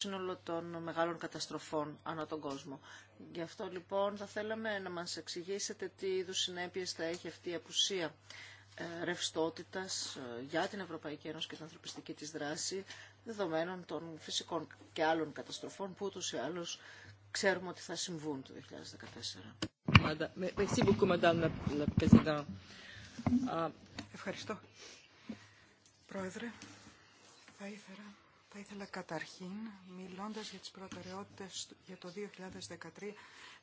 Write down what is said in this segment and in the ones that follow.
σύνολο των μεγάλων καταστροφών ανά τον κόσμο. Γι' αυτό λοιπόν θα θέλαμε να μας εξηγήσετε τι είδου συνέπειες θα έχει αυτή η απουσία ε, ρευστότητας ε, για την Ευρωπαϊκή Ένωση και την ανθρωπιστική της δράση δεδομένων των φυσικών και άλλων καταστροφών που ούτως ή άλλως ξέρουμε ότι θα συμβούν το 2014. Ευχαριστώ. Πρόεδρε, θα ήθελα θα ήθελα καταρχήν, μιλώντας για τις προτεραιότητες για το 2013,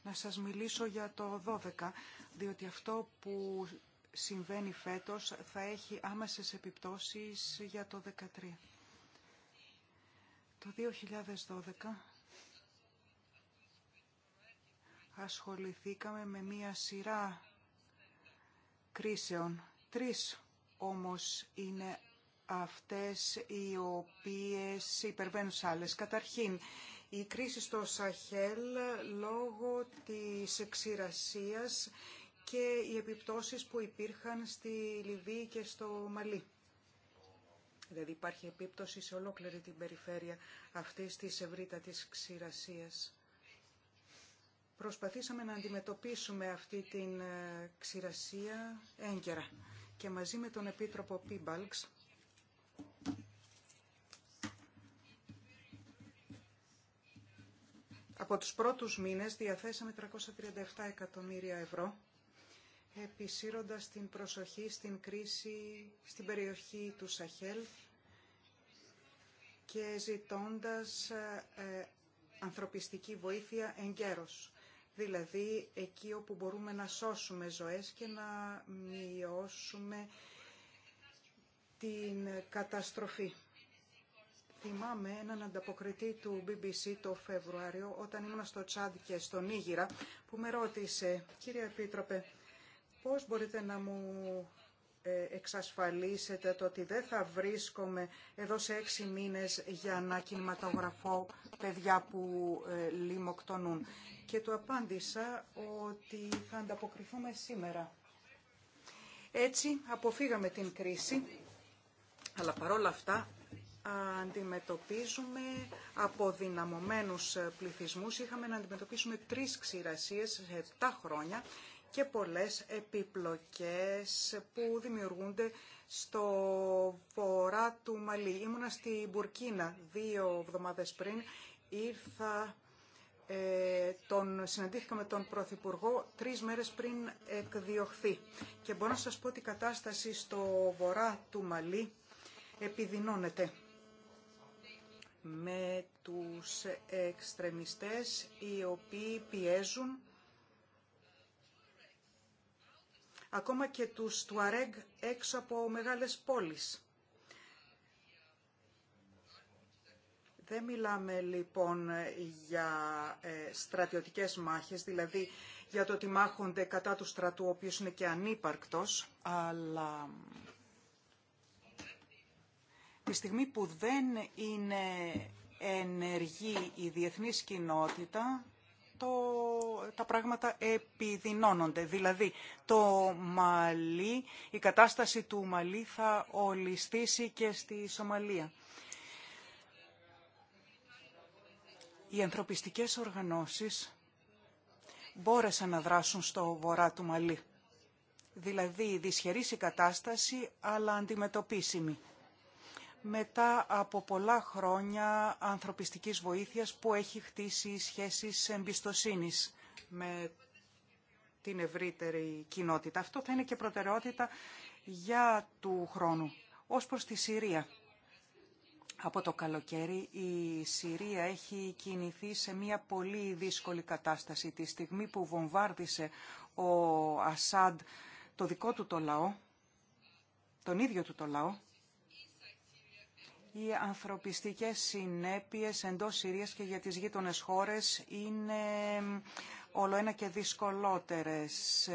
να σας μιλήσω για το 12, διότι αυτό που συμβαίνει φέτος θα έχει άμεσες επιπτώσεις για το 2013. Το 2012 ασχοληθήκαμε με μία σειρά κρίσεων. Τρεις όμως είναι αυτές οι οποίες υπερβαίνουν σ' άλλες. Καταρχήν, η κρίση στο Σαχέλ λόγω της εξηρασίας και οι επιπτώσεις που υπήρχαν στη Λιβύη και στο Μαλί. Δηλαδή υπάρχει επίπτωση σε ολόκληρη την περιφέρεια αυτής της ευρύτατης ξηρασίας. Προσπαθήσαμε να αντιμετωπίσουμε αυτή την ε, ξηρασία έγκαιρα και μαζί με τον Επίτροπο Πίμπαλξ από τους πρώτους μήνες διαθέσαμε 337 εκατομμύρια ευρώ, επισύροντας την προσοχή στην κρίση στην περιοχή του Σαχέλ και ζητώντας ε, ε, ανθρωπιστική βοήθεια εγκαίρως. Δηλαδή εκεί όπου μπορούμε να σώσουμε ζωές και να μειώσουμε την καταστροφή. Θυμάμαι έναν ανταποκριτή του BBC το Φεβρουάριο όταν ήμουν στο Τσάντ και στο Νίγηρα, που με ρώτησε «Κύριε Επίτροπε, πώς μπορείτε να μου ε, εξασφαλίσετε το ότι δεν θα βρίσκομαι εδώ σε έξι μήνες για να κινηματογραφώ παιδιά που ε, λιμοκτονούν». Και του απάντησα ότι θα ανταποκριθούμε σήμερα. Έτσι αποφύγαμε την κρίση, αλλά παρόλα αυτά αντιμετωπίζουμε αποδυναμωμένους πληθυσμούς. Είχαμε να αντιμετωπίσουμε τρεις ξηρασίες σε 7 χρόνια και πολλές επιπλοκές που δημιουργούνται στο βορρά του Μαλή. Ήμουνα στη Μπουρκίνα δύο εβδομάδες πριν, ήρθα, ε, τον, συναντήθηκα με τον Πρωθυπουργό τρεις μέρες πριν εκδιωχθεί. Και μπορώ να σας πω ότι η κατάσταση στο βορρά του Μαλή επιδεινώνεται με τους εξτρεμιστές οι οποίοι πιέζουν ακόμα και τους Τουαρέγ έξω από μεγάλες πόλεις. Δεν μιλάμε λοιπόν για ε, στρατιωτικές μάχες, δηλαδή για το ότι μάχονται κατά του στρατού, ο οποίος είναι και ανύπαρκτος, αλλά Τη στιγμή που δεν είναι ενεργή η διεθνής κοινότητα, το, τα πράγματα επιδεινώνονται. Δηλαδή, το Μαλί, η κατάσταση του Μαλί θα ολιστήσει και στη Σομαλία. Οι ανθρωπιστικές οργανώσεις μπόρεσαν να δράσουν στο βορρά του Μαλί. Δηλαδή, δυσχερή η κατάσταση, αλλά αντιμετωπίσιμη μετά από πολλά χρόνια ανθρωπιστικής βοήθειας που έχει χτίσει σχέσεις εμπιστοσύνης με την ευρύτερη κοινότητα. Αυτό θα είναι και προτεραιότητα για του χρόνου. Ως προς τη Συρία. Από το καλοκαίρι η Συρία έχει κινηθεί σε μια πολύ δύσκολη κατάσταση. Τη στιγμή που βομβάρδισε ο Ασάντ το δικό του το λαό, τον ίδιο του το λαό, οι ανθρωπιστικές συνέπειες εντός Συρίας και για τις γείτονες χώρες είναι ολοένα και δυσκολότερες.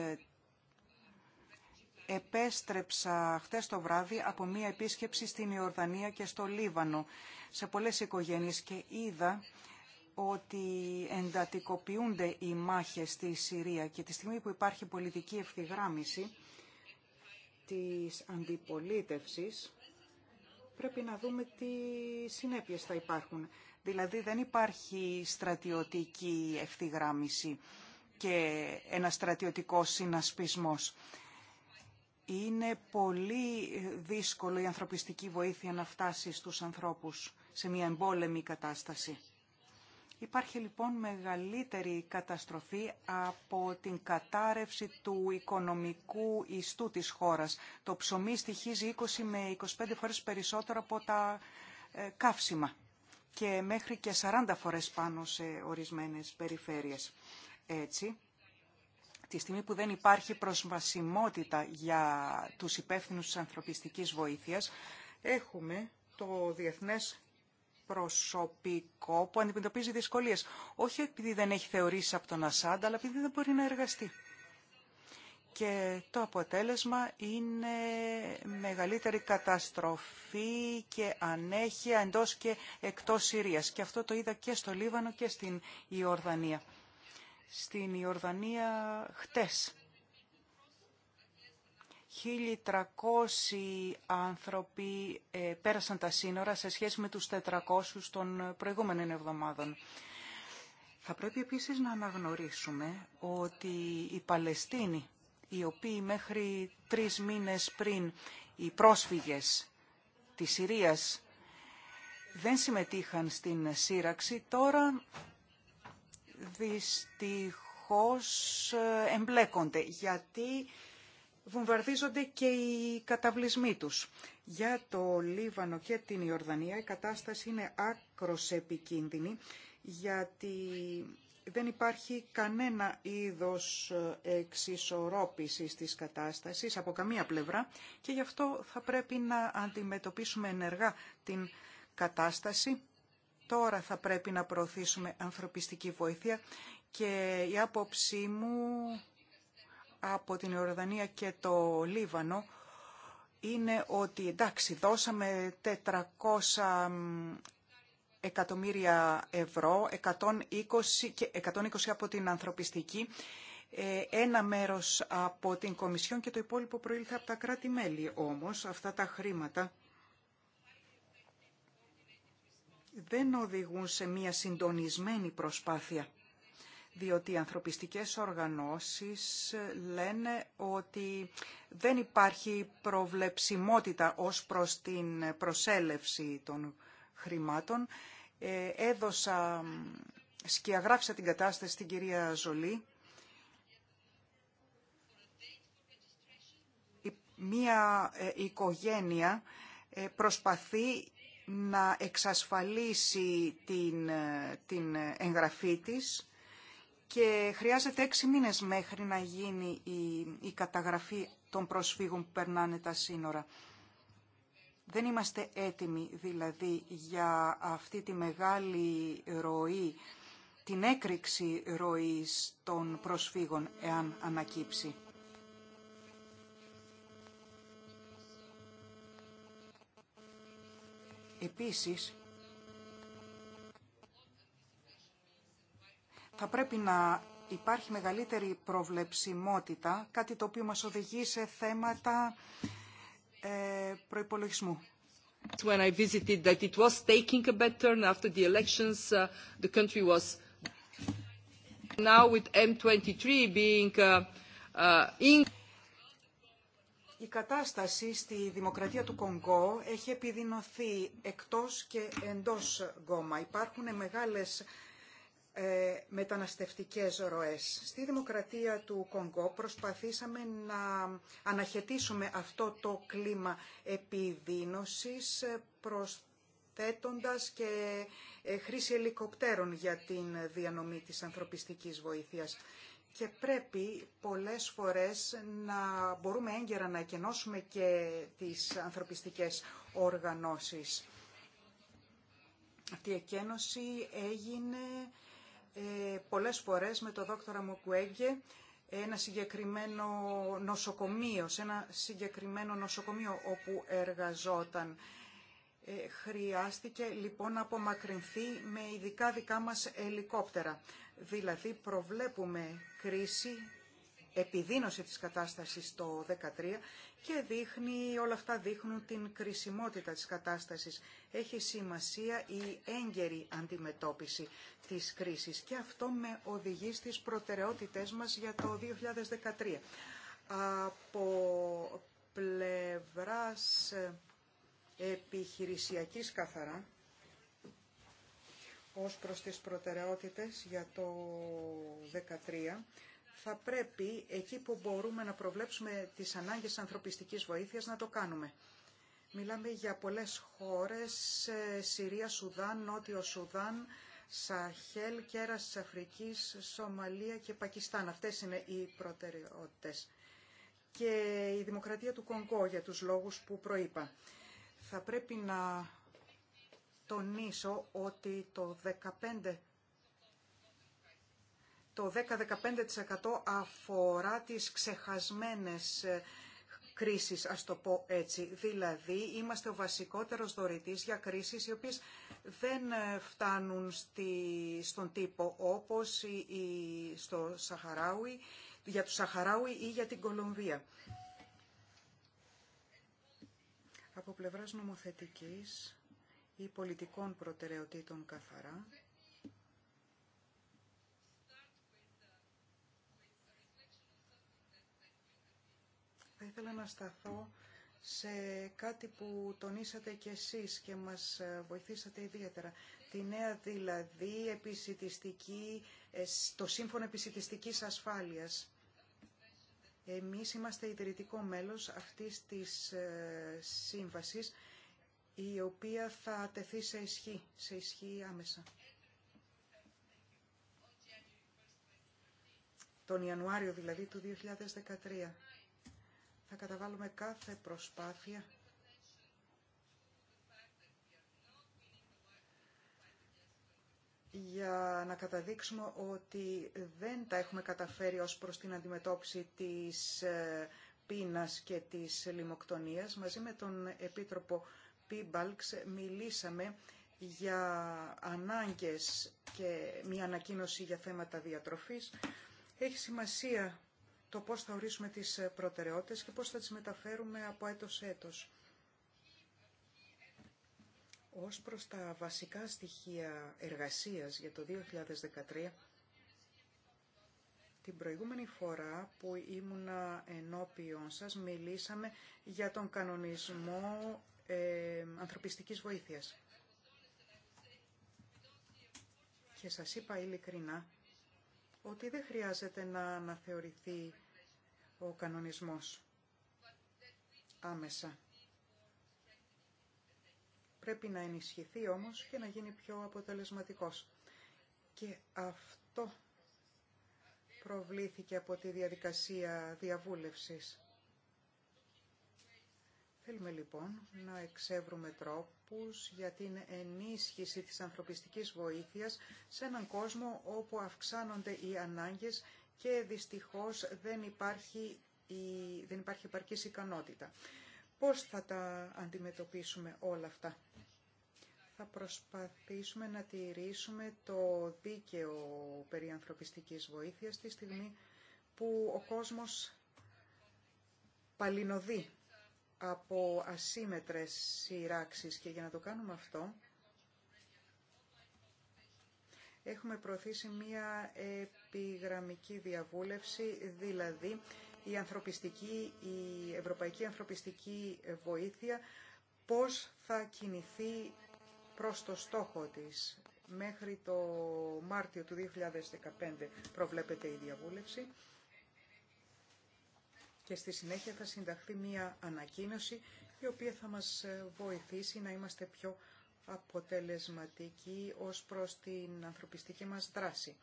Επέστρεψα χτες το βράδυ από μία επίσκεψη στην Ιορδανία και στο Λίβανο σε πολλές οικογένειες και είδα ότι εντατικοποιούνται οι μάχες στη Συρία και τη στιγμή που υπάρχει πολιτική ευθυγράμμιση της αντιπολίτευσης πρέπει να δούμε τι συνέπειες θα υπάρχουν. Δηλαδή δεν υπάρχει στρατιωτική ευθυγράμμιση και ένα στρατιωτικό συνασπισμός. Είναι πολύ δύσκολο η ανθρωπιστική βοήθεια να φτάσει στους ανθρώπους σε μια εμπόλεμη κατάσταση. Υπάρχει λοιπόν μεγαλύτερη καταστροφή από την κατάρρευση του οικονομικού ιστού της χώρας. Το ψωμί στοιχίζει 20 με 25 φορές περισσότερο από τα ε, καύσιμα και μέχρι και 40 φορές πάνω σε ορισμένες περιφέρειες. Έτσι, τη στιγμή που δεν υπάρχει προσβασιμότητα για τους υπεύθυνους της ανθρωπιστικής βοήθειας, έχουμε το Διεθνές προσωπικό που αντιμετωπίζει δυσκολίες. Όχι επειδή δεν έχει θεωρήσει από τον Ασάντα, αλλά επειδή δεν μπορεί να εργαστεί. Και το αποτέλεσμα είναι μεγαλύτερη καταστροφή και ανέχεια εντός και εκτός Συρίας. Και αυτό το είδα και στο Λίβανο και στην Ιορδανία. Στην Ιορδανία χτες 1.300 άνθρωποι ε, πέρασαν τα σύνορα σε σχέση με τους 400 των προηγούμενων εβδομάδων. Θα πρέπει επίσης να αναγνωρίσουμε ότι οι Παλαιστίνοι, οι οποίοι μέχρι τρεις μήνες πριν οι πρόσφυγες της Συρίας δεν συμμετείχαν στην σύραξη, τώρα δυστυχώς ε, εμπλέκονται, γιατί βομβαρδίζονται και οι καταβλισμοί τους. Για το Λίβανο και την Ιορδανία η κατάσταση είναι άκρος επικίνδυνη γιατί δεν υπάρχει κανένα είδος ε, εξισορρόπησης της κατάστασης από καμία πλευρά και γι' αυτό θα πρέπει να αντιμετωπίσουμε ενεργά την κατάσταση. Τώρα θα πρέπει να προωθήσουμε ανθρωπιστική βοήθεια και η άποψή μου από την Ιορδανία και το Λίβανο είναι ότι εντάξει δώσαμε 400 εκατομμύρια ευρώ, 120, και 120 από την ανθρωπιστική, ε, ένα μέρος από την Κομισιόν και το υπόλοιπο προήλθε από τα κράτη-μέλη. Όμως αυτά τα χρήματα δεν οδηγούν σε μια συντονισμένη προσπάθεια διότι οι ανθρωπιστικές οργανώσεις λένε ότι δεν υπάρχει προβλεψιμότητα ως προς την προσέλευση των χρημάτων. Ε, έδωσα, σκιαγράφησα την κατάσταση στην κυρία Ζολή. Μία ε, οικογένεια ε, προσπαθεί να εξασφαλίσει την, την εγγραφή της και χρειάζεται έξι μήνες μέχρι να γίνει η, η καταγραφή των προσφύγων που περνάνε τα σύνορα. Δεν είμαστε έτοιμοι δηλαδή για αυτή τη μεγάλη ροή, την έκρηξη ροής των προσφύγων εάν ανακύψει. Επίσης, θα πρέπει να υπάρχει μεγαλύτερη προβλεψιμότητα, κάτι το οποίο μας οδηγεί σε θέματα ε, προϋπολογισμού. When I visited that it was taking a bad turn after the elections, uh, the country was now with M23 being uh, uh, in... Η κατάσταση στη δημοκρατία του Κονγκό έχει επιδεινωθεί εκτός και εντός Γκόμα. Υπάρχουν μεγάλες ε, μεταναστευτικές ροές. Στη δημοκρατία του Κονγκό προσπαθήσαμε να αναχαιτήσουμε αυτό το κλίμα επιδίνωσης ε, προσθέτοντας και ε, χρήση ελικοπτέρων για την διανομή της ανθρωπιστικής βοήθειας. Και πρέπει πολλές φορές να μπορούμε έγκαιρα να εκενώσουμε και τις ανθρωπιστικές οργανώσεις. Αυτή η εκένωση έγινε ε, πολλές φορές με τον δόκτωρα Μοκουέγγε ένα συγκεκριμένο νοσοκομείο, σε ένα συγκεκριμένο νοσοκομείο όπου εργαζόταν. Ε, χρειάστηκε λοιπόν να απομακρυνθεί με ειδικά δικά μας ελικόπτερα. Δηλαδή προβλέπουμε κρίση επιδίνωση της κατάστασης το 2013 και δείχνει, όλα αυτά δείχνουν την κρισιμότητα της κατάστασης. Έχει σημασία η έγκαιρη αντιμετώπιση της κρίσης και αυτό με οδηγεί στις προτεραιότητές μας για το 2013. Από πλευράς ε, επιχειρησιακής καθαρά, ως προς τις προτεραιότητες για το 2013 θα πρέπει εκεί που μπορούμε να προβλέψουμε τις ανάγκες ανθρωπιστικής βοήθειας να το κάνουμε. Μιλάμε για πολλές χώρες, ε, Συρία, Σουδάν, Νότιο Σουδάν, Σαχέλ, Κέρας της Αφρικής, Σομαλία και Πακιστάν. Αυτές είναι οι προτεραιότητες. Και η δημοκρατία του Κονγκό για τους λόγους που προείπα. Θα πρέπει να τονίσω ότι το 15 το 10-15% αφορά τις ξεχασμένες ε, κρίσεις, ας το πω έτσι. Δηλαδή, είμαστε ο βασικότερος δωρητής για κρίσεις οι οποίες δεν ε, φτάνουν στη, στον τύπο, όπως η, η, στο Σαχαράουι, για τους Σαχαράουι ή για την Κολομβία. Από πλευράς νομοθετικής ή πολιτικών προτεραιοτήτων καθαρά, Θα ήθελα να σταθώ σε κάτι που τονίσατε κι εσείς και μας ε, βοηθήσατε ιδιαίτερα. Τη νέα δηλαδή επισητιστική, ε, το σύμφωνο επισητιστικής ασφάλειας. Εμείς είμαστε ιδρυτικό μέλος αυτής της ε, σύμβασης η οποία θα τεθεί σε ισχύ, σε ισχύ άμεσα. Τον Ιανουάριο δηλαδή του 2013. Θα καταβάλουμε κάθε προσπάθεια για να καταδείξουμε ότι δεν τα έχουμε καταφέρει ως προς την αντιμετώπιση της ε, πείνας και της λιμοκτονίας. Μαζί με τον Επίτροπο Πίμπαλξ μιλήσαμε για ανάγκες και μια ανακοίνωση για θέματα διατροφής. Έχει σημασία το πώς θα ορίσουμε τις ε, προτεραιότητες και πώς θα τις μεταφέρουμε από έτος σε έτος. Ως προς τα βασικά στοιχεία εργασίας για το 2013, την προηγούμενη φορά που ήμουνα ενώπιον σας μιλήσαμε για τον κανονισμό ε, ανθρωπιστικής βοήθειας. Και σας είπα ειλικρινά ότι δεν χρειάζεται να αναθεωρηθεί ο κανονισμός άμεσα. Πρέπει να ενισχυθεί όμως και να γίνει πιο αποτελεσματικός. Και αυτό προβλήθηκε από τη διαδικασία διαβούλευσης. Θέλουμε λοιπόν να εξεύρουμε τρόπους για την ενίσχυση της ανθρωπιστικής βοήθειας σε έναν κόσμο όπου αυξάνονται οι ανάγκες και δυστυχώς δεν υπάρχει, η, δεν υπάρχει επαρκής ικανότητα. Πώς θα τα αντιμετωπίσουμε όλα αυτά. Θα προσπαθήσουμε να τηρήσουμε το δίκαιο περί ανθρωπιστικής βοήθειας τη στιγμή που ο κόσμος παλινοδεί από ασύμετρες σειράξεις και για να το κάνουμε αυτό έχουμε προωθήσει μία επιγραμμική διαβούλευση, δηλαδή η, ανθρωπιστική, η ευρωπαϊκή ανθρωπιστική βοήθεια, πώς θα κινηθεί προς το στόχο της. Μέχρι το Μάρτιο του 2015 προβλέπεται η διαβούλευση και στη συνέχεια θα συνταχθεί μία ανακοίνωση η οποία θα μας βοηθήσει να είμαστε πιο αποτελεσματικοί ως προς την ανθρωπιστική μας δράση.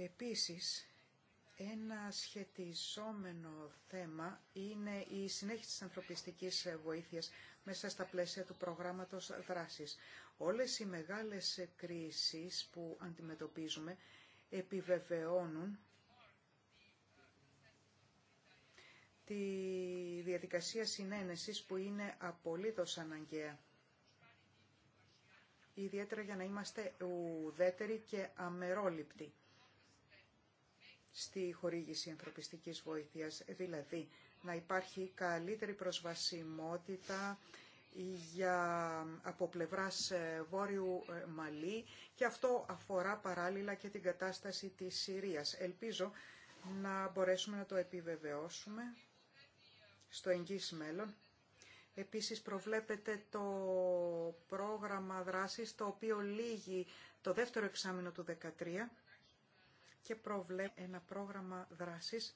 Επίσης, ένα σχετιζόμενο θέμα είναι η συνέχιση της ανθρωπιστικής βοήθειας μέσα στα πλαίσια του προγράμματος δράσης. Όλες οι μεγάλες κρίσεις που αντιμετωπίζουμε επιβεβαιώνουν τη διαδικασία συνένεσης που είναι απολύτως αναγκαία. Ιδιαίτερα για να είμαστε ουδέτεροι και αμερόληπτοι στη χορήγηση ανθρωπιστικής βοήθειας, δηλαδή να υπάρχει καλύτερη προσβασιμότητα για, από πλευράς ε, Βόρειου ε, Μαλή και αυτό αφορά παράλληλα και την κατάσταση της Συρίας. Ελπίζω να μπορέσουμε να το επιβεβαιώσουμε στο εγγύς μέλλον. Επίσης προβλέπεται το πρόγραμμα δράσης το οποίο λύγει το δεύτερο εξάμεινο του 2013 και προβλέπει ένα πρόγραμμα δράσης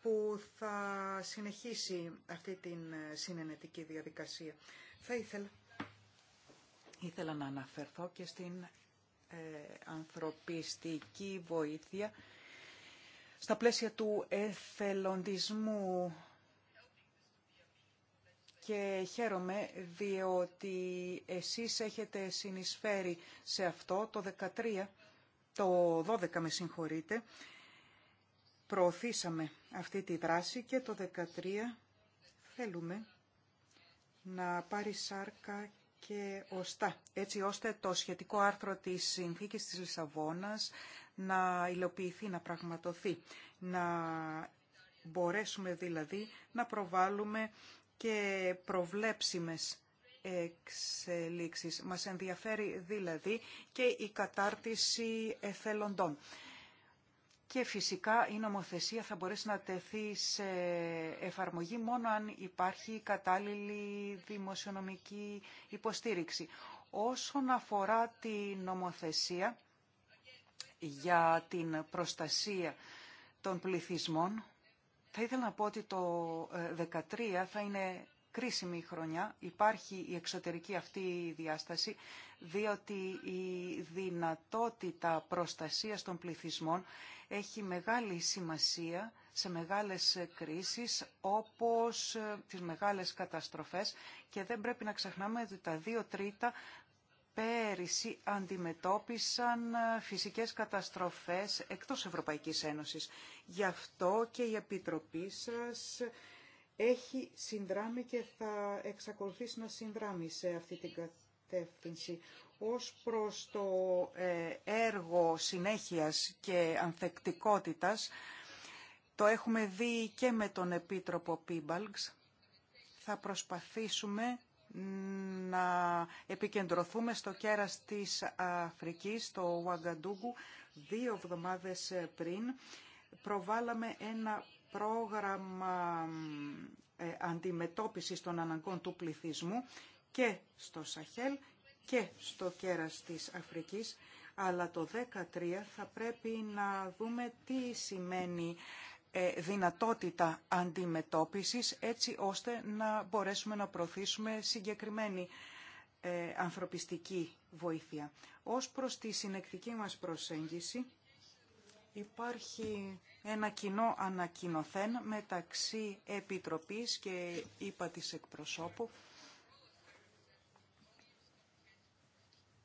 που θα συνεχίσει αυτή την ε, συνενετική διαδικασία. Θα ήθελα, ήθελα να αναφερθώ και στην ε, ανθρωπιστική βοήθεια στα πλαίσια του εθελοντισμού και χαίρομαι διότι εσείς έχετε συνεισφέρει σε αυτό το 13 το 12 με συγχωρείτε, προωθήσαμε αυτή τη δράση και το 13 θέλουμε να πάρει σάρκα και οστά, έτσι ώστε το σχετικό άρθρο της Συνθήκης της Λισαβόνας να υλοποιηθεί, να πραγματοθεί, να μπορέσουμε δηλαδή να προβάλλουμε και προβλέψιμες εξελίξεις. Μας ενδιαφέρει δηλαδή και η κατάρτιση εθελοντών. Και φυσικά η νομοθεσία θα μπορέσει να τεθεί σε εφαρμογή μόνο αν υπάρχει κατάλληλη δημοσιονομική υποστήριξη. Όσον αφορά τη νομοθεσία για την προστασία των πληθυσμών, θα ήθελα να πω ότι το 2013 ε, θα είναι κρίσιμη χρονιά. Υπάρχει η εξωτερική αυτή διάσταση, διότι η δυνατότητα προστασίας των πληθυσμών έχει μεγάλη σημασία σε μεγάλες κρίσεις όπως ε, τις μεγάλες καταστροφές και δεν πρέπει να ξεχνάμε ότι τα δύο τρίτα πέρυσι αντιμετώπισαν ε, φυσικές καταστροφές εκτός Ευρωπαϊκής Ένωσης. Γι' αυτό και η Επιτροπή σας έχει συνδράμει και θα εξακολουθήσει να συνδράμει σε αυτή την κατεύθυνση. Ως προς το ε, έργο συνέχειας και ανθεκτικότητας, το έχουμε δει και με τον Επίτροπο Πίμπαλξ, θα προσπαθήσουμε να επικεντρωθούμε στο κέρας της Αφρικής, στο Ουαγκαντούγκου, δύο εβδομάδες πριν. Προβάλαμε ένα πρόγραμμα ε, αντιμετώπισης των αναγκών του πληθυσμού και στο Σαχέλ και στο κέρας της Αφρικής, αλλά το 13 θα πρέπει να δούμε τι σημαίνει ε, δυνατότητα αντιμετώπισης έτσι ώστε να μπορέσουμε να προωθήσουμε συγκεκριμένη ε, ανθρωπιστική βοήθεια. Ως προς τη συνεκτική μας προσέγγιση, Υπάρχει ένα κοινό ανακοινοθέν μεταξύ Επιτροπής και είπα της εκπροσώπου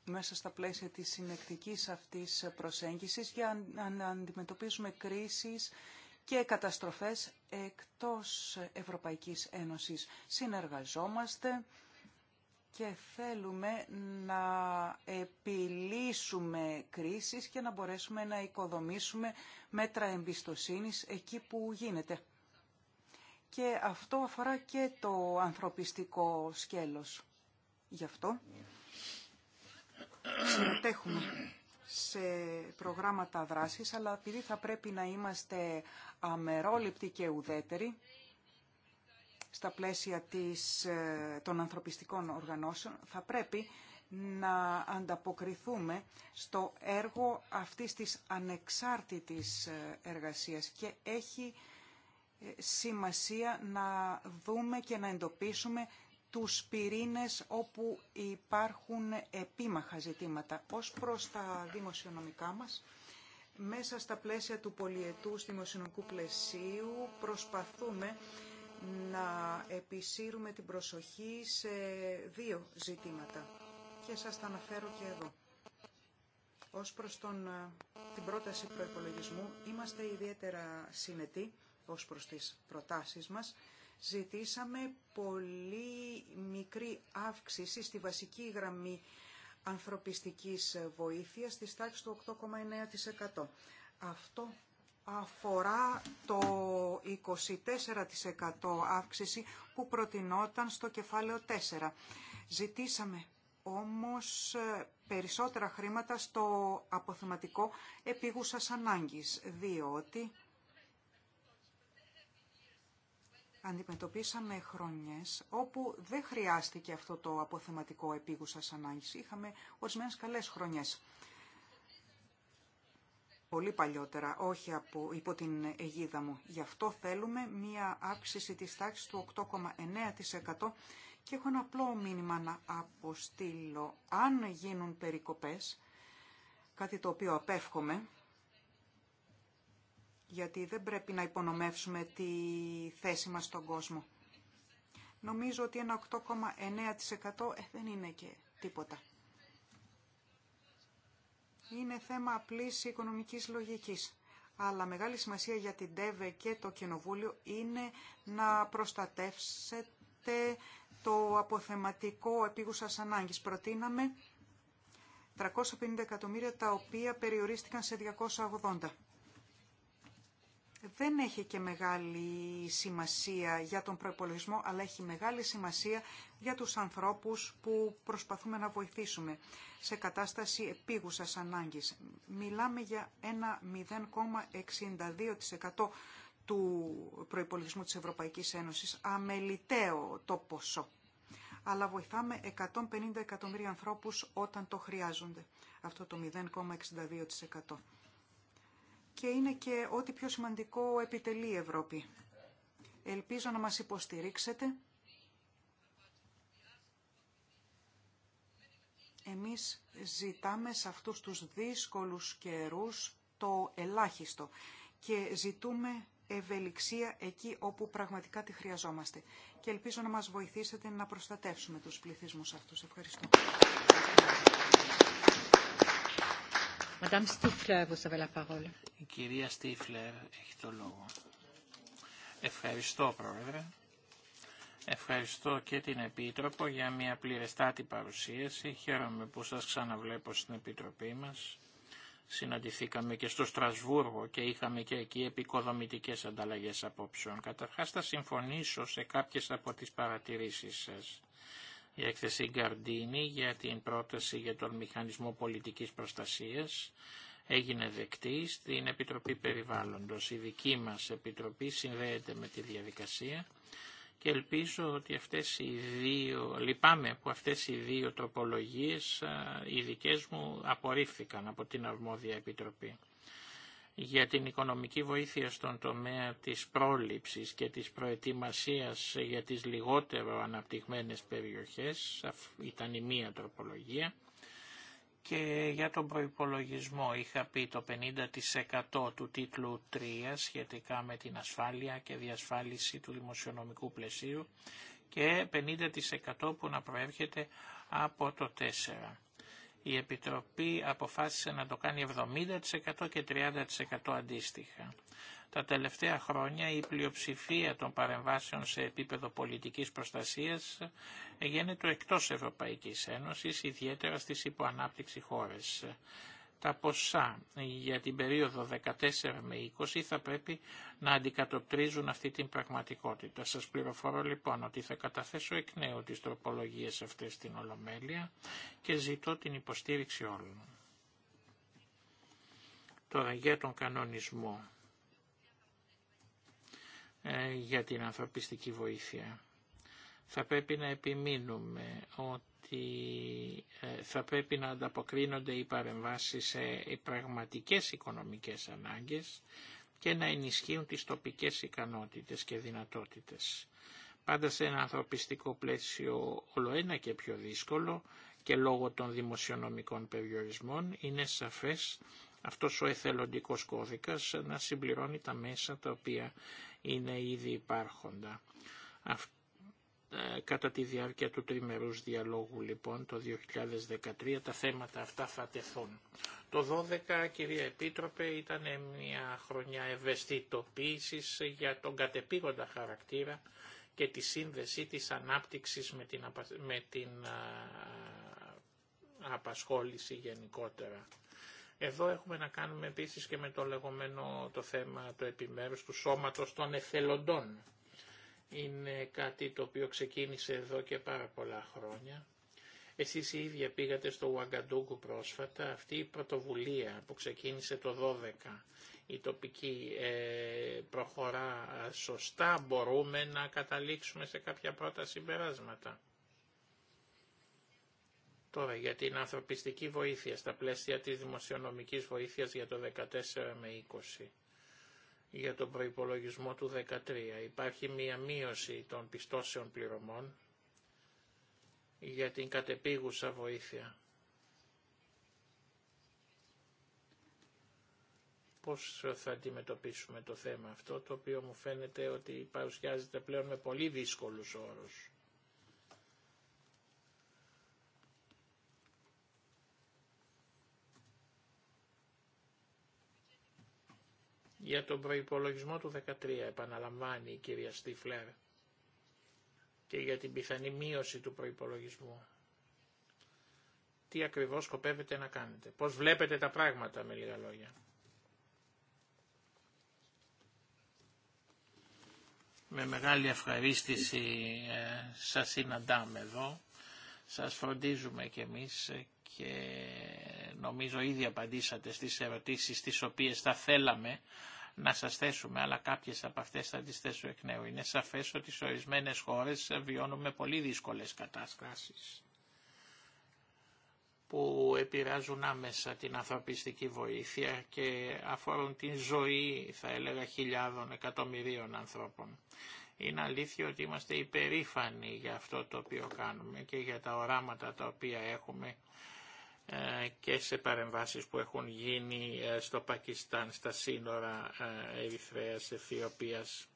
μέσα στα πλαίσια της συνεκτικής αυτής προσέγγισης για να αντιμετωπίσουμε κρίσεις και καταστροφές εκτός Ευρωπαϊκής Ένωσης. Συνεργαζόμαστε και θέλουμε να επιλύσουμε κρίσεις και να μπορέσουμε να οικοδομήσουμε μέτρα εμπιστοσύνης εκεί που γίνεται. Και αυτό αφορά και το ανθρωπιστικό σκέλος. Γι' αυτό συμμετέχουμε σε προγράμματα δράσης, αλλά επειδή θα πρέπει να είμαστε αμερόληπτοι και ουδέτεροι, στα πλαίσια της, ε, των ανθρωπιστικών οργανώσεων, θα πρέπει να ανταποκριθούμε στο έργο αυτής της ανεξάρτητης ε, εργασίας και έχει ε, σημασία να δούμε και να εντοπίσουμε τους πυρήνες όπου υπάρχουν επίμαχα ζητήματα. Ως προς τα δημοσιονομικά μας, μέσα στα πλαίσια του πολιετού δημοσιονομικού πλαισίου προσπαθούμε να επισύρουμε την προσοχή σε δύο ζητήματα και σας τα αναφέρω και εδώ. Ως προς τον, ε, την πρόταση προϋπολογισμού είμαστε ιδιαίτερα συνετοί ως προς τις προτάσεις μας. Ζητήσαμε πολύ μικρή αύξηση στη βασική γραμμή ανθρωπιστικής βοήθειας της τάξης του 8,9%. Αυτό αφορά το 24% αύξηση που προτινόταν στο κεφάλαιο 4. Ζητήσαμε όμως ε, περισσότερα χρήματα στο αποθεματικό επίγουσας ανάγκης, διότι αντιμετωπίσαμε χρονιές όπου δεν χρειάστηκε αυτό το αποθεματικό επίγουσας ανάγκης. Είχαμε ορισμένες καλές χρονιές πολύ παλιότερα, όχι από, υπό την αιγίδα μου. Γι' αυτό θέλουμε μία αύξηση της τάξης του 8,9% και έχω ένα απλό μήνυμα να αποστείλω. Αν γίνουν περικοπές, κάτι το οποίο απέφχομαι, γιατί δεν πρέπει να υπονομεύσουμε τη θέση μας στον κόσμο. Νομίζω ότι ένα 8,9% ε, δεν είναι και τίποτα είναι θέμα απλής οικονομικής λογικής. Αλλά μεγάλη σημασία για την ΤΕΒΕ και το Κοινοβούλιο είναι να προστατεύσετε το αποθεματικό επίγουσας ανάγκης. Προτείναμε 350 εκατομμύρια τα οποία περιορίστηκαν σε 280 δεν έχει και μεγάλη σημασία για τον προϋπολογισμό, αλλά έχει μεγάλη σημασία για τους ανθρώπους που προσπαθούμε να βοηθήσουμε σε κατάσταση επίγουσας ανάγκης. Μιλάμε για ένα 0,62% του προϋπολογισμού της Ευρωπαϊκής Ένωσης, αμεληταίο το ποσό. Αλλά βοηθάμε 150 εκατομμύρια ανθρώπους όταν το χρειάζονται, αυτό το 0,62% και είναι και ό,τι πιο σημαντικό επιτελεί η Ευρώπη. Ελπίζω να μας υποστηρίξετε. Εμείς ζητάμε σε αυτούς τους δύσκολους καιρούς το ελάχιστο και ζητούμε ευελιξία εκεί όπου πραγματικά τη χρειαζόμαστε. Και ελπίζω να μας βοηθήσετε να προστατεύσουμε τους πληθυσμούς αυτούς. Ευχαριστώ. Η κυρία Στίφλερ έχει το λόγο. Ευχαριστώ, Πρόεδρε. Ευχαριστώ και την Επίτροπο για μια πληρεστάτη παρουσίαση. Χαίρομαι που σας ξαναβλέπω στην Επιτροπή μας. Συναντηθήκαμε και στο Στρασβούργο και είχαμε και εκεί επικοδομητικές ανταλλαγές απόψεων. Καταρχάς θα συμφωνήσω σε κάποιες από τις παρατηρήσεις σας η έκθεση Γκαρντίνη για την πρόταση για τον μηχανισμό πολιτικής προστασίας έγινε δεκτή στην Επιτροπή Περιβάλλοντος. Η δική μας Επιτροπή συνδέεται με τη διαδικασία και ελπίζω ότι αυτές οι δύο, λυπάμαι που αυτές οι δύο τροπολογίες ε, οι δικές μου απορρίφθηκαν από την Αρμόδια Επιτροπή για την οικονομική βοήθεια στον τομέα της πρόληψης και της προετοιμασίας για τις λιγότερο αναπτυγμένες περιοχές, ήταν η μία τροπολογία, και για τον προϋπολογισμό είχα πει το 50% του τίτλου 3 σχετικά με την ασφάλεια και διασφάλιση του δημοσιονομικού πλαισίου και 50% που να προέρχεται από το 4 η Επιτροπή αποφάσισε να το κάνει 70% και 30% αντίστοιχα. Τα τελευταία χρόνια η πλειοψηφία των παρεμβάσεων σε επίπεδο πολιτικής προστασίας γίνεται εκτός Ευρωπαϊκής Ένωσης, ιδιαίτερα στις υποανάπτυξη χώρες τα ποσά για την περίοδο 14 με 20 θα πρέπει να αντικατοπτρίζουν αυτή την πραγματικότητα. Σας πληροφορώ λοιπόν ότι θα καταθέσω εκ νέου τις τροπολογίες αυτές στην Ολομέλεια και ζητώ την υποστήριξη όλων. Τώρα για τον κανονισμό, ε, για την ανθρωπιστική βοήθεια θα πρέπει να επιμείνουμε ότι ε, θα πρέπει να ανταποκρίνονται οι παρεμβάσεις σε ε, πραγματικές οικονομικές ανάγκες και να ενισχύουν τις τοπικές ικανότητες και δυνατότητες. Πάντα σε ένα ανθρωπιστικό πλαίσιο ένα και πιο δύσκολο και λόγω των δημοσιονομικών περιορισμών είναι σαφές αυτός ο εθελοντικός κώδικας να συμπληρώνει τα μέσα τα οποία είναι ήδη υπάρχοντα. Ε, κατά τη διάρκεια του τριμερούς διαλόγου λοιπόν το 2013 τα θέματα αυτά θα τεθούν. Το 2012 κυρία Επίτροπε ήταν μια χρονιά ευαισθητοποίησης για τον κατεπήγοντα χαρακτήρα και τη σύνδεση της ανάπτυξης με την, απασχόληση γενικότερα. Εδώ έχουμε να κάνουμε επίσης και με το λεγόμενο το θέμα το επιμέρους του σώματος των εθελοντών είναι κάτι το οποίο ξεκίνησε εδώ και πάρα πολλά χρόνια. Εσείς οι ίδιοι πήγατε στο Ουαγκαντούγκου πρόσφατα, αυτή η πρωτοβουλία που ξεκίνησε το 12 η τοπική ε, προχωρά σωστά, μπορούμε να καταλήξουμε σε κάποια πρώτα συμπεράσματα. Τώρα για την ανθρωπιστική βοήθεια στα πλαίσια της δημοσιονομικής βοήθειας για το 14 με 20 για τον προϋπολογισμό του 2013. Υπάρχει μία μείωση των πιστώσεων πληρωμών για την κατεπίγουσα βοήθεια. Πώς θα αντιμετωπίσουμε το θέμα αυτό, το οποίο μου φαίνεται ότι παρουσιάζεται πλέον με πολύ δύσκολους όρους. για τον προϋπολογισμό του 13 επαναλαμβάνει η κυρία Στίφλερ και για την πιθανή μείωση του προϋπολογισμού. Τι ακριβώς σκοπεύετε να κάνετε, πώς βλέπετε τα πράγματα με λίγα λόγια. Με μεγάλη ευχαρίστηση ε, σας συναντάμε εδώ, σας φροντίζουμε κι εμείς ε, και νομίζω ήδη απαντήσατε στις ερωτήσεις τις οποίες θα θέλαμε να σας θέσουμε, αλλά κάποιες από αυτές θα τις θέσω εκ νέου. Είναι σαφές ότι σε ορισμένε χώρες βιώνουμε πολύ δύσκολες κατάστασεις που επηρεάζουν άμεσα την ανθρωπιστική βοήθεια και αφορούν την ζωή, θα έλεγα, χιλιάδων, εκατομμυρίων ανθρώπων. Είναι αλήθεια ότι είμαστε υπερήφανοι για αυτό το οποίο κάνουμε και για τα οράματα τα οποία έχουμε ε, και σε παρεμβάσεις που έχουν γίνει ε, στο Πακιστάν, στα σύνορα ε, Ερυθρέας, Αιθιοπίας.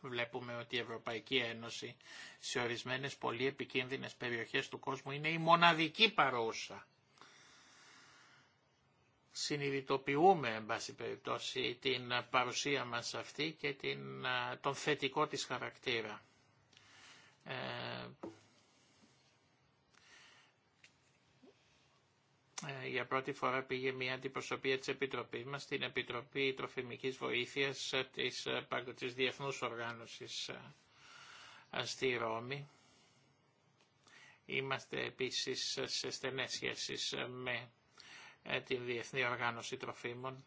Βλέπουμε ότι η Ευρωπαϊκή Ένωση σε ορισμένες πολύ επικίνδυνες περιοχές του κόσμου είναι η μοναδική παρούσα. Συνειδητοποιούμε, εν πάση περιπτώσει, την παρουσία μας αυτή και την, τον θετικό της χαρακτήρα. Ε, για πρώτη φορά πήγε μια αντιπροσωπεία της Επιτροπής μας στην Επιτροπή Τροφιμικής Βοήθειας της, ε, της Διεθνούς Οργάνωσης ε, στη Ρώμη. Είμαστε επίσης σε στενές σχέσεις με την Διεθνή Οργάνωση Τροφίμων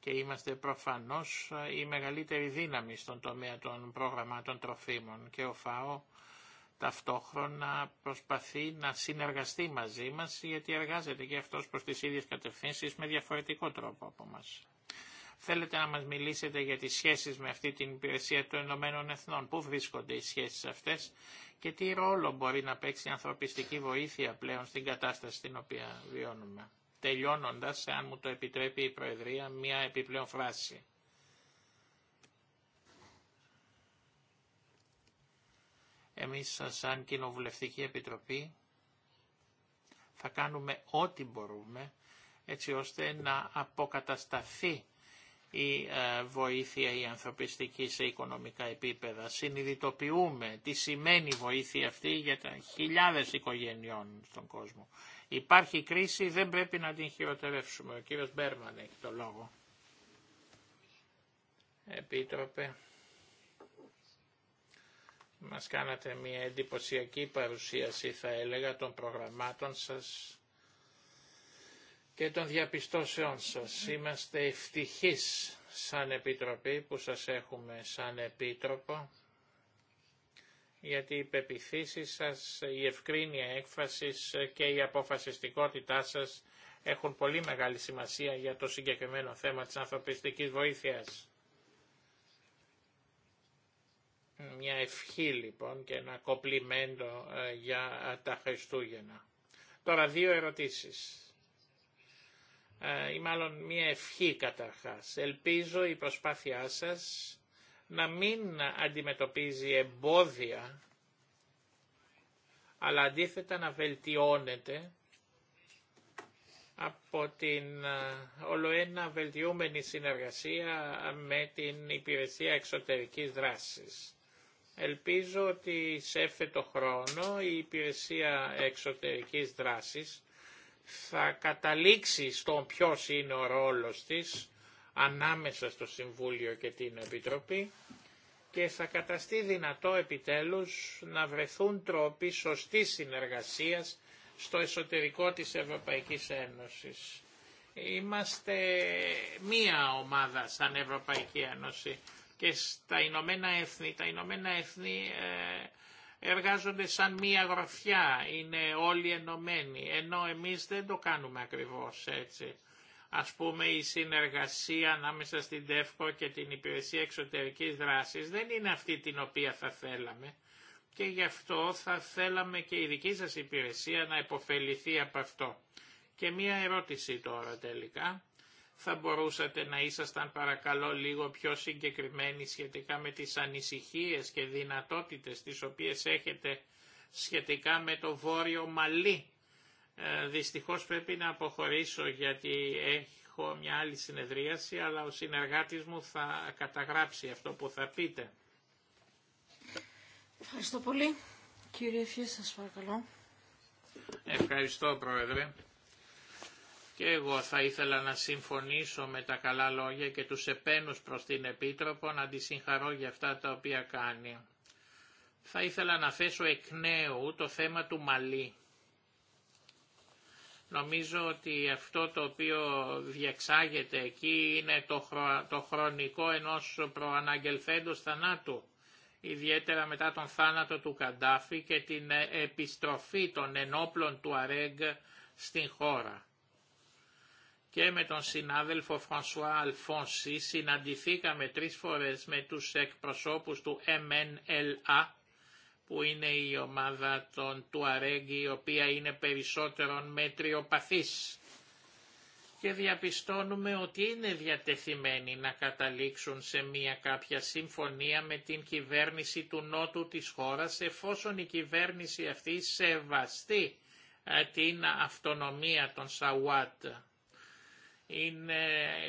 και είμαστε προφανώς η μεγαλύτερη δύναμη στον τομέα των προγραμμάτων τροφίμων και ο ΦΑΟ ταυτόχρονα προσπαθεί να συνεργαστεί μαζί μας γιατί εργάζεται και αυτός προς τις ίδιες κατευθύνσεις με διαφορετικό τρόπο από μας. Θέλετε να μας μιλήσετε για τις σχέσεις με αυτή την υπηρεσία των Ηνωμένων Εθνών. Πού βρίσκονται οι σχέσεις αυτές και τι ρόλο μπορεί να παίξει η ανθρωπιστική βοήθεια πλέον στην κατάσταση την οποία βιώνουμε. Τελειώνοντας, αν μου το επιτρέπει η Προεδρία, μία επιπλέον φράση. Εμείς σαν Κοινοβουλευτική Επιτροπή θα κάνουμε ό,τι μπορούμε έτσι ώστε να αποκατασταθεί η ε, βοήθεια η ανθρωπιστική σε οικονομικά επίπεδα. Συνειδητοποιούμε τι σημαίνει η βοήθεια αυτή για τα χιλιάδες οικογενειών στον κόσμο. Υπάρχει κρίση, δεν πρέπει να την χειροτερεύσουμε. Ο κύριος Μπέρμαν έχει το λόγο. Επίτροπε. Μας κάνατε μια εντυπωσιακή παρουσίαση θα έλεγα των προγραμμάτων σας και των διαπιστώσεών σας. Είμαστε ευτυχείς σαν Επιτροπή που σας έχουμε σαν Επίτροπο γιατί οι πεπιθήσεις σας, η ευκρίνεια έκφρασης και η αποφασιστικότητά σας έχουν πολύ μεγάλη σημασία για το συγκεκριμένο θέμα της ανθρωπιστικής βοήθειας. Μια ευχή λοιπόν και ένα κοπλιμέντο ε, για ε, τα Χριστούγεννα. Τώρα δύο ερωτήσεις ε, ή μάλλον μια ευχή καταρχάς. Ελπίζω η προσπάθειά σας να μην αντιμετωπίζει εμπόδια, αλλά αντίθετα να βελτιώνεται από την ολοένα βελτιούμενη συνεργασία με την Υπηρεσία Εξωτερικής Δράσης. Ελπίζω ότι σε έφετο χρόνο η υπηρεσία εξωτερικής δράσης θα καταλήξει στον ποιος είναι ο ρόλος της ανάμεσα στο Συμβούλιο και την Επιτροπή και θα καταστεί δυνατό επιτέλους να βρεθούν τρόποι σωστής συνεργασίας στο εσωτερικό της Ευρωπαϊκής Ένωσης. Είμαστε μία ομάδα σαν Ευρωπαϊκή Ένωση και στα Ηνωμένα Έθνη. Τα Ηνωμένα Έθνη ε, εργάζονται σαν μία γραφιά, είναι όλοι ενωμένοι, ενώ εμείς δεν το κάνουμε ακριβώς έτσι. Ας πούμε η συνεργασία ανάμεσα στην ΤΕΦΚΟ και την Υπηρεσία Εξωτερικής Δράσης δεν είναι αυτή την οποία θα θέλαμε και γι' αυτό θα θέλαμε και η δική σας υπηρεσία να υποφεληθεί από αυτό. Και μία ερώτηση τώρα τελικά θα μπορούσατε να ήσασταν παρακαλώ λίγο πιο συγκεκριμένοι σχετικά με τις ανησυχίες και δυνατότητες τις οποίες έχετε σχετικά με το Βόρειο Μαλί. Ε, δυστυχώς πρέπει να αποχωρήσω γιατί έχω μια άλλη συνεδρίαση, αλλά ο συνεργάτης μου θα καταγράψει αυτό που θα πείτε. Ευχαριστώ πολύ. Κύριε Φιές, σας παρακαλώ. Ευχαριστώ, Πρόεδρε. Και εγώ θα ήθελα να συμφωνήσω με τα καλά λόγια και τους επένους προς την Επίτροπο να τη συγχαρώ για αυτά τα οποία κάνει. Θα ήθελα να θέσω εκ νέου το θέμα του Μαλή. Νομίζω ότι αυτό το οποίο διεξάγεται εκεί είναι το, χρονικό ενός προαναγγελθέντος θανάτου, ιδιαίτερα μετά τον θάνατο του Καντάφη και την επιστροφή των ενόπλων του Αρέγ στην χώρα και με τον συνάδελφο Φρανσουά Αλφόνση συναντηθήκαμε τρεις φορές με τους εκπροσώπους του MNLA που είναι η ομάδα των Τουαρέγγι η οποία είναι περισσότερον μετριοπαθής και διαπιστώνουμε ότι είναι διατεθειμένοι να καταλήξουν σε μία κάποια συμφωνία με την κυβέρνηση του Νότου της χώρας εφόσον η κυβέρνηση αυτή σεβαστεί ε, την αυτονομία των Σαουάτ είναι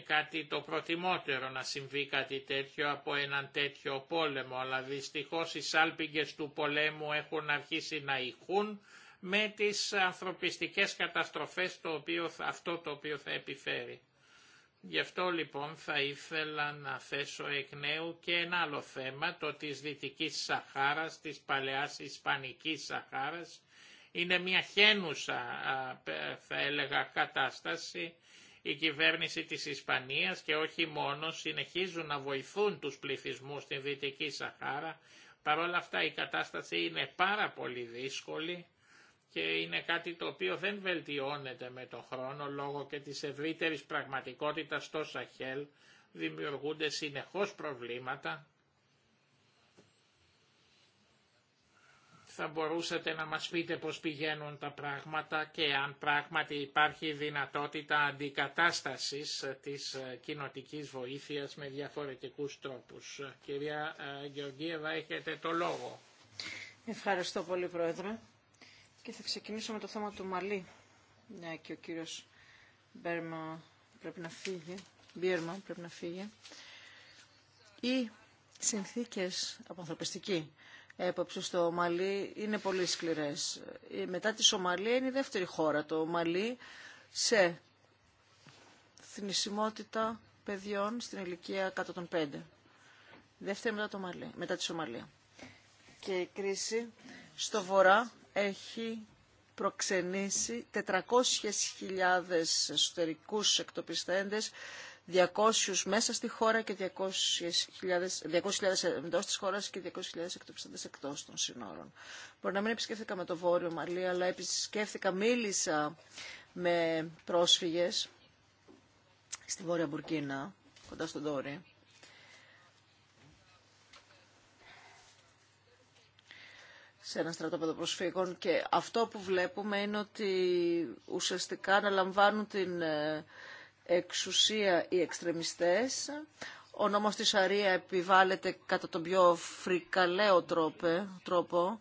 κάτι το προτιμότερο να συμβεί κάτι τέτοιο από έναν τέτοιο πόλεμο, αλλά δυστυχώς οι σάλπιγγες του πολέμου έχουν αρχίσει να ηχούν με τις ανθρωπιστικές καταστροφές το οποίο, αυτό το οποίο θα επιφέρει. Γι' αυτό λοιπόν θα ήθελα να θέσω εκ νέου και ένα άλλο θέμα, το της Δυτικής Σαχάρας, της Παλαιάς Ισπανικής Σαχάρας. Είναι μια χένουσα θα έλεγα κατάσταση η κυβέρνηση της Ισπανίας και όχι μόνο συνεχίζουν να βοηθούν τους πληθυσμούς στην Δυτική Σαχάρα. Παρ' όλα αυτά η κατάσταση είναι πάρα πολύ δύσκολη και είναι κάτι το οποίο δεν βελτιώνεται με τον χρόνο λόγω και της ευρύτερης πραγματικότητας στο Σαχέλ δημιουργούνται συνεχώς προβλήματα θα μπορούσατε να μας πείτε πώς πηγαίνουν τα πράγματα και αν πράγματι υπάρχει δυνατότητα αντικατάστασης της ε, κοινοτικής βοήθειας με διαφορετικούς τρόπους. Ε, κυρία ε, Γεωργίευα, έχετε το λόγο. Ευχαριστώ πολύ, Πρόεδρε. Και θα ξεκινήσω με το θέμα του Μαλή, Ναι, και ο κύριος Μπέρμα πρέπει να φύγει. Μπίερμα πρέπει να φύγει. Οι συνθήκες από ανθρωπιστική έποψε στο Μαλί είναι πολύ σκληρές. Ε, μετά τη Σομαλία είναι η δεύτερη χώρα το Μαλί σε θνησιμότητα παιδιών στην ηλικία κάτω των 5. Δεύτερη μετά, το Μαλί, μετά τη Σομαλία. Και η κρίση στο βορρά έχει προξενήσει 400.000 εσωτερικούς εκτοπιστέντες 200 μέσα στη χώρα και 200.000 200 εντός της και 200.000 εκτό των σύνορων. Μπορεί να μην επισκέφθηκα με το Βόρειο Μαλί, αλλά επισκέφθηκα, μίλησα με πρόσφυγε στη Βόρεια Μπουρκίνα, κοντά στον Τόρι. σε ένα στρατόπεδο προσφύγων και αυτό που βλέπουμε είναι ότι ουσιαστικά αναλαμβάνουν την ε, εξουσία οι εξτρεμιστές. Ο νόμος της Σαρία επιβάλλεται κατά τον πιο φρικαλαίο τρόπο. τρόπο.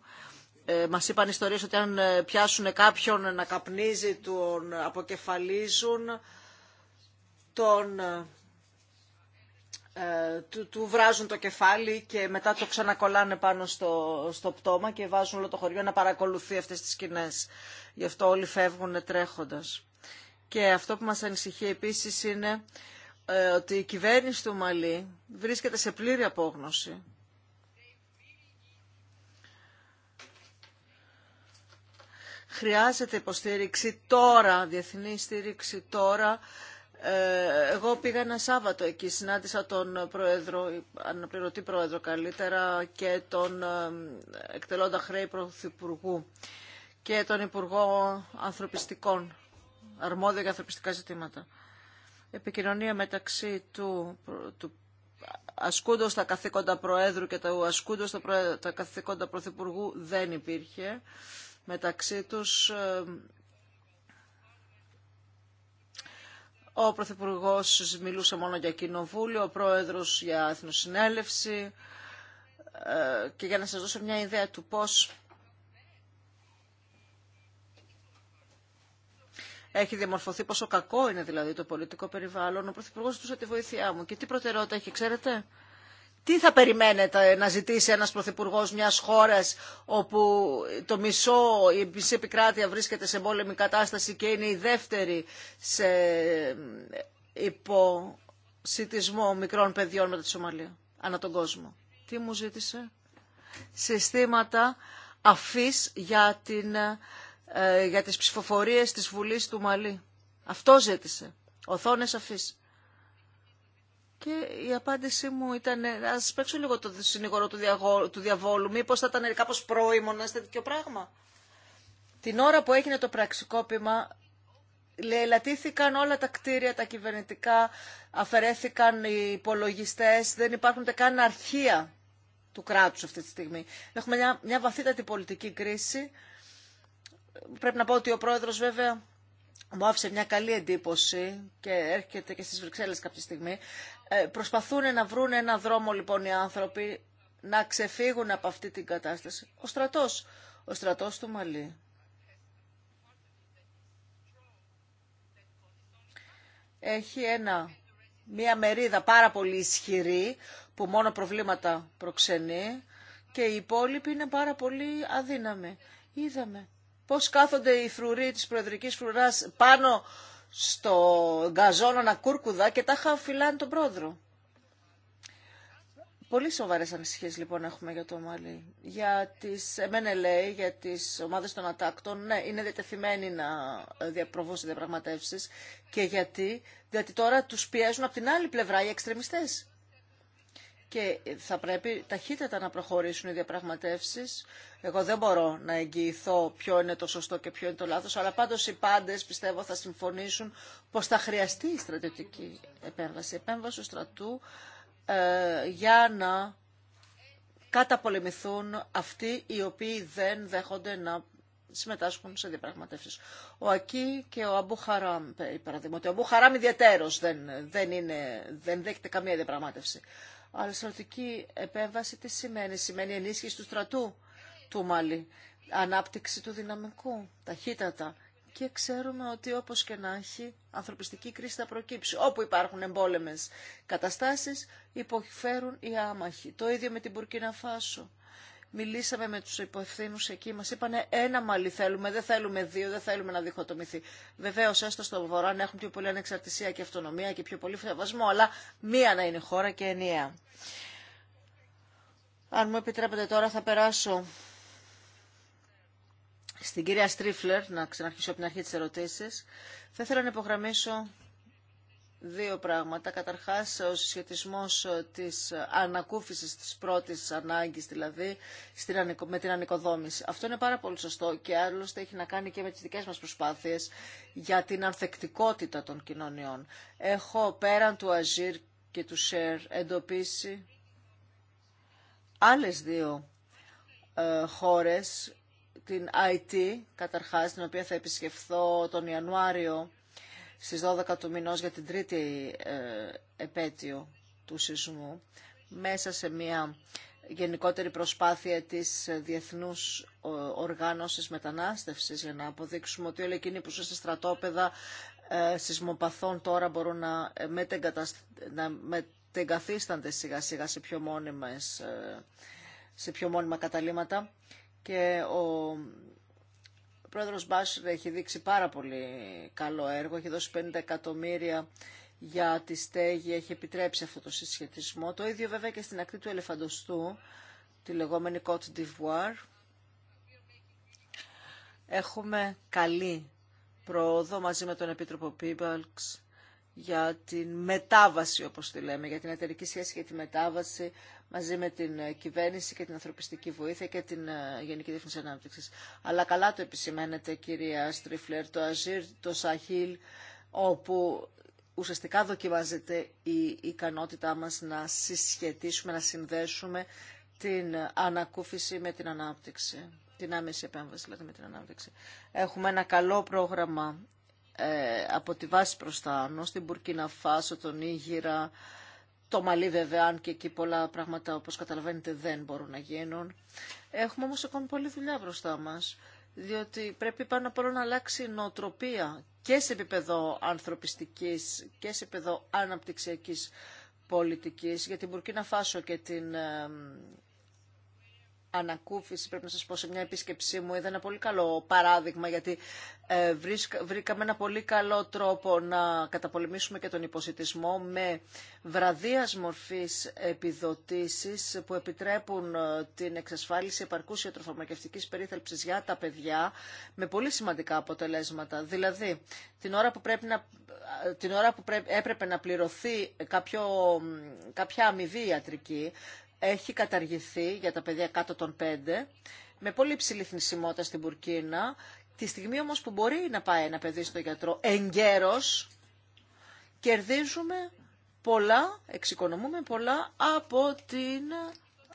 Ε, μας είπαν ιστορίες ότι αν ε, πιάσουν κάποιον να καπνίζει, τον αποκεφαλίζουν, τον, ε, του, βράζουν το κεφάλι και μετά το ξανακολλάνε πάνω στο, στο πτώμα και βάζουν όλο το χωριό να παρακολουθεί αυτές τις σκηνές. Γι' αυτό όλοι φεύγουν τρέχοντας. Και αυτό που μας ανησυχεί επίσης είναι ε, ότι η κυβέρνηση του Μαλή βρίσκεται σε πλήρη απόγνωση Χρειάζεται υποστήριξη τώρα, διεθνή στήριξη τώρα. Ε, εγώ πήγα ένα Σάββατο εκεί, συνάντησα τον πρόεδρο, αναπληρωτή πρόεδρο καλύτερα και τον ε, εκτελώντα χρέη πρωθυπουργού και τον Υπουργό Ανθρωπιστικών αρμόδια για ανθρωπιστικά ζητήματα. Επικοινωνία μεταξύ του, του ασκούντος τα καθήκοντα Προέδρου και του ασκούντος τα, τα καθήκοντα Πρωθυπουργού δεν υπήρχε. Μεταξύ τους ε, ο Πρωθυπουργό μιλούσε μόνο για κοινοβούλιο, ο Πρόεδρος για εθνοσυνέλευση ε, και για να σας δώσω μια ιδέα του πώς έχει διαμορφωθεί, πόσο κακό είναι δηλαδή το πολιτικό περιβάλλον. Ο Πρωθυπουργό ζητούσε τη βοήθειά μου. Και τι προτεραιότητα έχει, ξέρετε. Τι θα περιμένετε να ζητήσει ένας πρωθυπουργό μιας χώρας όπου το μισό, η μισή επικράτεια βρίσκεται σε πόλεμη κατάσταση και είναι η δεύτερη σε υποσυτισμό μικρών παιδιών μετά τη Σομαλία, ανά τον κόσμο. Τι μου ζήτησε. Συστήματα αφής για την ε, για τις ψηφοφορίες της Βουλής του Μαλή. Αυτό ζήτησε. Οθόνες αφής. Και η απάντησή μου ήταν, ε, α παίξω λίγο το συνηγορό του, διαβόλου, του διαβόλου. Μήπω θα ήταν κάπω πρόημο να είστε τέτοιο πράγμα. Την ώρα που έγινε το πραξικόπημα, λατήθηκαν όλα τα κτίρια, τα κυβερνητικά, αφαιρέθηκαν οι υπολογιστέ, δεν υπάρχουν καν αρχεία του κράτους αυτή τη στιγμή. Έχουμε μια, μια βαθύτατη πολιτική κρίση πρέπει να πω ότι ο πρόεδρος βέβαια μου άφησε μια καλή εντύπωση και έρχεται και στις Βρυξέλλες κάποια στιγμή. Ε, προσπαθούν να βρουν ένα δρόμο λοιπόν οι άνθρωποι να ξεφύγουν από αυτή την κατάσταση. Ο στρατός, ο στρατός του Μαλή. Έχει ένα, μια μερίδα πάρα πολύ ισχυρή που μόνο προβλήματα προξενεί και οι υπόλοιποι είναι πάρα πολύ αδύναμοι. Είδαμε πώς κάθονται οι φρουροί της προεδρικής φρουράς πάνω στο να κούρκουδα και τα χαφυλάνε τον πρόεδρο. Πολύ σοβαρές ανησυχίες λοιπόν έχουμε για το Μαλί. Για τις MNLA, για τις ομάδες των ατάκτων, ναι, είναι διατεθειμένοι να ε, διαπροβούν σε διαπραγματεύσεις. Και γιατί, γιατί τώρα τους πιέζουν από την άλλη πλευρά οι εξτρεμιστές και θα πρέπει ταχύτερα να προχωρήσουν οι διαπραγματεύσεις. Εγώ δεν μπορώ να εγγυηθώ ποιο είναι το σωστό και ποιο είναι το λάθος, αλλά πάντως οι πάντες πιστεύω θα συμφωνήσουν πως θα χρειαστεί η στρατιωτική επέμβαση, η επέμβαση του στρατού ε, για να καταπολεμηθούν αυτοί οι οποίοι δεν δέχονται να συμμετάσχουν σε διαπραγματεύσει. Ο Ακή και ο Αμπού Χαράμ, ε, παραδείγματι. Ο Αμπού Χαράμ ιδιαίτερο δεν, δεν, δεν δέχεται καμία διαπραγμάτευση στρατική επέμβαση τι σημαίνει. Σημαίνει ενίσχυση του στρατού του Μαλή, ανάπτυξη του δυναμικού, ταχύτατα. Και ξέρουμε ότι όπως και να έχει, ανθρωπιστική κρίση θα προκύψει. Όπου υπάρχουν εμπόλεμες καταστάσεις, υποφέρουν οι άμαχοι. Το ίδιο με την Μπουρκίνα Φάσο μιλήσαμε με τους υποευθύνου εκεί, μας είπανε ένα μαλλί θέλουμε, δεν θέλουμε δύο, δεν θέλουμε να διχοτομηθεί. Βεβαίως έστω στο βορρά να έχουν πιο πολύ ανεξαρτησία και αυτονομία και πιο πολύ φεβασμό, αλλά μία να είναι χώρα και ενιαία. Αν μου επιτρέπετε τώρα θα περάσω στην κυρία Στρίφλερ, να ξαναρχίσω από την αρχή της ερωτήσεις. Θα ήθελα να υπογραμμίσω δύο πράγματα. Καταρχάς, ο συσχετισμός της ανακούφισης της πρώτης ανάγκης, δηλαδή, με την ανοικοδόμηση. Αυτό είναι πάρα πολύ σωστό και άλλωστε έχει να κάνει και με τις δικές μας προσπάθειες για την ανθεκτικότητα των κοινωνιών. Έχω πέραν του Αζίρ και του Σέρ εντοπίσει άλλες δύο ε, χώρες, την IT, καταρχάς, την οποία θα επισκεφθώ τον Ιανουάριο, στις 12 του μηνός για την τρίτη ε, επέτειο του σεισμού μέσα σε μια γενικότερη προσπάθεια της διεθνούς οργάνωσης μετανάστευσης για να αποδείξουμε ότι όλοι εκείνοι που ζουν σε στρατόπεδα ε, σεισμοπαθών τώρα μπορούν να, ε, να μετεγκαθίστανται σιγά σιγά σε πιο, μόνιμες, σε πιο μόνιμα καταλήματα και ο πρόεδρος Μπάσερ έχει δείξει πάρα πολύ καλό έργο, έχει δώσει 50 εκατομμύρια για τη στέγη, έχει επιτρέψει αυτό το συσχετισμό. Το ίδιο βέβαια και στην ακτή του Ελεφαντοστού, τη λεγόμενη Côte d'Ivoire. Έχουμε καλή πρόοδο μαζί με τον Επίτροπο Πίμπαλξ για την μετάβαση, όπως τη λέμε, για την εταιρική σχέση και τη μετάβαση μαζί με την ε, κυβέρνηση και την ανθρωπιστική βοήθεια και την ε, Γενική Διεθνή Ανάπτυξη. Αλλά καλά το επισημαίνετε, κυρία Στρίφλερ, το Αζίρ, το Σαχίλ, όπου ουσιαστικά δοκιμάζεται η ικανότητά μας να συσχετίσουμε, να συνδέσουμε την ανακούφιση με την ανάπτυξη. Την άμεση επέμβαση δηλαδή με την ανάπτυξη. Έχουμε ένα καλό πρόγραμμα ε, από τη βάση προς τα άνω, στην Μπουρκίνα Φάσο, τον Ήγυρα, το Μαλί βέβαια, αν και εκεί πολλά πράγματα όπως καταλαβαίνετε δεν μπορούν να γίνουν. Έχουμε όμως ακόμη πολλή δουλειά μπροστά μας, διότι πρέπει πάνω απ' όλα να αλλάξει η νοοτροπία και σε επίπεδο ανθρωπιστικής και σε επίπεδο αναπτυξιακής πολιτικής για την Μπουρκίνα Φάσο και την ε, ανακούφιση, πρέπει να σας πω, σε μια επίσκεψή μου είδα ένα πολύ καλό παράδειγμα, γιατί ε, βρήκαμε ένα πολύ καλό τρόπο να καταπολεμήσουμε και τον υποσυτισμό με βραδίας μορφής επιδοτήσεις που επιτρέπουν ε, την εξασφάλιση επαρκούς ιατροφαρμακευτικής περίθαλψης για τα παιδιά με πολύ σημαντικά αποτελέσματα. Δηλαδή, την ώρα που, ε, την ώρα έπρεπε να πληρωθεί κάποιο, κάποια αμοιβή ιατρική, έχει καταργηθεί για τα παιδιά κάτω των 5 με πολύ ψηλή θνησιμότητα στην Πουρκίνα. Τη στιγμή όμως που μπορεί να πάει ένα παιδί στο γιατρό εγκαίρος, κερδίζουμε πολλά, εξοικονομούμε πολλά από την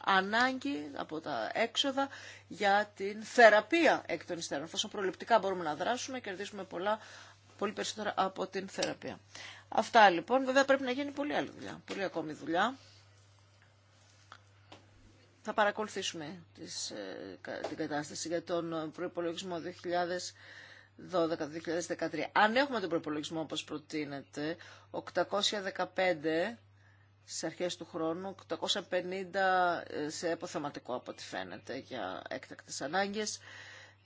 ανάγκη, από τα έξοδα για την θεραπεία εκ των υστέρων. Φόσο προληπτικά μπορούμε να δράσουμε, κερδίζουμε πολλά, πολύ περισσότερα από την θεραπεία. Αυτά λοιπόν. Βέβαια πρέπει να γίνει πολύ άλλη δουλειά, πολύ ακόμη δουλειά θα παρακολουθήσουμε τις, ε, την κατάσταση για τον προϋπολογισμό 2012-2013. Αν έχουμε τον προϋπολογισμό όπως προτείνεται, 815 σε αρχές του χρόνου, 850 ε, σε αποθεματικό από ό,τι φαίνεται για έκτακτες ανάγκες.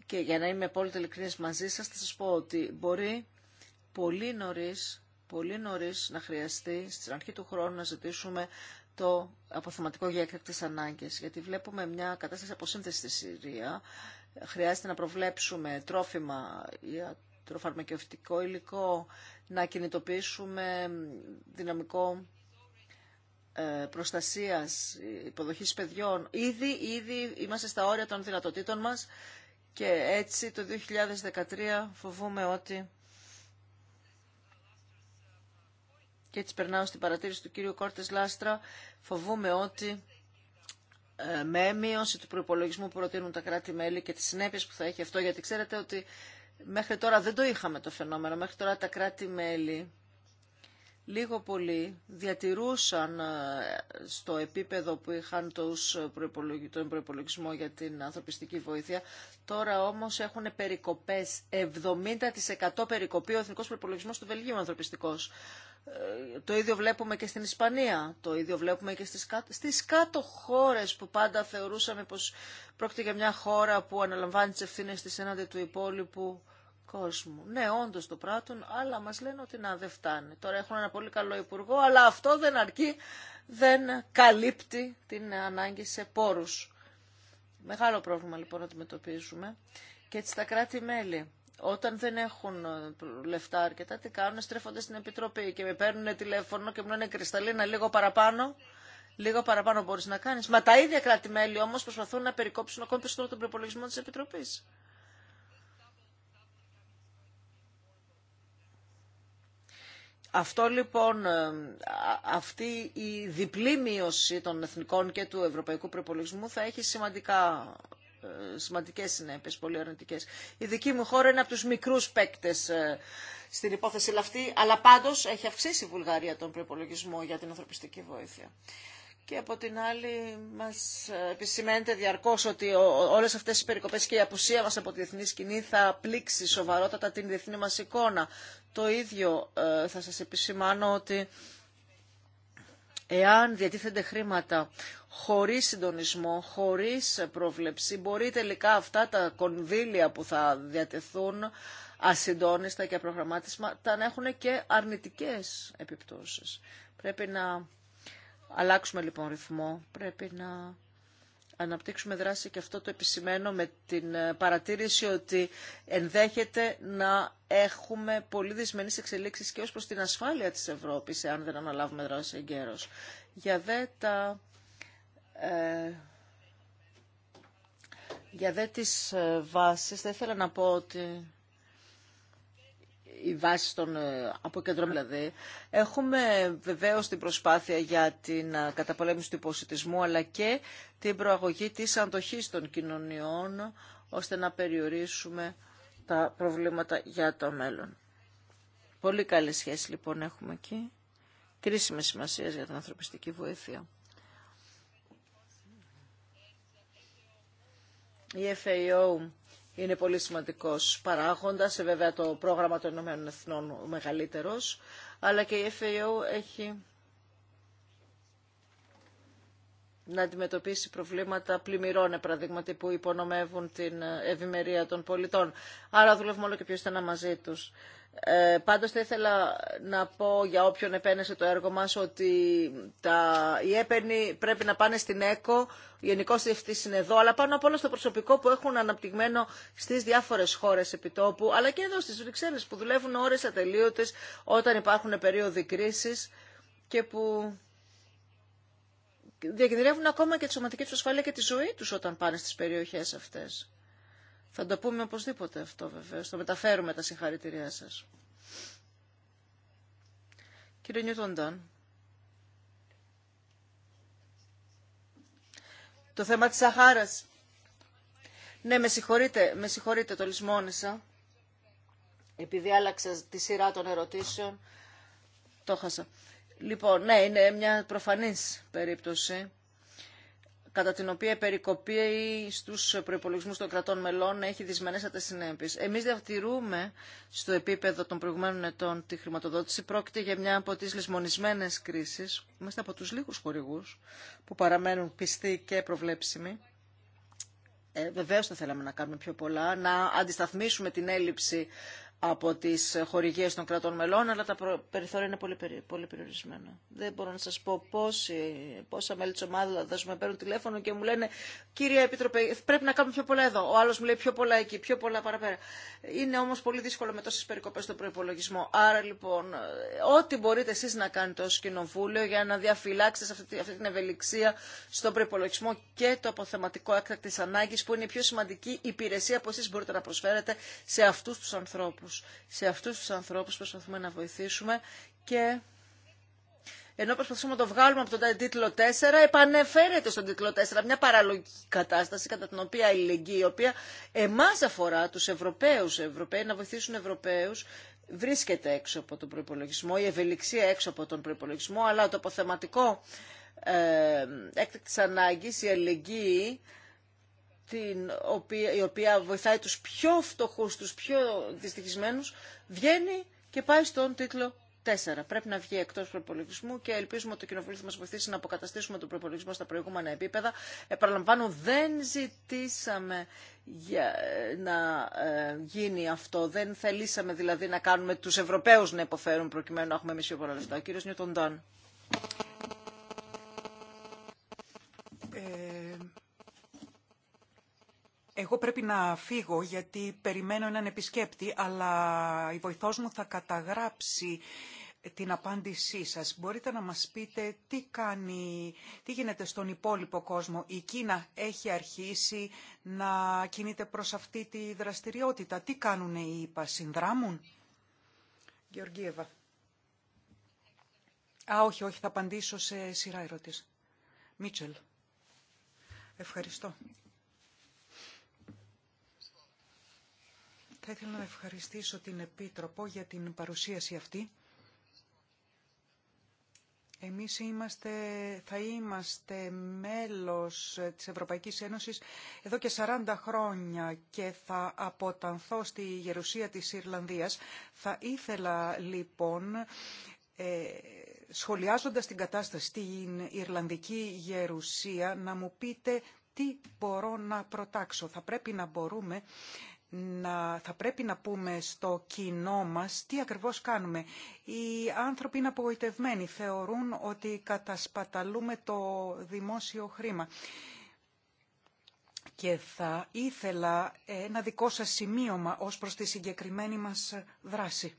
Και για να είμαι απόλυτα ειλικρινής μαζί σας, θα σας πω ότι μπορεί πολύ νωρίς, πολύ νωρίς να χρειαστεί στην αρχή του χρόνου να ζητήσουμε το αποθεματικό για έκτακτες ανάγκες, γιατί βλέπουμε μια κατάσταση αποσύνθεσης στη Συρία. Χρειάζεται να προβλέψουμε τρόφιμα για τροφαρμακευτικό υλικό, να κινητοποιήσουμε δυναμικό ε, προστασίας, υποδοχής παιδιών. Ήδη, ήδη είμαστε στα όρια των δυνατοτήτων μας και έτσι το 2013 φοβούμε ότι Και έτσι περνάω στην παρατήρηση του κύριου Κόρτε Λάστρα. Φοβούμε ότι ε, με μείωση του προπολογισμού που προτείνουν τα κράτη-μέλη και τι συνέπειε που θα έχει αυτό, γιατί ξέρετε ότι μέχρι τώρα δεν το είχαμε το φαινόμενο, μέχρι τώρα τα κράτη-μέλη λίγο πολύ διατηρούσαν ε, στο επίπεδο που είχαν τους τον προπολογισμό για την ανθρωπιστική βοήθεια. Τώρα όμως έχουν περικοπές, 70% περικοπεί ο εθνικός προϋπολογισμός του Βελγίου ανθρωπιστικό. Ε, το ίδιο βλέπουμε και στην Ισπανία, το ίδιο βλέπουμε και στις κάτω, στις χώρες που πάντα θεωρούσαμε πως πρόκειται για μια χώρα που αναλαμβάνει τις ευθύνες της έναντι του υπόλοιπου κόσμου. Ναι, όντω το πράττουν, αλλά μας λένε ότι να δεν φτάνει. Τώρα έχουν ένα πολύ καλό υπουργό, αλλά αυτό δεν αρκεί, δεν καλύπτει την ανάγκη σε πόρους. Μεγάλο πρόβλημα λοιπόν να αντιμετωπίζουμε. Και έτσι τα κράτη-μέλη όταν δεν έχουν ε, λεφτά αρκετά, τι κάνουν, στρέφονται στην Επιτροπή και με παίρνουν τηλέφωνο και μου λένε «Κρυσταλίνα, λίγο παραπάνω, λίγο παραπάνω μπορείς να κάνεις». Μα τα ίδια κράτη-μέλη όμως προσπαθούν να περικόψουν ακόμη περισσότερο τον προπολογισμό της Επιτροπής. Αυτό λοιπόν, ε, αυτή η διπλή μείωση των εθνικών και του ευρωπαϊκού προπολογισμού θα έχει σημαντικά ε, σημαντικές συνέπειες, πολύ αρνητικές. Η δική μου χώρα είναι από τους μικρούς παίκτες ε, στην υπόθεση αυτή, αλλά πάντως έχει αυξήσει η Βουλγαρία τον προπολογισμό για την ανθρωπιστική βοήθεια. Και από την άλλη μας ε, επισημαίνεται διαρκώς ότι όλες αυτές οι περικοπές και η απουσία μας από τη διεθνή σκηνή θα πλήξει σοβαρότατα την διεθνή μας εικόνα. Το ίδιο θα σας επισημάνω ότι Εάν διατίθενται χρήματα χωρίς συντονισμό, χωρίς πρόβλεψη, μπορεί τελικά αυτά τα κονδύλια που θα διατεθούν ασυντόνιστα και τα να έχουν και αρνητικές επιπτώσεις. Πρέπει να αλλάξουμε λοιπόν ρυθμό, πρέπει να αναπτύξουμε δράση και αυτό το επισημαίνω με την ε, παρατήρηση ότι ενδέχεται να έχουμε πολύ δυσμενείς εξελίξεις και ως προς την ασφάλεια της Ευρώπης, εάν δεν αναλάβουμε δράση εγκαίρως. Για δε τα... Ε, για δε τις ε, βάσεις, θα ήθελα να πω ότι η βάση των ε, αποκεντρωμένων. Δηλαδή, έχουμε βεβαίω την προσπάθεια για την ε, καταπολέμηση του υποσυτισμού, αλλά και την προαγωγή τη αντοχή των κοινωνιών, ώστε να περιορίσουμε τα προβλήματα για το μέλλον. Πολύ καλή σχέση λοιπόν έχουμε εκεί. Κρίσιμη σημασία για την ανθρωπιστική βοήθεια. Η FAO είναι πολύ σημαντικός παράγοντας, ε, βέβαια το πρόγραμμα των Ηνωμένων Εθνών μεγαλύτερος, αλλά και η FAO έχει να αντιμετωπίσει προβλήματα πλημμυρών, επραδείγματι, που υπονομεύουν την ευημερία των πολιτών. Άρα δουλεύουμε όλο και πιο στενά μαζί τους. Ε, πάντως θα ήθελα να πω για όποιον επένεσε το έργο μας ότι τα, οι έπαιρνοι πρέπει να πάνε στην ΕΚΟ, η Γενικός Διευθυντής είναι εδώ, αλλά πάνω απ' όλα στο προσωπικό που έχουν αναπτυγμένο στις διάφορες χώρες επιτόπου, αλλά και εδώ στις Βρυξέλλες που δουλεύουν ώρες ατελείωτες όταν υπάρχουν περίοδοι κρίσης και που διακινδυνεύουν ακόμα και τη σωματική του ασφάλεια και τη ζωή του όταν πάνε στι περιοχέ αυτέ. Θα το πούμε οπωσδήποτε αυτό βεβαίω. Το μεταφέρουμε τα συγχαρητήριά σα. Κύριε Νιούτον Το θέμα της Σαχάρας. Ναι, με συγχωρείτε, με συγχωρείτε, το λησμόνισα. Επειδή άλλαξα τη σειρά των ερωτήσεων, το χάσα. Λοιπόν, ναι, είναι μια προφανής περίπτωση κατά την οποία η περικοπή στους προϋπολογισμούς των κρατών μελών έχει δυσμενέστατες συνέπειε. Εμείς διατηρούμε στο επίπεδο των προηγουμένων ετών τη χρηματοδότηση. Πρόκειται για μια από τι λησμονισμένε κρίσεις. Είμαστε από του λίγους χορηγού που παραμένουν πιστοί και προβλέψιμοι. Ε, Βεβαίω θα θέλαμε να κάνουμε πιο πολλά, να αντισταθμίσουμε την έλλειψη από τις χορηγίες των κρατών μελών, αλλά τα περιθώρια είναι πολύ, πολύ περιορισμένα. Δεν μπορώ να σας πω πόσοι, πόσα μέλη της ομάδας με παίρνουν τηλέφωνο και μου λένε «Κύριε Επίτροπε, πρέπει να κάνουμε πιο πολλά εδώ». Ο άλλος μου λέει «Πιο πολλά εκεί, πιο πολλά παραπέρα». Είναι όμως πολύ δύσκολο με τόσες περικοπές στον προϋπολογισμό. Άρα λοιπόν, ό,τι μπορείτε εσείς να κάνετε ως Κοινοβούλιο για να διαφυλάξετε αυτή, αυτή την ευελιξία στον προϋπολογισμό και το αποθεματικό έκτακτη ανάγκης που είναι η πιο σημαντική υπηρεσία που εσείς μπορείτε να προσφέρετε σε αυτούς τους ανθρώπους. Σε αυτούς τους ανθρώπους προσπαθούμε να βοηθήσουμε και ενώ προσπαθούμε να το βγάλουμε από τον τίτλο 4, επανεφέρεται στον τίτλο 4 μια παραλογική κατάσταση κατά την οποία η λεγγύη, η οποία εμάς αφορά τους Ευρωπαίους, Ευρωπαίοι να βοηθήσουν Ευρωπαίους, βρίσκεται έξω από τον προϋπολογισμό, η ευελιξία έξω από τον προϋπολογισμό, αλλά το αποθεματικό ε, έκτακτης ανάγκης, η αλληλεγγύη, την οποία, η οποία βοηθάει τους πιο φτωχούς, τους πιο δυστυχισμένους, βγαίνει και πάει στον τίτλο 4. Πρέπει να βγει εκτό προπολογισμού και ελπίζουμε ότι το κοινοβούλιο θα μα βοηθήσει να αποκαταστήσουμε τον προπολογισμό στα προηγούμενα επίπεδα. Επαναλαμβάνω, δεν ζητήσαμε για να ε, γίνει αυτό. Δεν θελήσαμε δηλαδή να κάνουμε τους Ευρωπαίους να υποφέρουν προκειμένου να έχουμε μισή πιο πολλά λεφτά. Ο κύριο Νιούτον Εγώ πρέπει να φύγω γιατί περιμένω έναν επισκέπτη, αλλά η βοηθός μου θα καταγράψει την απάντησή σας. Μπορείτε να μας πείτε τι κάνει, τι γίνεται στον υπόλοιπο κόσμο. Η Κίνα έχει αρχίσει να κινείται προς αυτή τη δραστηριότητα. Τι κάνουν οι ΙΠΑ, συνδράμουν. Γεωργίευα. Α, όχι, όχι, θα απαντήσω σε σειρά ερώτηση. Μίτσελ. Ευχαριστώ. Θα ήθελα να ευχαριστήσω την Επίτροπο για την παρουσίαση αυτή. Εμείς είμαστε, θα είμαστε μέλος της Ευρωπαϊκής Ένωσης εδώ και 40 χρόνια και θα αποτανθώ στη γερουσία της Ιρλανδίας. Θα ήθελα λοιπόν, ε, σχολιάζοντας την κατάσταση στην Ιρλανδική γερουσία, να μου πείτε τι μπορώ να προτάξω. Θα πρέπει να μπορούμε να, θα πρέπει να πούμε στο κοινό μας τι ακριβώς κάνουμε. Οι άνθρωποι είναι απογοητευμένοι, θεωρούν ότι κατασπαταλούμε το δημόσιο χρήμα. Και θα ήθελα ένα δικό σας σημείωμα ως προς τη συγκεκριμένη μας δράση.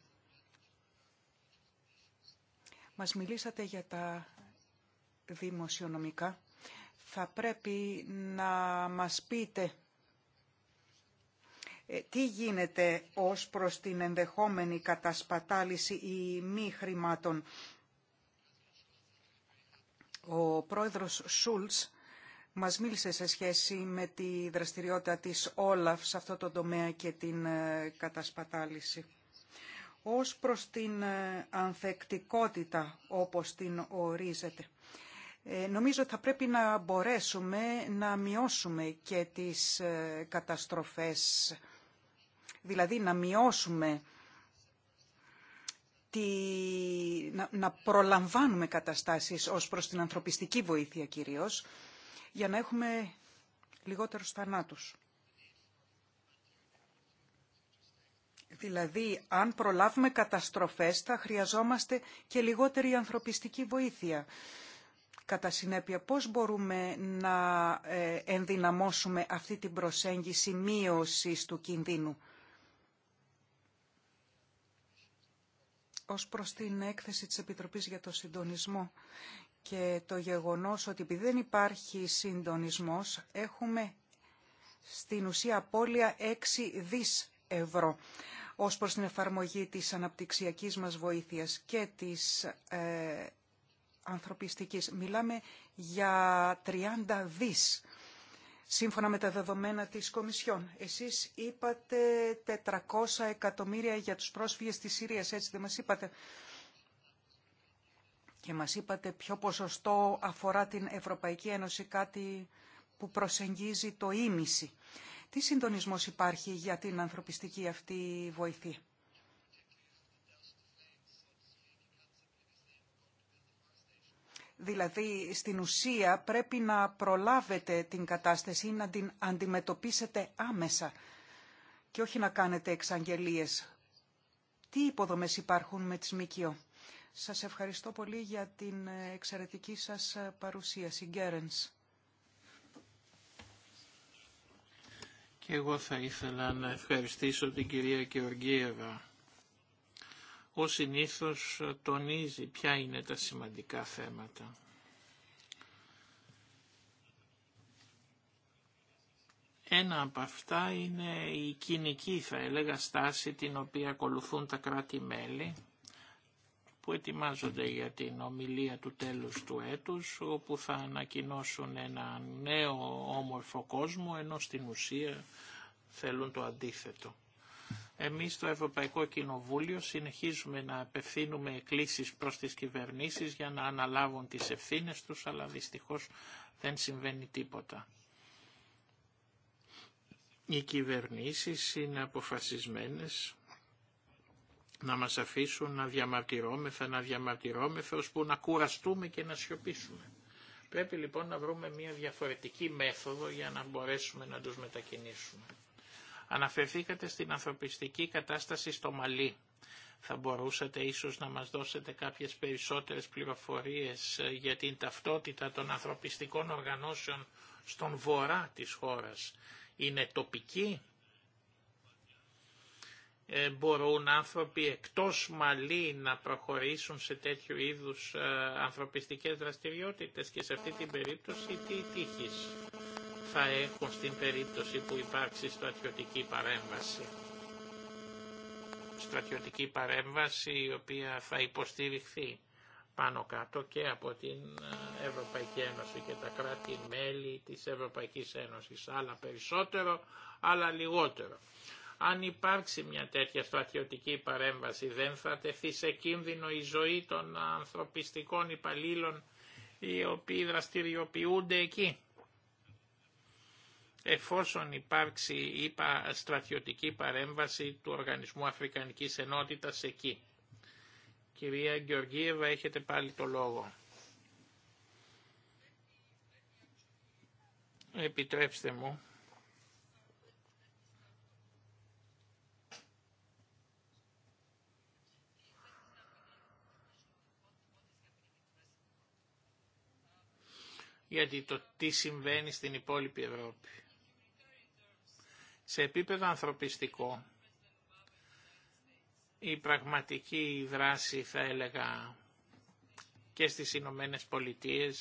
Μας μιλήσατε για τα δημοσιονομικά. Θα πρέπει να μας πείτε ε, τι γίνεται ως προς την ενδεχόμενη κατασπατάληση ή μη χρημάτων. Ο πρόεδρος Σούλτς μας μίλησε σε σχέση με τη δραστηριότητα της Όλαφ σε αυτό το τομέα και την ε, κατασπατάληση. Ως προς την ε, ανθεκτικότητα όπως την ορίζεται. Νομίζω ότι θα πρέπει να μπορέσουμε να μειώσουμε και τις καταστροφές δηλαδή να μειώσουμε, τη... να προλαμβάνουμε καταστάσεις ως προς την ανθρωπιστική βοήθεια κυρίως, για να έχουμε λιγότερους θανάτους. Δηλαδή, αν προλάβουμε καταστροφές, θα χρειαζόμαστε και λιγότερη ανθρωπιστική βοήθεια. Κατά συνέπεια, πώς μπορούμε να ε, ενδυναμώσουμε αυτή την προσέγγιση μείωσης του κινδύνου. ως προς την έκθεση της Επιτροπής για το Συντονισμό και το γεγονός ότι επειδή δεν υπάρχει συντονισμός έχουμε στην ουσία απώλεια 6 δις ευρώ ως προς την εφαρμογή της αναπτυξιακής μας βοήθειας και της ε, ανθρωπιστικής. Μιλάμε για 30 δις σύμφωνα με τα δεδομένα της Κομισιόν. Εσείς είπατε 400 εκατομμύρια για τους πρόσφυγες της Συρίας, έτσι δεν μας είπατε. Και μας είπατε ποιο ποσοστό αφορά την Ευρωπαϊκή Ένωση, κάτι που προσεγγίζει το ίμιση. Τι συντονισμός υπάρχει για την ανθρωπιστική αυτή βοηθή. Δηλαδή, στην ουσία πρέπει να προλάβετε την κατάσταση ή να την αντιμετωπίσετε άμεσα και όχι να κάνετε εξαγγελίες. Τι υποδομές υπάρχουν με τις ΜΚΙΟ. Σας ευχαριστώ πολύ για την ε, εξαιρετική σας ε, παρουσία, Γκέρενς. Και εγώ θα ήθελα να ευχαριστήσω την κυρία Κεωργίευα ο συνήθως τονίζει ποια είναι τα σημαντικά θέματα. Ένα από αυτά είναι η κοινική, θα έλεγα, στάση την οποία ακολουθούν τα κράτη-μέλη που ετοιμάζονται για την ομιλία του τέλους του έτους, όπου θα ανακοινώσουν ένα νέο όμορφο κόσμο, ενώ στην ουσία θέλουν το αντίθετο. Εμείς στο Ευρωπαϊκό Κοινοβούλιο συνεχίζουμε να απευθύνουμε εκκλήσεις προς τις κυβερνήσεις για να αναλάβουν τις ευθύνες τους, αλλά δυστυχώς δεν συμβαίνει τίποτα. Οι κυβερνήσεις είναι αποφασισμένες να μας αφήσουν να διαμαρτυρόμεθα, να διαμαρτυρόμεθα, ώσπου να κουραστούμε και να σιωπήσουμε. Πρέπει λοιπόν να βρούμε μια διαφορετική μέθοδο για να μπορέσουμε να τους μετακινήσουμε. Αναφερθήκατε στην ανθρωπιστική κατάσταση στο Μαλί. Θα μπορούσατε ίσως να μας δώσετε κάποιες περισσότερες πληροφορίες ε, για την ταυτότητα των ανθρωπιστικών οργανώσεων στον βορρά της χώρας. Είναι τοπική, ε, μπορούν άνθρωποι εκτός Μαλή να προχωρήσουν σε τέτοιου είδους ε, ανθρωπιστικές δραστηριότητες και σε αυτή την περίπτωση τι τύχης θα έχουν στην περίπτωση που υπάρξει στρατιωτική παρέμβαση. Στρατιωτική παρέμβαση η οποία θα υποστηριχθεί πάνω κάτω και από την ε, Ευρωπαϊκή Ένωση και τα κράτη-μέλη της Ευρωπαϊκής Ένωσης. Άλλα περισσότερο, άλλα λιγότερο. Αν υπάρξει μια τέτοια στρατιωτική παρέμβαση δεν θα τεθεί σε κίνδυνο η ζωή των ανθρωπιστικών υπαλλήλων οι οποίοι δραστηριοποιούνται εκεί εφόσον υπάρξει είπα, στρατιωτική παρέμβαση του Οργανισμού Αφρικανικής Ενότητας εκεί. Κυρία Γεωργίευα, έχετε πάλι το λόγο. Επιτρέψτε μου. γιατί το τι συμβαίνει στην υπόλοιπη Ευρώπη. Σε επίπεδο ανθρωπιστικό, η πραγματική δράση θα έλεγα και στις Ηνωμένε Πολιτείες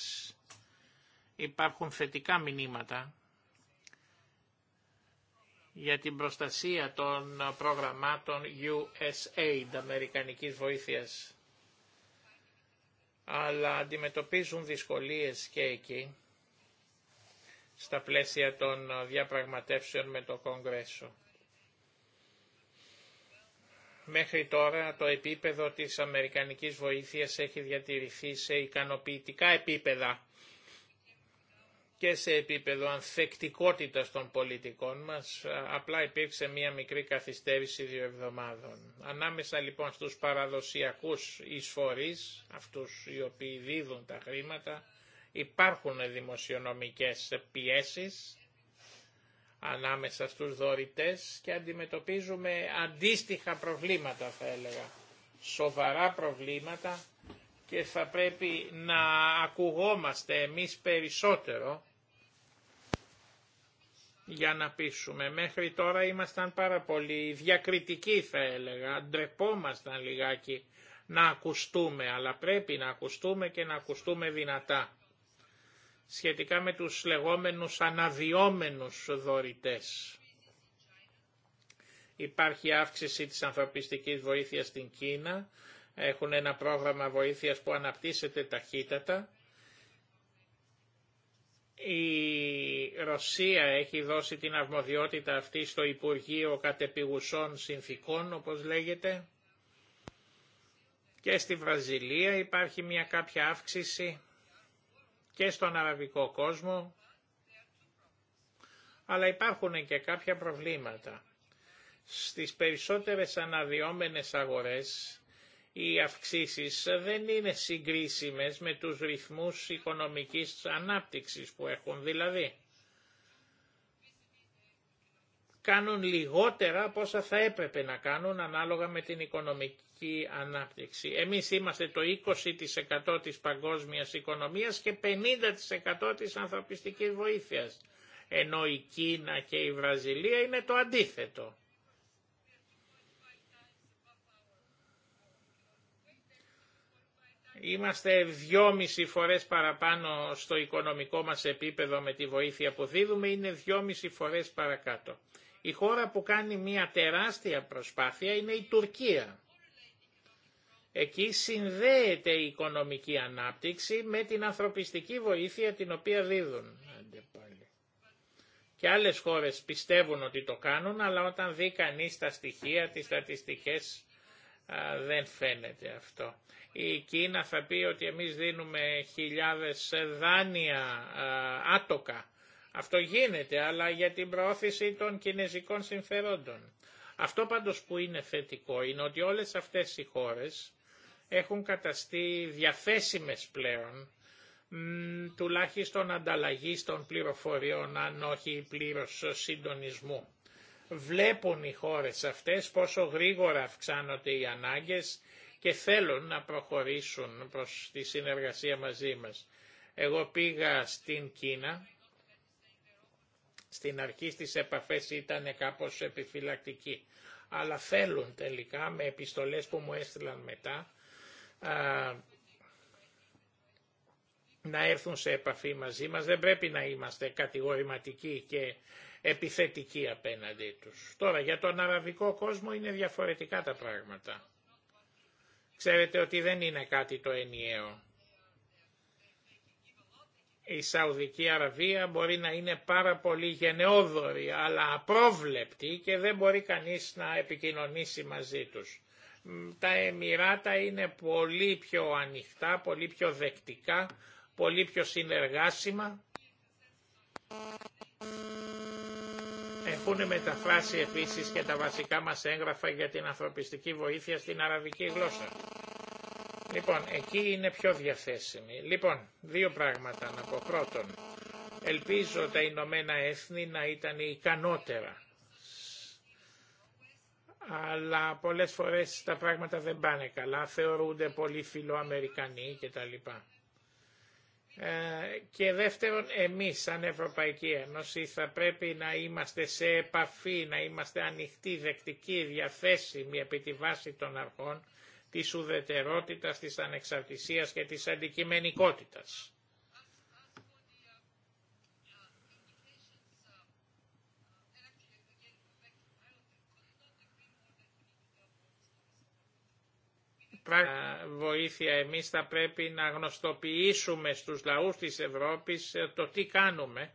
υπάρχουν θετικά μηνύματα για την προστασία των προγραμμάτων USAID, Αμερικανικής Βοήθειας. Αλλά αντιμετωπίζουν δυσκολίες και εκεί στα πλαίσια των ε, διαπραγματεύσεων με το Κόγκρέσο. Μέχρι τώρα το επίπεδο της αμερικανικής βοήθειας έχει διατηρηθεί σε ικανοποιητικά επίπεδα και σε επίπεδο ανθεκτικότητας των πολιτικών μας, ε, απλά υπήρξε μία μικρή καθυστέρηση δύο εβδομάδων. Ανάμεσα λοιπόν στους παραδοσιακούς εισφορείς, αυτούς οι οποίοι δίδουν τα χρήματα, Υπάρχουν δημοσιονομικές πιέσεις ανάμεσα στους δωρητές και αντιμετωπίζουμε αντίστοιχα προβλήματα θα έλεγα. Σοβαρά προβλήματα και θα πρέπει να ακουγόμαστε εμείς περισσότερο για να πείσουμε. Μέχρι τώρα ήμασταν πάρα πολύ διακριτικοί θα έλεγα, ντρεπόμασταν λιγάκι να ακουστούμε, αλλά πρέπει να ακουστούμε και να ακουστούμε δυνατά σχετικά με τους λεγόμενους αναδυόμενους δωρητές. Υπάρχει αύξηση της ανθρωπιστικής βοήθειας στην Κίνα, έχουν ένα πρόγραμμα βοήθειας που αναπτύσσεται ταχύτατα. Η Ρωσία έχει δώσει την αυμοδιότητα αυτή στο Υπουργείο Κατεπηγουσών Συνθήκων, όπως λέγεται. Και στη Βραζιλία υπάρχει μια κάποια αύξηση και στον αραβικό κόσμο, αλλά υπάρχουν και κάποια προβλήματα. Στις περισσότερες αναδυόμενες αγορές οι αυξήσεις δεν είναι συγκρίσιμες με τους ρυθμούς οικονομικής ανάπτυξης που έχουν δηλαδή κάνουν λιγότερα από όσα θα έπρεπε να κάνουν ανάλογα με την οικονομική ανάπτυξη. Εμείς είμαστε το 20% της παγκόσμιας οικονομίας και 50% της ανθρωπιστικής βοήθειας, ενώ η Κίνα και η Βραζιλία είναι το αντίθετο. Είμαστε δυόμιση φορές παραπάνω στο οικονομικό μας επίπεδο με τη βοήθεια που δίδουμε, είναι δυόμιση φορές παρακάτω. Η χώρα που κάνει μια τεράστια προσπάθεια είναι η Τουρκία. Εκεί συνδέεται η οικονομική ανάπτυξη με την ανθρωπιστική βοήθεια την οποία δίδουν. Και άλλες χώρες πιστεύουν ότι το κάνουν, αλλά όταν δει κανεί τα στοιχεία, τις στατιστικές, δεν φαίνεται αυτό. Η Κίνα θα πει ότι εμείς δίνουμε χιλιάδες δάνεια άτοκα αυτό γίνεται, αλλά για την προώθηση των κινέζικων συμφερόντων. Αυτό πάντως που είναι θετικό είναι ότι όλες αυτές οι χώρες έχουν καταστεί διαθέσιμες πλέον τουλάχιστον ανταλλαγή των πληροφοριών αν όχι πλήρως συντονισμού. Βλέπουν οι χώρες αυτές πόσο γρήγορα αυξάνονται οι ανάγκες και θέλουν να προχωρήσουν προς τη συνεργασία μαζί μας. Εγώ πήγα στην Κίνα στην αρχή στις επαφές ήταν κάπως επιφυλακτική, αλλά θέλουν τελικά με επιστολές που μου έστειλαν μετά να έρθουν σε επαφή μαζί μας. Δεν πρέπει να είμαστε κατηγορηματικοί και επιθετικοί απέναντί τους. Τώρα για τον αραβικό κόσμο είναι διαφορετικά τα πράγματα. Ξέρετε ότι δεν είναι κάτι το ενιαίο η Σαουδική Αραβία μπορεί να είναι πάρα πολύ γενναιόδορη αλλά απρόβλεπτη και δεν μπορεί κανείς να επικοινωνήσει μαζί τους. Τα Εμμυράτα είναι πολύ πιο ανοιχτά, πολύ πιο δεκτικά, πολύ πιο συνεργάσιμα. Έχουν μεταφράσει επίσης και τα βασικά μας έγγραφα για την ανθρωπιστική βοήθεια στην αραβική γλώσσα. Λοιπόν, εκεί είναι πιο διαθέσιμη. Λοιπόν, δύο πράγματα να πω. Πρώτον, ελπίζω τα Ηνωμένα Έθνη να ήταν ικανότερα. Αλλά πολλές φορές τα πράγματα δεν πάνε καλά, θεωρούνται πολύ φιλοαμερικανοί κτλ. Ε, και δεύτερον, εμείς σαν Ευρωπαϊκή Ένωση θα πρέπει να είμαστε σε επαφή, να είμαστε ανοιχτοί, δεκτικοί, διαθέσιμοι επί τη βάση των αρχών της ουδετερότητας, της ανεξαρτησίας και της αντικειμενικότητας. βοήθεια εμείς θα πρέπει να γνωστοποιήσουμε στους λαούς της Ευρώπης ε, το τι κάνουμε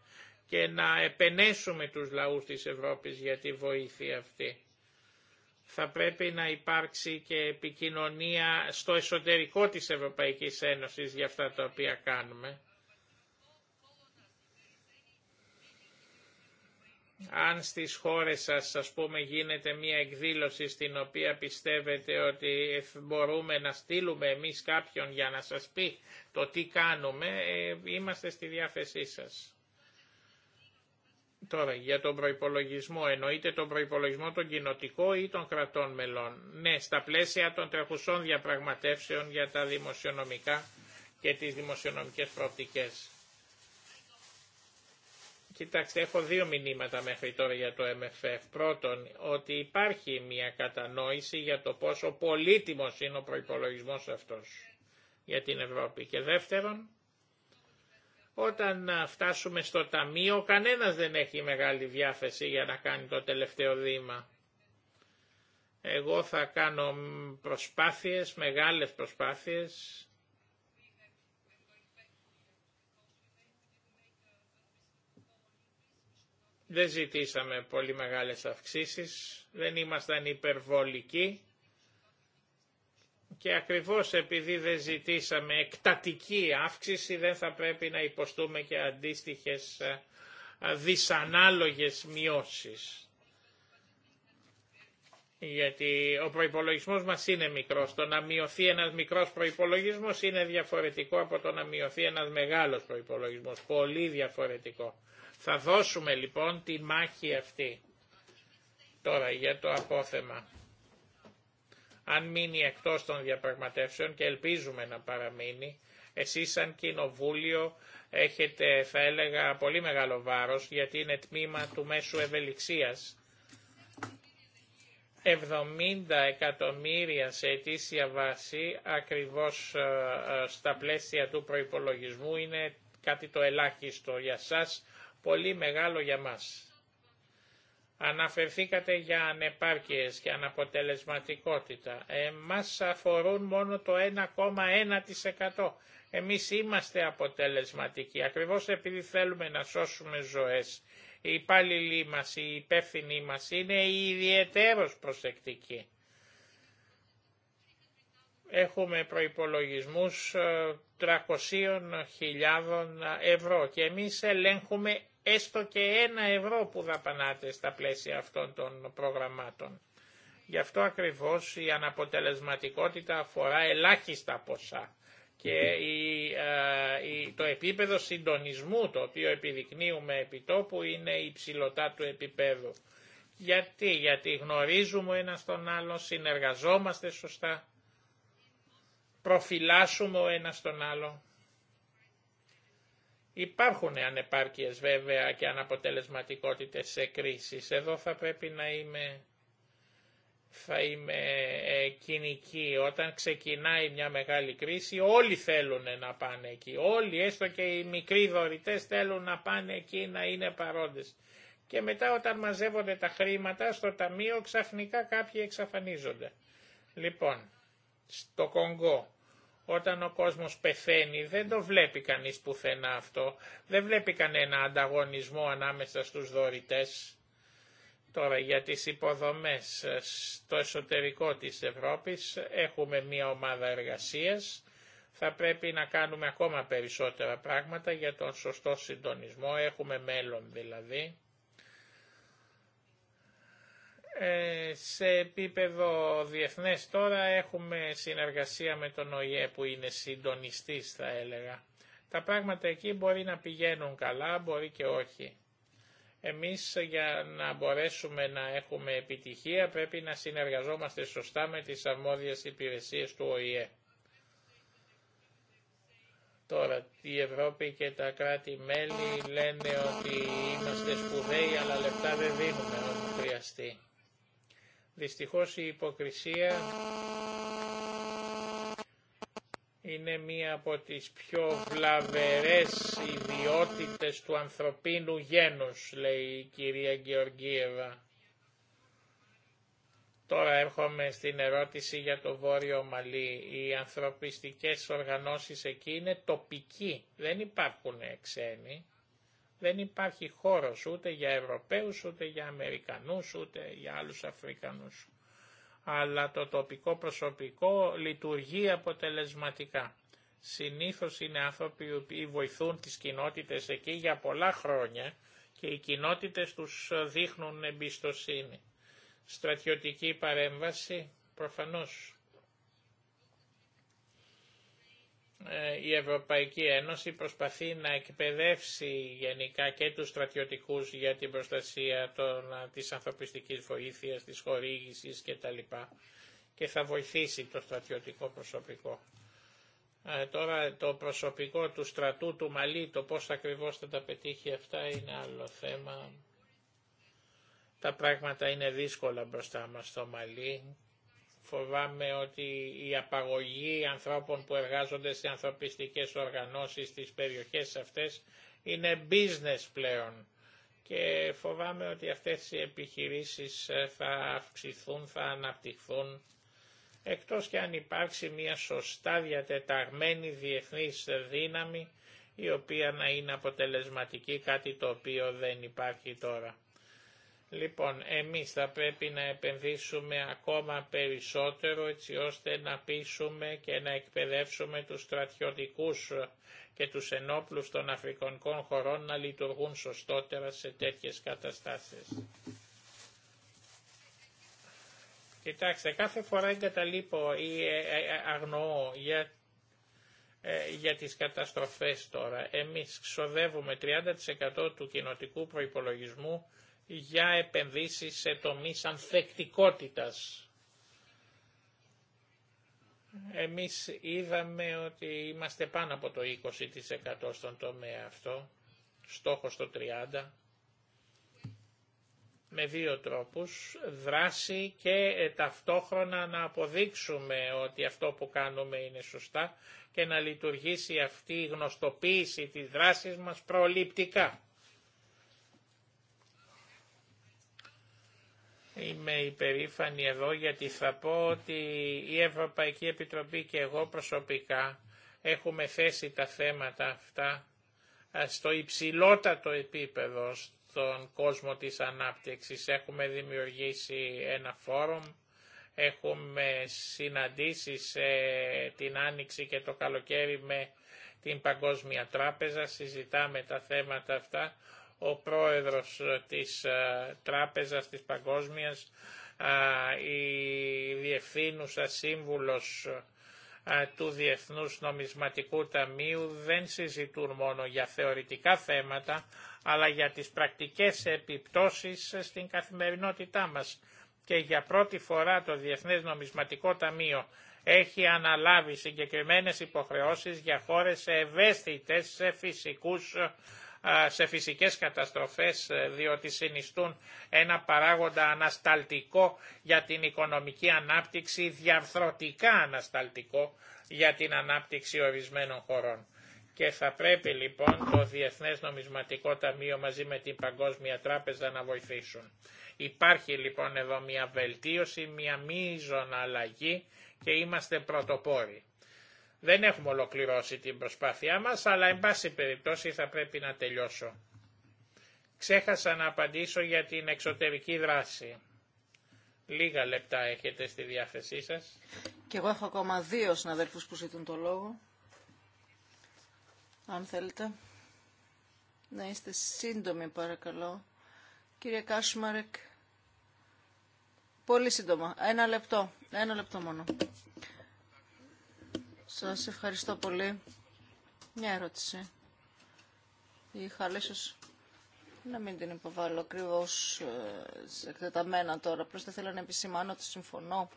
και να επενέσουμε τους λαούς της Ευρώπης για τη βοήθεια αυτή θα πρέπει να υπάρξει και επικοινωνία στο εσωτερικό της Ευρωπαϊκής Ένωσης για αυτά τα οποία κάνουμε. αν στις χώρες σας ας πούμε γίνεται μια εκδήλωση στην οποία πιστεύετε ότι μπορούμε να στείλουμε εμείς κάποιον για να σας πει το τι κάνουμε, ε, είμαστε στη διάθεσή σας. Τώρα για τον προϋπολογισμό, εννοείται τον προϋπολογισμό τον κοινοτικών ή των κρατών μελών. Ναι, στα πλαίσια των τρεχουσών διαπραγματεύσεων για τα δημοσιονομικά και τις δημοσιονομικές προοπτικές. Κοιτάξτε, έχω δύο μηνύματα μέχρι τώρα για το MFF. Πρώτον, ότι υπάρχει μια κατανόηση για το πόσο πολύτιμος είναι ο προϋπολογισμός αυτός για την Ευρώπη. Και δεύτερον, όταν φτάσουμε στο ταμείο, κανένας δεν έχει μεγάλη διάθεση για να κάνει το τελευταίο βήμα. Εγώ θα κάνω προσπάθειες, μεγάλες προσπάθειες, Δεν ζητήσαμε πολύ μεγάλες αυξήσεις, δεν ήμασταν υπερβολικοί και ακριβώς επειδή δεν ζητήσαμε εκτατική αύξηση δεν θα πρέπει να υποστούμε και αντίστοιχες ε, δυσανάλογες μειώσεις. Γιατί ο προϋπολογισμός μας είναι μικρός. Το να μειωθεί ένας μικρός προϋπολογισμός είναι διαφορετικό από το να μειωθεί ένας μεγάλος προϋπολογισμός. Πολύ διαφορετικό. Θα δώσουμε λοιπόν τη μάχη αυτή τώρα για το απόθεμα αν μείνει εκτός των διαπραγματεύσεων και ελπίζουμε να παραμείνει, εσείς σαν κοινοβούλιο έχετε θα έλεγα πολύ μεγάλο βάρος γιατί είναι τμήμα του μέσου ευελιξίας. 70 εκατομμύρια σε αιτήσια βάση ακριβώς ε, ε, στα πλαίσια του προϋπολογισμού είναι κάτι το ελάχιστο για σας, πολύ μεγάλο για μας. Αναφερθήκατε για ανεπάρκειες και αναποτελεσματικότητα. Ε, αφορούν μόνο το 1,1%. Εμείς είμαστε αποτελεσματικοί, ακριβώς επειδή θέλουμε να σώσουμε ζωές. Οι υπάλληλοι μας, οι υπεύθυνοι μας είναι ιδιαίτερος προσεκτικοί. Έχουμε προϋπολογισμούς 300.000 ε, ευρώ και εμείς ελέγχουμε έστω και ένα ευρώ που δαπανάτε στα πλαίσια αυτών των προγραμμάτων. Γι' αυτό ακριβώς η αναποτελεσματικότητα αφορά ελάχιστα ποσά και ε, το επίπεδο συντονισμού το οποίο επιδεικνύουμε επί τόπου είναι υψηλωτά του επίπεδου. Γιατί, γιατί γνωρίζουμε ένα τον άλλο, συνεργαζόμαστε σωστά, προφυλάσσουμε ο ένας τον άλλο Υπάρχουν ανεπάρκειες βέβαια και αναποτελεσματικότητες σε κρίσεις. Εδώ θα πρέπει να είμαι, θα είμαι ε, κοινική. Όταν ξεκινάει μια μεγάλη κρίση όλοι θέλουν να πάνε εκεί. Όλοι έστω και οι μικροί δωρητές θέλουν να πάνε εκεί να είναι παρόντες. Και μετά όταν μαζεύονται τα χρήματα στο ταμείο ξαφνικά κάποιοι εξαφανίζονται. Λοιπόν, στο Κονγκό όταν ο κόσμος πεθαίνει δεν το βλέπει κανείς πουθενά αυτό. Δεν βλέπει κανένα ανταγωνισμό ανάμεσα στους δωρητές. Τώρα για τις υποδομές ε, στο εσωτερικό της Ευρώπης έχουμε μία ομάδα εργασίας. Θα πρέπει να κάνουμε ακόμα περισσότερα πράγματα για τον σωστό συντονισμό. Έχουμε μέλλον δηλαδή. Ε, σε επίπεδο διεθνές τώρα έχουμε συνεργασία με τον ΟΗΕ που είναι συντονιστής θα έλεγα. Τα πράγματα εκεί μπορεί να πηγαίνουν καλά, μπορεί και όχι. Εμείς για να μπορέσουμε να έχουμε επιτυχία πρέπει να συνεργαζόμαστε σωστά με τις αρμόδιες υπηρεσίες του ΟΗΕ. Τώρα, η Ευρώπη και τα κράτη-μέλη λένε ότι είμαστε σπουδαίοι, αλλά λεπτά δεν δίνουμε όταν χρειαστεί. Δυστυχώς η υποκρισία είναι μία από τις πιο βλαβερές ιδιότητες του ανθρωπίνου γένους, λέει η κυρία Γεωργίευα. Τώρα έρχομαι στην ερώτηση για το Βόρειο Μαλί. Οι ανθρωπιστικές οργανώσεις εκεί είναι τοπικοί, δεν υπάρχουν ξένοι δεν υπάρχει χώρος ούτε για Ευρωπαίους, ούτε για Αμερικανούς, ούτε για άλλους Αφρικανούς. Αλλά το τοπικό προσωπικό λειτουργεί αποτελεσματικά. Συνήθως είναι άνθρωποι οι οποίοι βοηθούν τις κοινότητες εκεί για πολλά χρόνια και οι κοινότητες τους δείχνουν εμπιστοσύνη. Στρατιωτική παρέμβαση, προφανώς Ε, η Ευρωπαϊκή Ένωση προσπαθεί να εκπαιδεύσει γενικά και τους στρατιωτικούς για την προστασία των, της ανθρωπιστικής βοήθειας, της χορήγησης κτλ. Και θα βοηθήσει το στρατιωτικό προσωπικό. Ε, τώρα το προσωπικό του στρατού του Μαλή, το πώς ακριβώς θα τα πετύχει αυτά είναι άλλο θέμα. Τα πράγματα είναι δύσκολα μπροστά μας στο Μαλή Φοβάμαι ότι η απαγωγή ανθρώπων που εργάζονται σε ανθρωπιστικές οργανώσεις στις περιοχές αυτές είναι business πλέον και φοβάμαι ότι αυτές οι επιχειρήσεις ε, θα αυξηθούν, θα αναπτυχθούν εκτός και αν υπάρξει μια σωστά διατεταγμένη διεθνής δύναμη η οποία να είναι αποτελεσματική, κάτι το οποίο δεν υπάρχει τώρα. Λοιπόν, εμείς θα πρέπει να επενδύσουμε ακόμα περισσότερο έτσι ώστε να πείσουμε και να εκπαιδεύσουμε τους στρατιωτικούς και τους ενόπλους των αφρικανικών χωρών να λειτουργούν σωστότερα σε τέτοιες καταστάσεις. Κοιτάξτε, κάθε φορά εγκαταλείπω ή ε, ε, ε, αγνοώ για, για τις καταστροφές τώρα. Εμείς ξοδεύουμε 30% του κοινοτικού προϋπολογισμού για επενδύσεις σε τομείς ανθεκτικότητας. Εμείς είδαμε ότι είμαστε πάνω από το 20% στον τομέα αυτό, στόχος το 30%, με δύο τρόπους, δράση και ε, ταυτόχρονα να αποδείξουμε ότι αυτό που κάνουμε είναι σωστά και να λειτουργήσει αυτή η γνωστοποίηση της δράσης μας προληπτικά. Είμαι υπερήφανη εδώ γιατί θα πω ότι η Ευρωπαϊκή Επιτροπή και εγώ προσωπικά έχουμε θέσει τα θέματα αυτά ε, στο υψηλότατο επίπεδο στον κόσμο της ανάπτυξης. Έχουμε δημιουργήσει ένα φόρουμ, έχουμε συναντήσει σε την Άνοιξη και το καλοκαίρι με την Παγκόσμια Τράπεζα, συζητάμε τα θέματα αυτά ο πρόεδρος ε, της ε, Τράπεζας της Παγκόσμιας, ε, η διευθύνουσα σύμβουλος του Διεθνούς Νομισματικού Ταμείου δεν συζητούν μόνο για θεωρητικά θέματα, αλλά για τις πρακτικές επιπτώσεις στην καθημερινότητά μας. Και για πρώτη φορά το Διεθνές Νομισματικό Ταμείο έχει αναλάβει συγκεκριμένες υποχρεώσεις για χώρες ευαίσθητες σε φυσικούς σε φυσικές καταστροφές ε, διότι συνιστούν ένα παράγοντα ανασταλτικό για την οικονομική ανάπτυξη, διαρθρωτικά ανασταλτικό για την ανάπτυξη ορισμένων χωρών. Και θα πρέπει λοιπόν το Διεθνές Νομισματικό Ταμείο μαζί με την Παγκόσμια Τράπεζα να βοηθήσουν. Υπάρχει λοιπόν εδώ μια βελτίωση, μια μείζων αλλαγή και είμαστε πρωτοπόροι. Δεν έχουμε ολοκληρώσει την προσπάθειά μας, αλλά εν πάση περιπτώσει θα πρέπει να τελειώσω. Ξέχασα να απαντήσω για την εξωτερική δράση. Λίγα λεπτά έχετε στη διάθεσή σας. Και εγώ έχω ακόμα δύο συναδελφούς που ζητούν το λόγο. Αν θέλετε. Να είστε σύντομοι παρακαλώ. Κύριε Κάσμαρεκ. Πολύ σύντομα. Ένα λεπτό. Ένα λεπτό μόνο. Σας ευχαριστώ πολύ. Μια ερώτηση. Η χαλήσω να μην την υποβάλω ακριβώ ε, εκτεταμένα τώρα. Απλώ θα να επισημάνω ότι συμφωνώ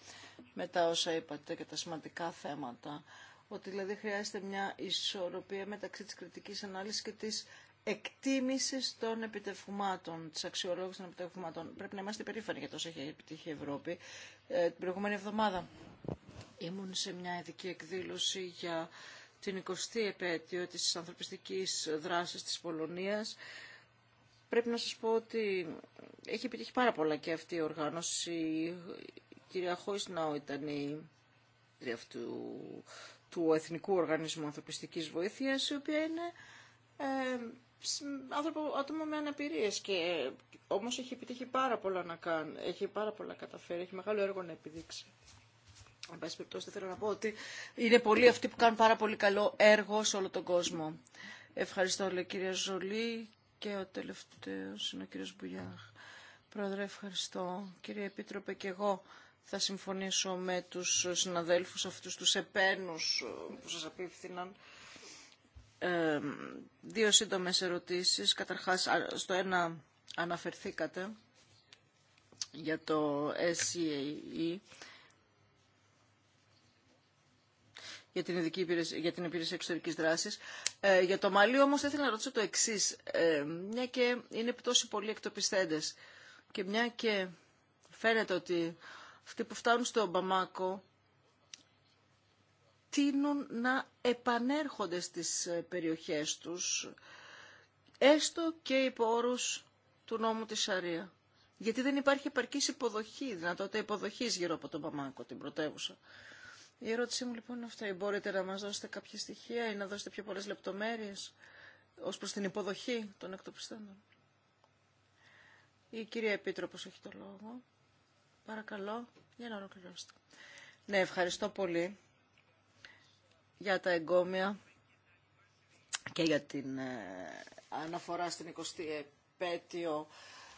με τα όσα είπατε και τα σημαντικά θέματα. Ότι δηλαδή χρειάζεται μια ισορροπία μεταξύ της κριτικής ανάλυσης και της εκτίμησης των επιτευγμάτων, της αξιολόγηση των επιτευγμάτων. Πρέπει να είμαστε περήφανοι για τόσο έχει επιτύχει η Ευρώπη ε, την προηγούμενη εβδομάδα. Ήμουν σε μια ειδική εκδήλωση για την 20η επέτειο της ανθρωπιστικής δράσης της Πολωνίας. Πρέπει να σας πω ότι έχει επιτύχει πάρα πολλά και αυτή η οργάνωση. Η κυρία Χόισναου ήταν η αυτού του Εθνικού Οργανισμού Ανθρωπιστικής Βοήθειας, η οποία είναι ε, άτομο με αναπηρίες και όμως έχει επιτύχει πάρα πολλά να κάνει, έχει πάρα πολλά καταφέρει, έχει μεγάλο έργο να επιδείξει. Εν πάση περιπτώσει, θέλω να πω ότι είναι πολλοί αυτοί που κάνουν πάρα πολύ καλό έργο σε όλο τον κόσμο. Ευχαριστώ, λέει κυρία Ζολή. Και ο τελευταίο είναι ο κύριο Μπουγιάχ. Πρόεδρε, ευχαριστώ. Κύριε Επίτροπε, και εγώ θα συμφωνήσω με τους συναδέλφους αυτού τους επένου ε, που σας απίφθηναν. Ε, δύο σύντομε ερωτήσει. καταρχά στο ένα αναφερθήκατε για το SCAE. για την, ειδική υπηρεσία, για την υπηρεσία εξωτερικής δράσης. Ε, για το Μαλί όμως θα ήθελα να ρωτήσω το εξή. Ε, μια και είναι πτώση πολύ εκτοπιστέντες και μια και φαίνεται ότι αυτοί που φτάνουν στο Μπαμάκο τείνουν να επανέρχονται στις ε, περιοχές τους, έστω και υπό όρους του νόμου της Σαρία. Γιατί δεν υπάρχει επαρκής υποδοχή, δυνατότητα υποδοχής γύρω από τον Παμάκο, την πρωτεύουσα. Η ερώτησή μου λοιπόν είναι αυτή. Μπορείτε να μας δώσετε κάποια στοιχεία ή να δώσετε πιο πολλές λεπτομέρειες ως προς την υποδοχή των εκτοπιστέντων. Η κυρία Επίτροπος έχει το λόγο. Παρακαλώ για να ολοκληρώσετε. Ναι, ευχαριστώ πολύ για τα εγκόμια και για την ε, αναφορά στην 20η επέτειο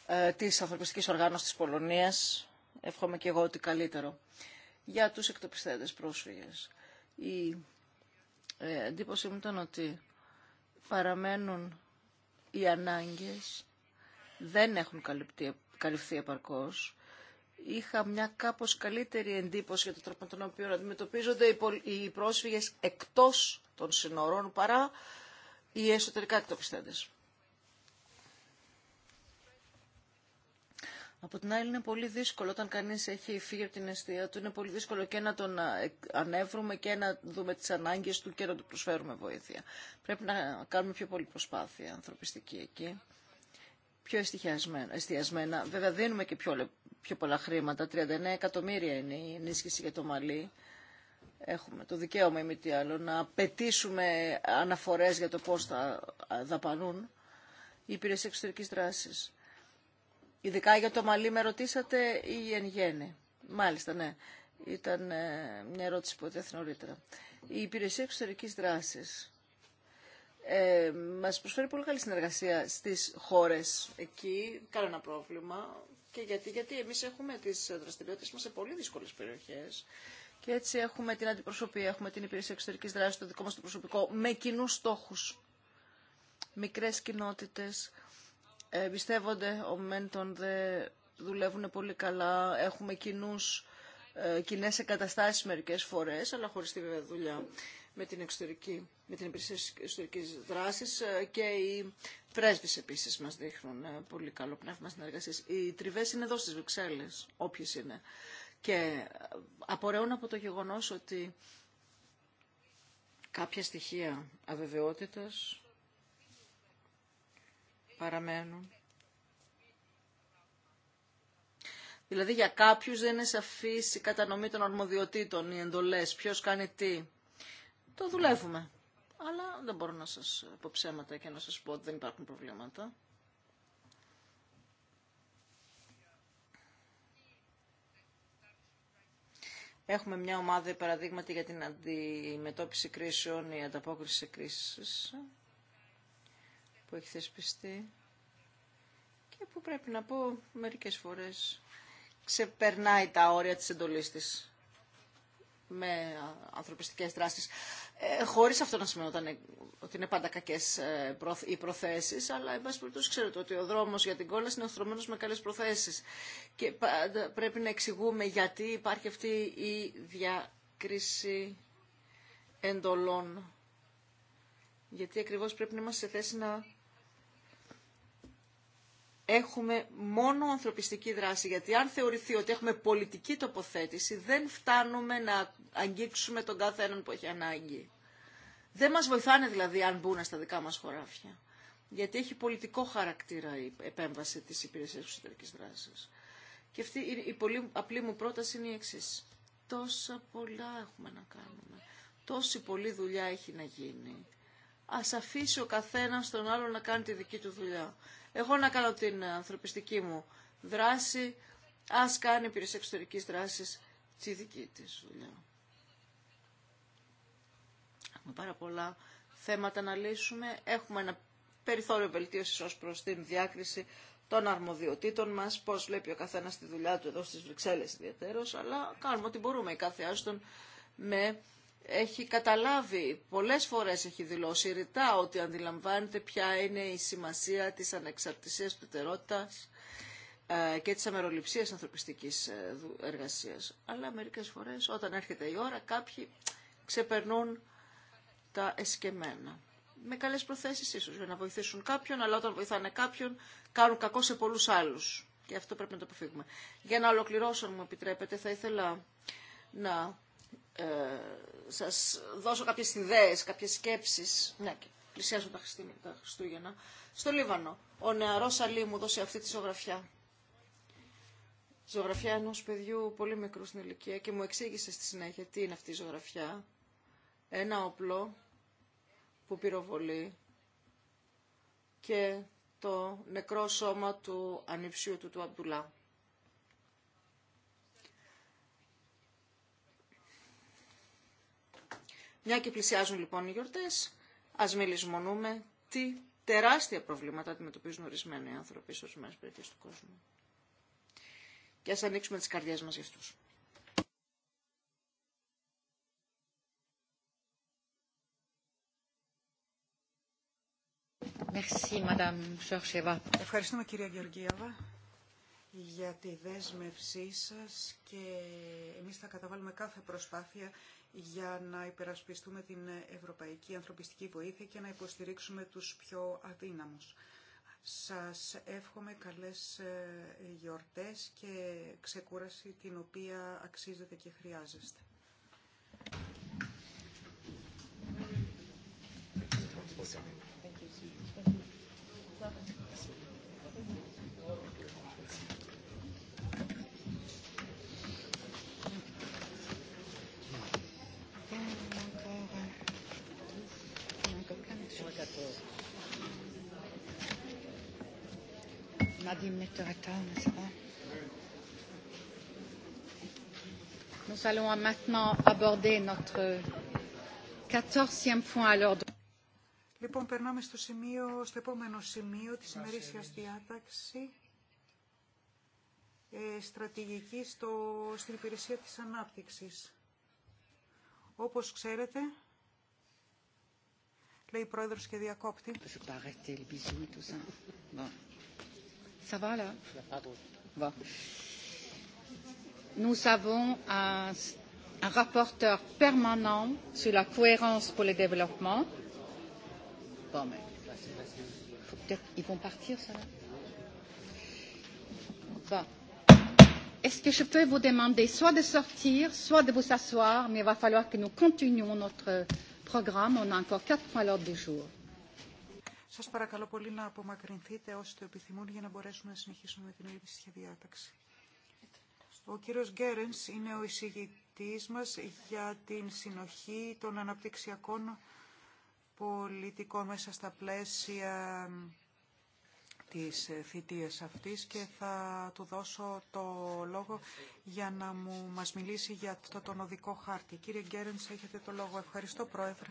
ε, της ανθρωπιστικής οργάνωσης της Πολωνίας. Εύχομαι και εγώ ότι καλύτερο για τους εκτοπιστέντες πρόσφυγες. Η ε, εντύπωση μου ήταν ότι παραμένουν οι ανάγκες, δεν έχουν καλυπτεί, καλυφθεί επαρκώς. Είχα μια κάπως καλύτερη εντύπωση για το τρόπο τον οποίο αντιμετωπίζονται οι πρόσφυγες εκτός των συνορών παρά οι εσωτερικά εκτοπιστέντες. Από την άλλη είναι πολύ δύσκολο όταν κανείς έχει φύγει από την αιστεία του, είναι πολύ δύσκολο και να τον ε, ανέβρουμε και να δούμε τις ανάγκες του και να του προσφέρουμε βοήθεια. Πρέπει να κάνουμε πιο πολύ προσπάθεια ανθρωπιστική εκεί. Πιο εστιασμένα. Βέβαια δίνουμε και πιο, πιο πολλά χρήματα. 39 εκατομμύρια είναι η ενίσχυση για το Μαλί. Έχουμε το δικαίωμα ή μη τι άλλο να πετήσουμε αναφορέ για το πώ θα δαπανούν οι υπηρεσίε εξωτερική δράση. Ειδικά για το μαλλί με ρωτήσατε ή εν γέννη. Μάλιστα, ναι. Ήταν ε, μια ερώτηση που έθεσα νωρίτερα. Η υπηρεσία εξωτερικής δράσης ε, μας προσφέρει πολύ καλή συνεργασία στις χώρες εκεί, ένα πρόβλημα. Και γιατί, γιατί εμείς έχουμε τις δραστηριότητες μας σε πολύ δύσκολες περιοχές. Και έτσι έχουμε την αντιπροσωπεία, έχουμε την υπηρεσία εξωτερικής δράσης, το δικό μας το προσωπικό, με κοινού στόχους. Μικρές κοινότητε εμπιστεύονται ο Μέντον, δουλεύουν πολύ καλά, έχουμε κοινούς, ε, κοινές εγκαταστάσεις μερικές φορές, αλλά χωρίς τη βέβαια δουλειά με την εξωτερική, με την υπηρεσία εξωτερική δράση ε, και οι πρέσβει επίση μα δείχνουν ε, πολύ καλό πνεύμα συνεργασία. Οι τριβέ είναι εδώ στι Βρυξέλλε, όποιε είναι. Και ε, απορρέουν από το γεγονό ότι κάποια στοιχεία αβεβαιότητας παραμένουν. Δηλαδή για κάποιους δεν είναι σαφής η κατανομή των αρμοδιοτήτων, οι εντολές, ποιος κάνει τι. Το δουλεύουμε. Αλλά δεν μπορώ να σας πω ψέματα και να σας πω ότι δεν υπάρχουν προβλήματα. Έχουμε μια ομάδα, παραδείγματι, για την αντιμετώπιση κρίσεων, η ανταπόκριση σε που έχει θεσπιστεί και που πρέπει να πω μερικές φορές ξεπερνάει τα όρια της εντολής της με ανθρωπιστικές δράσεις. Ε, χωρίς αυτό να σημαίνει ότι είναι πάντα κακές ε, οι προθέσεις, αλλά εν πάση περιπτώσει ξέρετε ότι ο δρόμος για την κόλαση είναι οθρωμένος με καλές προθέσεις. Και πρέπει να εξηγούμε γιατί υπάρχει αυτή η διακρίση εντολών. Γιατί ακριβώς πρέπει να είμαστε σε θέση να έχουμε μόνο ανθρωπιστική δράση, γιατί αν θεωρηθεί ότι έχουμε πολιτική τοποθέτηση, δεν φτάνουμε να αγγίξουμε τον κάθε έναν που έχει ανάγκη. Δεν μας βοηθάνε δηλαδή αν μπουν στα δικά μας χωράφια, γιατί έχει πολιτικό χαρακτήρα η επέμβαση της υπηρεσίας εξωτερικής δράσης. Και αυτή η πολύ απλή μου πρόταση είναι η εξή. Τόσα πολλά έχουμε να κάνουμε. Τόση πολλή δουλειά έχει να γίνει. Ας αφήσει ο καθένας τον άλλο να κάνει τη δική του δουλειά. Εγώ να κάνω την ανθρωπιστική μου δράση, ας κάνει υπηρεσία εξωτερική δράση τη δική της δουλειά. Έχουμε πάρα πολλά θέματα να λύσουμε. Έχουμε ένα περιθώριο βελτίωσης ως προς την διάκριση των αρμοδιοτήτων μας, πώς βλέπει ο καθένας τη δουλειά του εδώ στις Βρυξέλλες ιδιαίτερως, αλλά κάνουμε ό,τι μπορούμε η κάθε άστον με έχει καταλάβει, πολλές φορές έχει δηλώσει ρητά ότι αντιλαμβάνεται ποια είναι η σημασία της ανεξαρτησίας πετερότητας ε, και της αμεροληψίας ανθρωπιστικής ε, εργασίας. Αλλά μερικές φορές όταν έρχεται η ώρα κάποιοι ξεπερνούν τα εσκεμένα. Με καλές προθέσεις ίσως για να βοηθήσουν κάποιον, αλλά όταν βοηθάνε κάποιον κάνουν κακό σε πολλούς άλλους. Και αυτό πρέπει να το αποφύγουμε. Για να ολοκληρώσω, αν μου επιτρέπετε, θα ήθελα να ε, σας δώσω κάποιες ιδέες, κάποιες σκέψεις, Ναι, και πλησιάζουν τα, Χριστούγεννα, στο Λίβανο. Ο νεαρός Αλή μου δώσε αυτή τη ζωγραφιά. Ζωγραφιά ενός παιδιού πολύ μικρού στην ηλικία και μου εξήγησε στη συνέχεια τι είναι αυτή η ζωγραφιά. Ένα όπλο που πυροβολεί και το νεκρό σώμα του ανιψιού του, του Αμπτουλά. Μια και πλησιάζουν λοιπόν οι γιορτές, ας μιλισμονούμε τι τεράστια προβλήματα αντιμετωπίζουν ορισμένοι άνθρωποι σε ορισμένε περιοχέ του κόσμου. Και ας ανοίξουμε τι καρδιές μας για αυτούς. Ευχαριστούμε κυρία Γεωργίαβα για τη δέσμευσή σας και εμείς θα καταβάλουμε κάθε προσπάθεια για να υπερασπιστούμε την ευρωπαϊκή ανθρωπιστική βοήθεια και να υποστηρίξουμε τους πιο αδύναμους. Σας εύχομαι καλές ε, γιορτές και ξεκούραση την οποία αξίζετε και χρειάζεστε. Nadim Mitterrand, n'est-ce pas Nous allons maintenant aborder notre 14e point à l'ordre. Λοιπόν, περνάμε στο, σημείο, στο επόμενο σημείο της ημερήσιας διάταξη ε, στρατηγική στο, στην υπηρεσία της ανάπτυξης. Όπως ξέρετε, λέει η πρόεδρος και διακόπτη. Ça va là Nous avons un rapporteur permanent sur la cohérence pour le développement. Bon, mais peut-être ils vont partir, ca là. Est-ce que je peux vous demander soit de sortir, soit de vous asseoir, mais il va falloir que nous continuions notre programme. On a encore quatre points à l'ordre du jour. Σας παρακαλώ πολύ να απομακρυνθείτε όσοι το επιθυμούν για να μπορέσουμε να συνεχίσουμε με την ίδια διάταξη. Ο κύριος Γκέρενς είναι ο εισηγητής μας για την συνοχή των αναπτυξιακών πολιτικών μέσα στα πλαίσια της θητείας αυτής και θα του δώσω το λόγο για να μου μας μιλήσει για αυτό τον οδικό χάρτη. Κύριε Γκέρενς, έχετε το λόγο. Ευχαριστώ, Πρόεδρε.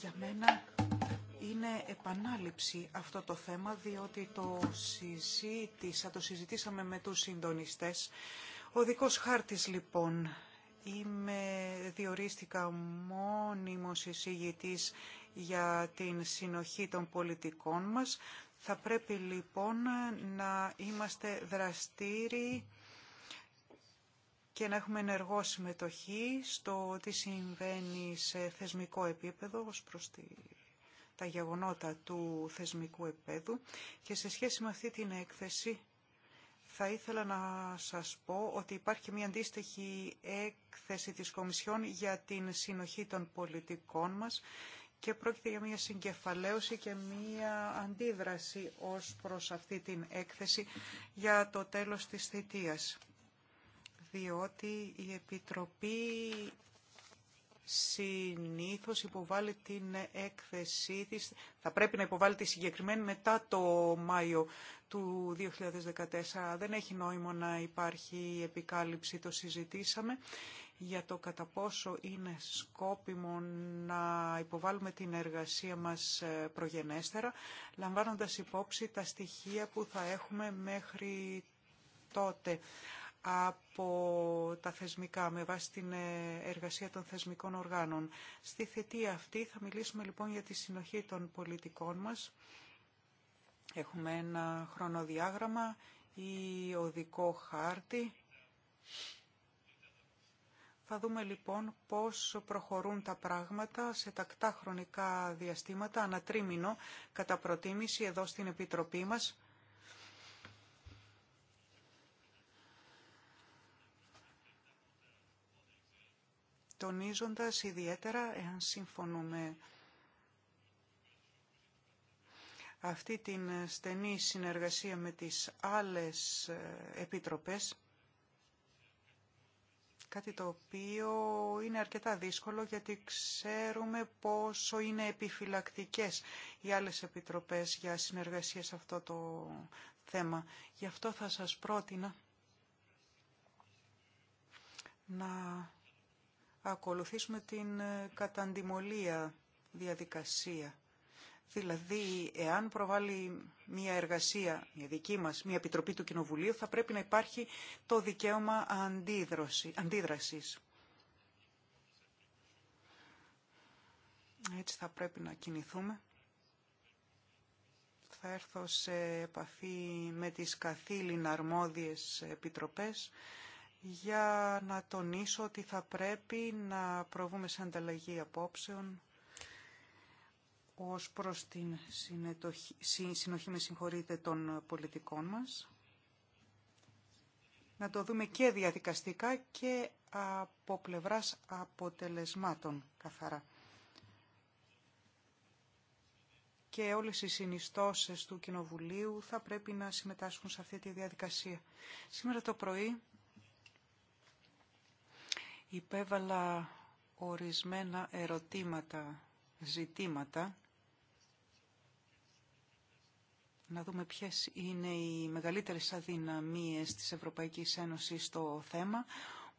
Για μένα είναι επανάληψη αυτό το θέμα, διότι το συζήτησα, το συζητήσαμε με τους συντονιστές. Ο δικός χάρτης λοιπόν Είμαι διορίστηκα μόνιμος εισηγητής για την συνοχή των πολιτικών μας. Θα πρέπει λοιπόν να είμαστε δραστήριοι και να έχουμε ενεργό συμμετοχή στο τι συμβαίνει σε θεσμικό επίπεδο ως προς τη τα γεγονότα του θεσμικού επέδου και σε σχέση με αυτή την έκθεση θα ήθελα να σας πω ότι υπάρχει μια αντίστοιχη έκθεση της Κομισιόν για την συνοχή των πολιτικών μας και πρόκειται για μια συγκεφαλαίωση και μια αντίδραση ως προς αυτή την έκθεση για το τέλος της θητείας. Διότι η Επιτροπή συνήθως υποβάλλει την έκθεσή της, θα πρέπει να υποβάλλει τη συγκεκριμένη μετά το Μάιο του 2014. Δεν έχει νόημα να υπάρχει επικάλυψη, το συζητήσαμε, για το κατά πόσο είναι σκόπιμο να υποβάλουμε την εργασία μας ε, προγενέστερα, λαμβάνοντας υπόψη τα στοιχεία που θα έχουμε μέχρι τότε από τα θεσμικά, με βάση την ε, εργασία των θεσμικών οργάνων. Στη θετία αυτή θα μιλήσουμε λοιπόν για τη συνοχή των πολιτικών μας. Έχουμε ένα χρονοδιάγραμμα ή οδικό χάρτη. Θα δούμε λοιπόν πώς προχωρούν τα πράγματα σε τακτά χρονικά διαστήματα, ανατρίμηνο κατά προτίμηση εδώ στην Επιτροπή μας τονίζοντας ιδιαίτερα εάν συμφωνούμε αυτή την στενή συνεργασία με τις άλλες ε, επιτροπές, κάτι το οποίο είναι αρκετά δύσκολο γιατί ξέρουμε πόσο είναι επιφυλακτικές οι άλλες επιτροπές για συνεργασία σε αυτό το θέμα. Γι' αυτό θα σας πρότεινα να ακολουθήσουμε την ε, καταντιμολία διαδικασία. Δηλαδή, εάν προβάλλει μια εργασία, μια δική μας, μια επιτροπή του Κοινοβουλίου, θα πρέπει να υπάρχει το δικαίωμα αντίδρασης. Έτσι θα πρέπει να κινηθούμε. Θα έρθω σε επαφή με τις καθήλυνα αρμόδιες επιτροπές για να τονίσω ότι θα πρέπει να προβούμε σε ανταλλαγή απόψεων ως προς την συνοχή με συγχωρείτε των πολιτικών μας. Να το δούμε και διαδικαστικά και από πλευράς αποτελεσμάτων καθαρά. Και όλες οι συνιστώσεις του Κοινοβουλίου θα πρέπει να συμμετάσχουν σε αυτή τη διαδικασία. Σήμερα το πρωί υπέβαλα ορισμένα ερωτήματα, ζητήματα. Να δούμε ποιες είναι οι μεγαλύτερες αδυναμίες της Ευρωπαϊκής Ένωσης στο θέμα.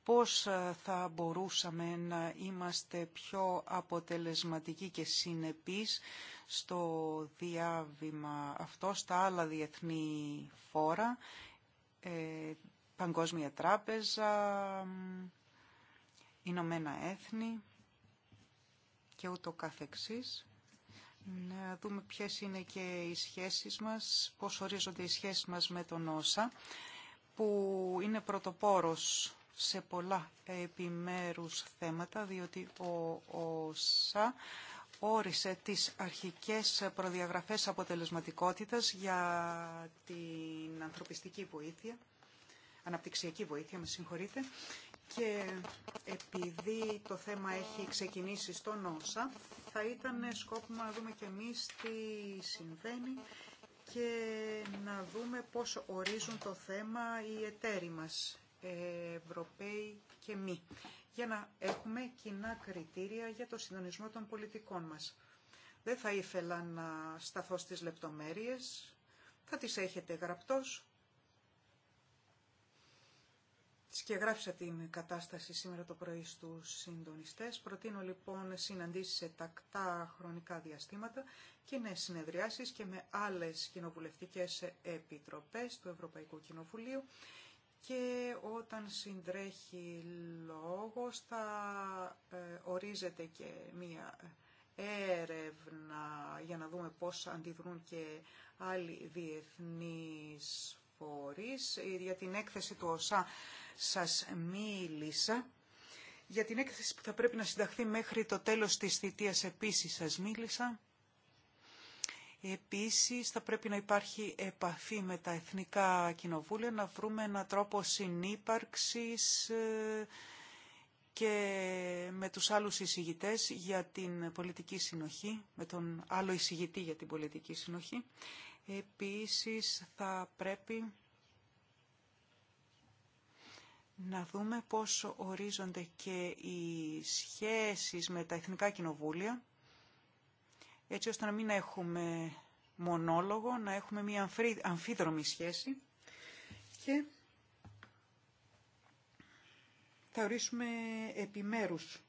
Πώς ε, θα μπορούσαμε να είμαστε πιο αποτελεσματικοί και συνεπείς στο διάβημα αυτό, στα άλλα διεθνή φόρα, ε, Παγκόσμια Τράπεζα, Ηνωμένα Έθνη και ούτω καθεξής. Να δούμε ποιες είναι και οι σχέσεις μας, πώς ορίζονται οι σχέσεις μας με τον Όσα που είναι πρωτοπόρος σε πολλά επιμέρους θέματα, διότι ο ΩΣΑ όρισε τις αρχικές προδιαγραφές αποτελεσματικότητας για την ανθρωπιστική βοήθεια, αναπτυξιακή βοήθεια, με συγχωρείτε, και επειδή το θέμα έχει ξεκινήσει στον νόσα, θα ήταν σκόπιμο να δούμε και εμείς τι συμβαίνει και να δούμε πώς ορίζουν το θέμα οι εταίροι μας, Ευρωπαίοι και μη, για να έχουμε κοινά κριτήρια για το συντονισμό των πολιτικών μας. Δεν θα ήθελα να σταθώ στις λεπτομέρειες, θα τις έχετε γραπτός Σκεγράφησα την κατάσταση σήμερα το πρωί στους συντονιστές. Προτείνω λοιπόν συναντήσεις σε τακτά χρονικά διαστήματα και με συνεδριάσεις και με άλλες κοινοβουλευτικές επιτροπές του Ευρωπαϊκού Κοινοβουλίου και όταν συντρέχει λόγος θα ε, ορίζεται και μία έρευνα για να δούμε πώς αντιδρούν και άλλοι διεθνείς φορείς ε, για την έκθεση του ΩΣΑ σας μίλησα. Για την έκθεση που θα πρέπει να συνταχθεί μέχρι το τέλος της θητείας επίσης σας μίλησα. Επίσης θα πρέπει να υπάρχει επαφή με τα εθνικά κοινοβούλια, να βρούμε έναν τρόπο συνύπαρξης ε, και με τους άλλους εισηγητές για την πολιτική συνοχή, με τον άλλο εισηγητή για την πολιτική συνοχή. Επίσης θα πρέπει να δούμε πώς ορίζονται και οι σχέσεις με τα εθνικά κοινοβούλια, έτσι ώστε να μην έχουμε μονόλογο, να έχουμε μια αμφίδρομη σχέση και θα ορίσουμε επιμέρους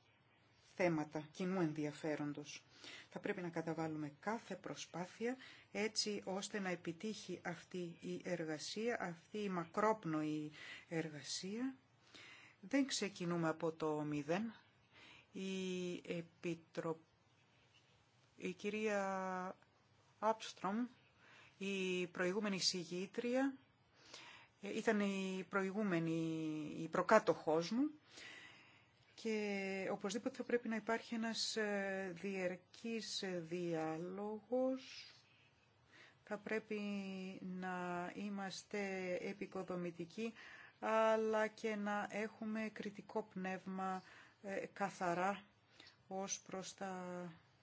θέματα κοινού ενδιαφέροντος. Θα πρέπει να καταβάλουμε κάθε προσπάθεια έτσι ώστε να επιτύχει αυτή η εργασία, αυτή η μακρόπνοη εργασία. Δεν ξεκινούμε από το μηδέν. Η, κυρία Άπστρομ, η προηγούμενη συγγήτρια, ε, ήταν η προηγούμενη, η προκάτοχός μου και οπωσδήποτε θα πρέπει να υπάρχει ένας ε, διερκής διάλογος. Θα πρέπει να είμαστε επικοδομητικοί, αλλά και να έχουμε κριτικό πνεύμα ε, καθαρά ως προς τα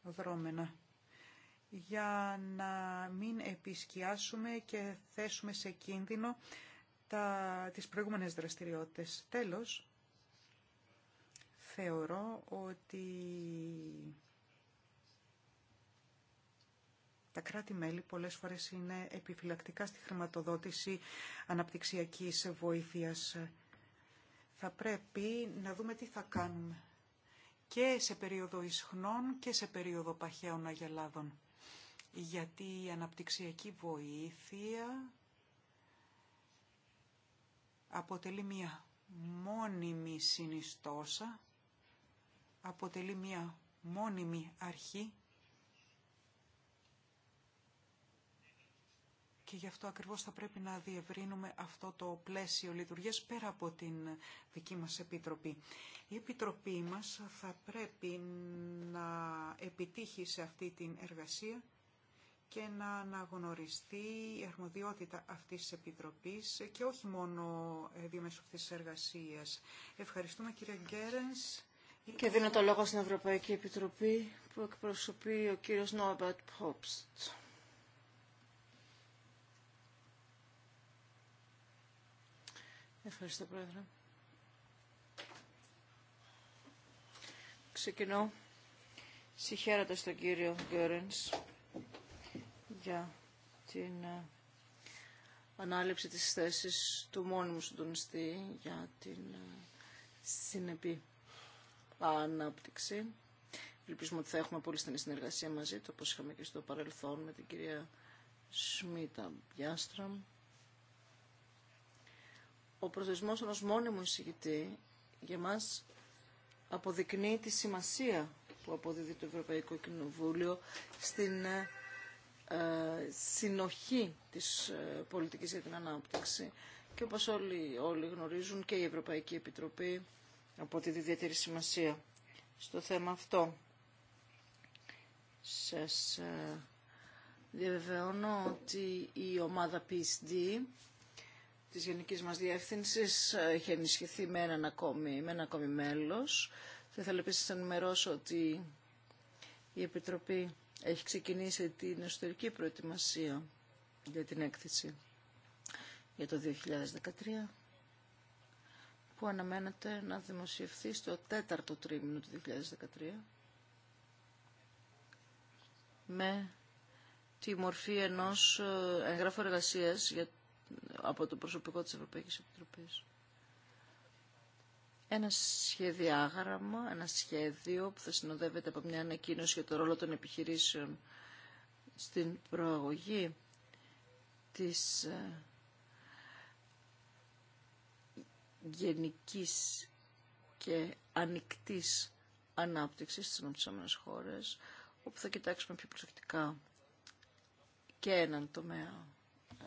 δρόμενα για να μην επισκιάσουμε και θέσουμε σε κίνδυνο τα, τις προηγούμενες δραστηριότητες. Τέλος, θεωρώ ότι τα κράτη-μέλη πολλές φορές είναι επιφυλακτικά στη χρηματοδότηση αναπτυξιακής βοήθειας. Θα πρέπει να δούμε τι θα κάνουμε και σε περίοδο ισχνών και σε περίοδο παχαίων αγελάδων. Γιατί η αναπτυξιακή βοήθεια αποτελεί μια μόνιμη συνιστόσα αποτελεί μία μόνιμη αρχή και γι' αυτό ακριβώς θα πρέπει να διευρύνουμε αυτό το πλαίσιο λειτουργίας πέρα από την δική μας Επιτροπή. Η Επιτροπή μας θα πρέπει να επιτύχει σε αυτή την εργασία και να αναγνωριστεί η αρμοδιότητα αυτής της Επιτροπής και όχι μόνο ε, διαμέσου αυτής της εργασίας. Ευχαριστούμε κύριε Γκέρενς. Και δίνω το λόγο στην Ευρωπαϊκή Επιτροπή που εκπροσωπεί ο κύριος Νόμπερτ Πόπστ. Ευχαριστώ, Πρόεδρε. Ξεκινώ συγχαίροντας στον κύριο Γκέρενς για την ε, ανάληψη της θέσης του μόνιμου συντονιστή για την ε, συνεπή ανάπτυξη. Ελπίζουμε ότι θα έχουμε πολύ στενή συνεργασία μαζί του, όπως είχαμε και στο παρελθόν με την κυρία Σμίτα Μπιάστρα Ο προθεσμός ενός μόνιμου εισηγητή για μας αποδεικνύει τη σημασία που αποδίδει το Ευρωπαϊκό Κοινοβούλιο στην ε, ε, συνοχή της ε, πολιτικής για την ανάπτυξη. Και όπως όλοι, όλοι γνωρίζουν και η Ευρωπαϊκή Επιτροπή τη ιδιαίτερη σημασία στο θέμα αυτό. Σας ε, διαβεβαιώνω ότι η ομάδα PSD της Γενικής μας Διεύθυνσης έχει ε, ενισχυθεί με έναν ακόμη, με ένα ακόμη μέλος. Θα ήθελα επίσης να ενημερώσω ότι η Επιτροπή έχει ξεκινήσει την εσωτερική προετοιμασία για την έκθεση για το 2013 που αναμένεται να δημοσιευθεί στο τέταρτο τρίμηνο του 2013 με τη μορφή ενός ε, εγγράφου εργασίας από το προσωπικό της Ευρωπαϊκής Επιτροπής. Ένα σχεδιάγραμμα, ένα σχέδιο που θα συνοδεύεται από μια ανακοίνωση για το ρόλο των επιχειρήσεων στην προαγωγή της ε, γενικής και ανοιχτής ανάπτυξης στις αναπτυσσόμενες χώρες, όπου θα κοιτάξουμε πιο προσεκτικά και έναν τομέα ε,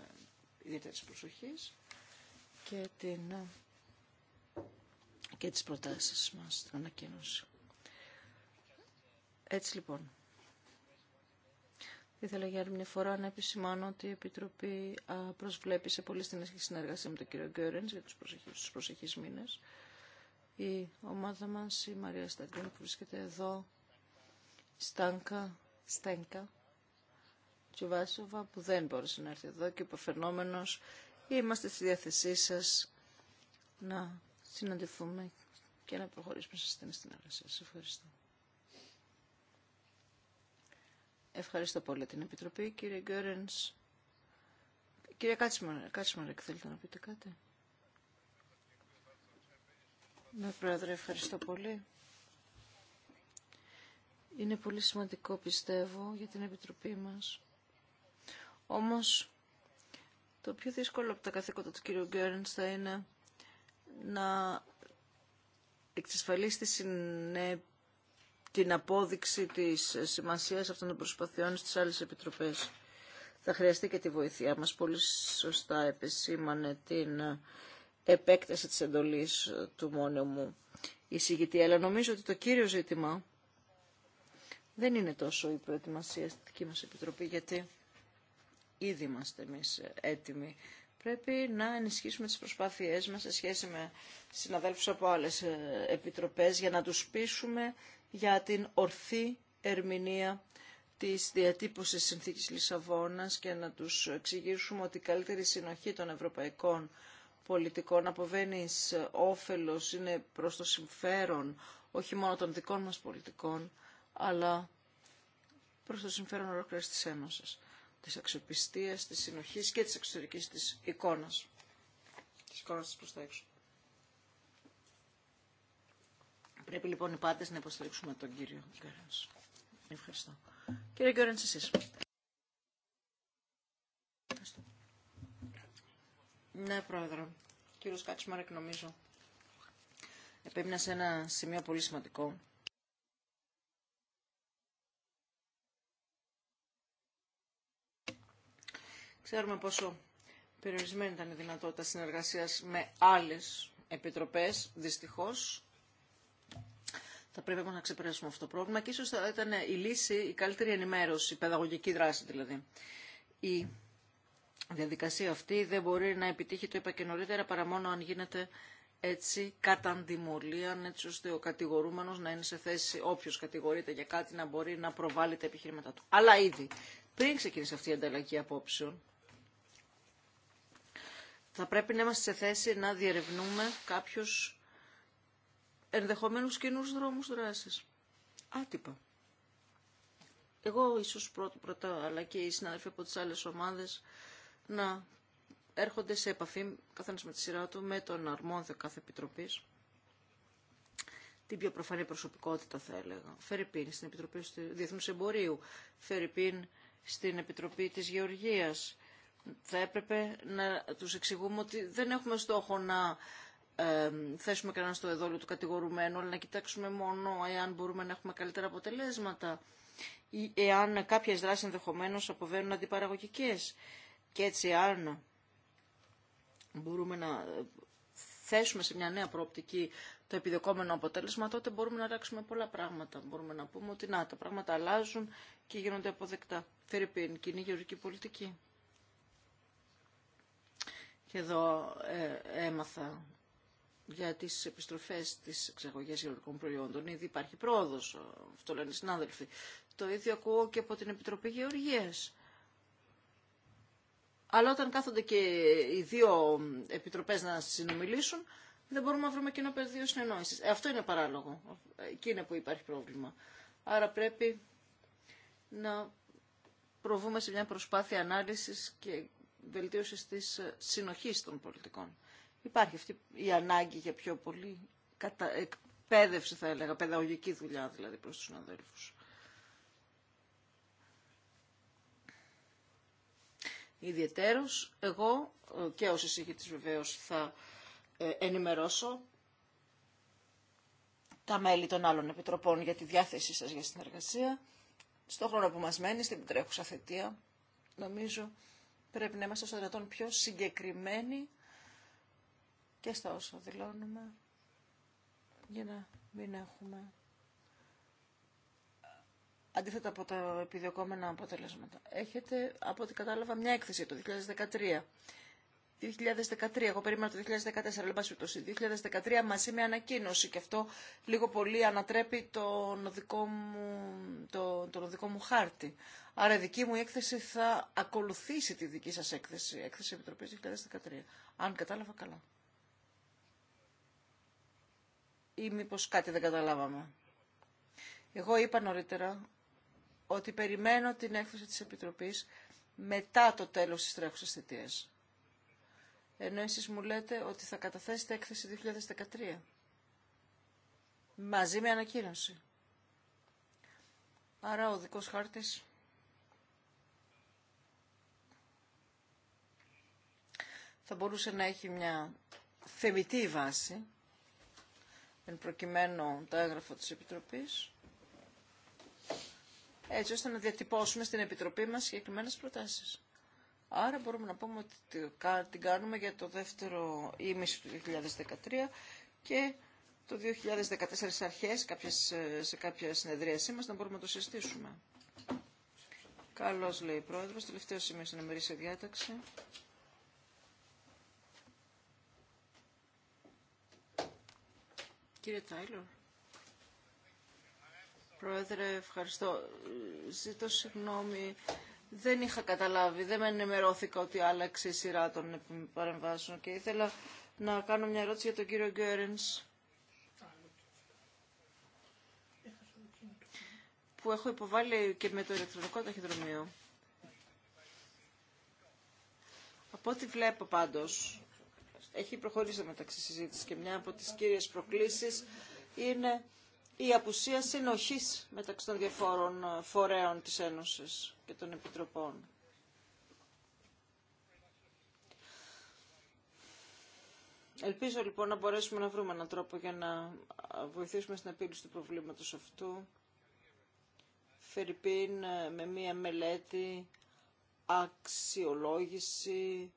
ιδιαίτερης προσοχής και, την, ε, και τις προτάσεις μας στην ανακοίνωση. Έτσι λοιπόν, Ήθελα για άλλη μια φορά να επισημάνω ότι η Επιτροπή προσβλέπει σε πολύ στενή συνεργασία με τον κύριο Γκέρενς για τους προσεχείς, μήνες. Η ομάδα μας, η Μαρία Σταγκρίνη που βρίσκεται εδώ, Στάνκα, Στένκα, Τσουβάσοβα που δεν μπόρεσε να έρθει εδώ και υποφαινόμενο, είμαστε στη διάθεσή σα να συναντηθούμε και να προχωρήσουμε σε στενή συνεργασία. Σας ευχαριστώ. Ευχαριστώ πολύ την Επιτροπή. Κύριε Γκέρενς, κύριε Κάτσιμαρακ, θέλετε να πείτε κάτι. Ναι, Πρόεδρε, ευχαριστώ πολύ. Είναι πολύ σημαντικό, πιστεύω, για την Επιτροπή μας. Όμως, το πιο δύσκολο από τα καθήκοντα του κύριου Γκέρενς θα είναι να εξασφαλίσει τη συνέπεια την απόδειξη της σημασίας αυτών των προσπαθειών στις άλλες επιτροπές. Θα χρειαστεί και τη βοήθειά μας. Πολύ σωστά επισήμανε την επέκταση της εντολής του μόνιμου μου εισηγητή. Αλλά νομίζω ότι το κύριο ζήτημα δεν είναι τόσο η προετοιμασία στη δική μας επιτροπή, γιατί ήδη είμαστε εμείς έτοιμοι. Πρέπει να ενισχύσουμε τις προσπάθειές μας σε σχέση με συναδέλφους από άλλες επιτροπές για να τους πείσουμε για την ορθή ερμηνεία της διατύπωσης συνθήκης Λισαβόνας και να τους εξηγήσουμε ότι η καλύτερη συνοχή των ευρωπαϊκών πολιτικών αποβαίνει όφελος, είναι προς το συμφέρον όχι μόνο των δικών μας πολιτικών, αλλά προς το συμφέρον ολόκληρης της Ένωσης, της αξιοπιστίας, της συνοχής και της εξωτερικής της εικόνας, της εικόνας της προς Πρέπει λοιπόν οι πάτες να υποστηρίξουμε τον κύριο Γκέρανς. Ευχαριστώ. Κύριε Γκέρανς, εσείς. Ναι, Πρόεδρε. Κύριος Κάτσμαρεκ, νομίζω. Επέμεινα σε ένα σημείο πολύ σημαντικό. Ξέρουμε πόσο περιορισμένη ήταν η δυνατότητα συνεργασίας με άλλες επιτροπές, δυστυχώς. Θα πρέπει να ξεπεράσουμε αυτό το πρόβλημα και ίσως θα ήταν η λύση, η καλύτερη ενημέρωση, η παιδαγωγική δράση δηλαδή. Η διαδικασία αυτή δεν μπορεί να επιτύχει, το είπα και νωρίτερα, παρά μόνο αν γίνεται έτσι κατά αντιμολία, έτσι ώστε ο κατηγορούμενος να είναι σε θέση, όποιος κατηγορείται για κάτι, να μπορεί να προβάλλει τα επιχειρήματά του. Αλλά ήδη, πριν ξεκινήσει αυτή η ανταλλαγή απόψεων, θα πρέπει να είμαστε σε θέση να διερευνούμε κάποιους Ενδεχομένου κοινού δρόμους δράση. Άτυπα. Εγώ ίσως πρώτο πρώτα αλλά και οι συνάδελφοι από τι άλλε ομάδες να έρχονται σε επαφή, καθένα με τη σειρά του, με τον αρμόδιο κάθε επιτροπής. Την πιο προφανή προσωπικότητα θα έλεγα. Φερρυπίν στην Επιτροπή του Διεθνούς Εμπορίου. Φερρυπίν στην Επιτροπή της Γεωργία. Θα έπρεπε να του εξηγούμε ότι δεν έχουμε στόχο να θέσουμε κανένα στο εδόλιο του κατηγορουμένου, αλλά να κοιτάξουμε μόνο εάν μπορούμε να έχουμε καλύτερα αποτελέσματα ή εάν κάποιες δράσεις ενδεχομένω αποβαίνουν αντιπαραγωγικές. Και έτσι αν μπορούμε να θέσουμε σε μια νέα προοπτική το επιδεκόμενο αποτέλεσμα, τότε μπορούμε να αλλάξουμε πολλά πράγματα. Μπορούμε να πούμε ότι να, τα πράγματα αλλάζουν και γίνονται αποδεκτά. Φερρυπίν, κοινή γεωργική πολιτική. Και εδώ ε, έμαθα για τι επιστροφέ τη εξαγωγή γεωργικών προϊόντων. Ήδη υπάρχει πρόοδο αυτό λένε οι συνάδελφοι. Το ίδιο ακούω και από την Επιτροπή γεωργία. Αλλά όταν κάθονται και οι δύο επιτροπέ να συνομιλήσουν, δεν μπορούμε να βρούμε κοινό πεδίο συνεννόηση. Ε, αυτό είναι παράλογο. Εκεί είναι που υπάρχει πρόβλημα. Άρα πρέπει να προβούμε σε μια προσπάθεια ανάλυσης και βελτίωσης της συνοχής των πολιτικών υπάρχει αυτή η ανάγκη για πιο πολύ κατα... εκπαίδευση θα έλεγα, παιδαγωγική δουλειά δηλαδή προς τους συναδέλφους. Ιδιαιτέρως, εγώ ε, και ως εισηγητής βεβαίως θα ε, ενημερώσω τα μέλη των άλλων επιτροπών για τη διάθεσή σας για συνεργασία. Στον χρόνο που μας μένει, στην τρέχουσα θετία, νομίζω πρέπει να είμαστε στο δυνατόν πιο συγκεκριμένοι και στα όσα δηλώνουμε για να μην έχουμε αντίθετα από τα επιδιωκόμενα αποτελέσματα. Έχετε, από ό,τι κατάλαβα, μια έκθεση το 2013. 2013, εγώ περίμενα το 2014, αλλά Το 2013 μαζί με ανακοίνωση και αυτό λίγο πολύ ανατρέπει τον δικό μου, το, δικό μου χάρτη. Άρα η δική μου έκθεση θα ακολουθήσει τη δική σας έκθεση, έκθεση Επιτροπής 2013. Αν κατάλαβα καλά ή μήπως κάτι δεν καταλάβαμε. Εγώ είπα νωρίτερα ότι περιμένω την έκθεση της Επιτροπής μετά το τέλος της τρέχουσας θητείας. Ενώ εσείς μου λέτε ότι θα καταθέσετε έκθεση 2013. Μαζί με ανακοίνωση. Άρα ο δικός χάρτης θα μπορούσε να έχει μια θεμητή βάση εν προκειμένου τα έγγραφα της Επιτροπής, έτσι ώστε να διατυπώσουμε στην Επιτροπή μας συγκεκριμένε προτάσεις. Άρα μπορούμε να πούμε ότι την κάνουμε για το δεύτερο ήμιση του 2013 και το 2014 αρχές, κάποιες, ε, σε κάποια συνεδρίασή μας, να μπορούμε να το συστήσουμε. Καλώς λέει η Πρόεδρος, τελευταίο σημείο στην ημερήσια διάταξη. Κύριε Τάιλορ. Πρόεδρε, ευχαριστώ. Ζήτω συγγνώμη. Δεν είχα καταλάβει, δεν με ενημερώθηκα ότι άλλαξε η σειρά των παρεμβάσεων και ήθελα να κάνω μια ερώτηση για τον κύριο Γκέρενς. που έχω υποβάλει και με το ηλεκτρονικό ταχυδρομείο. Από ό,τι βλέπω πάντως, έχει προχωρήσει μεταξύ συζήτηση και μια από τις κύριες προκλήσεις είναι η απουσία συνοχής μεταξύ των διαφόρων ε, φορέων της Ένωσης και των Επιτροπών. Ελπίζω λοιπόν να μπορέσουμε να βρούμε έναν τρόπο για να ε, βοηθήσουμε στην επίλυση του προβλήματος αυτού. Φερρυπίν ε, με μία μελέτη αξιολόγηση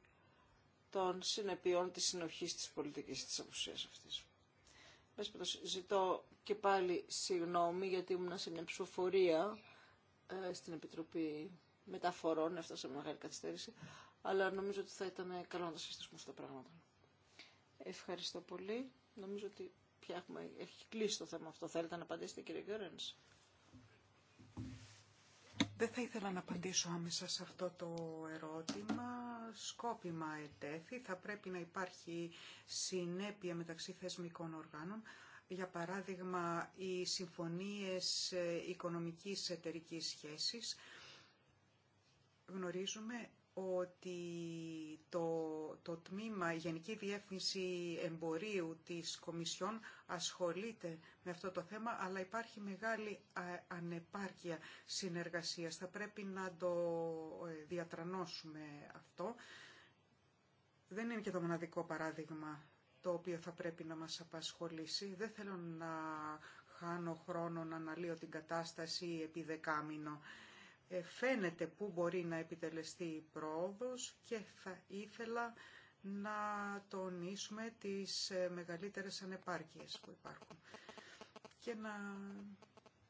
των συνεπειών της συνοχής της πολιτικής της απουσίας αυτής. Ζητώ και πάλι συγγνώμη γιατί ήμουν σε μια ψηφοφορία ε, στην Επιτροπή Μεταφορών, έφτασα με μεγάλη καθυστέρηση, αλλά νομίζω ότι θα ήταν καλό να τα συστήσουμε αυτά τα πράγματα. Ευχαριστώ πολύ. Νομίζω ότι πια έχουμε, έχει κλείσει το θέμα αυτό. Θέλετε να απαντήσετε κύριε Γκέρενς. Δεν θα ήθελα να απαντήσω άμεσα σε αυτό το ερώτημα σκόπιμα ετέθη. Θα πρέπει να υπάρχει συνέπεια μεταξύ θεσμικών οργάνων. Για παράδειγμα, οι συμφωνίες ε, οικονομικής εταιρικής σχέσης. Γνωρίζουμε ότι το, το τμήμα η Γενική Διεύθυνση Εμπορίου της Κομισιόν ασχολείται με αυτό το θέμα, αλλά υπάρχει μεγάλη ανεπάρκεια συνεργασίας. Θα πρέπει να το ε, διατρανώσουμε αυτό. Δεν είναι και το μοναδικό παράδειγμα το οποίο θα πρέπει να μας απασχολήσει. Δεν θέλω να χάνω χρόνο να αναλύω την κατάσταση επί δεκάμινο. Ε, φαίνεται πού μπορεί να επιτελεστεί η πρόοδος και θα ήθελα να τονίσουμε τις ε, μεγαλύτερες ανεπάρκειες που υπάρχουν και να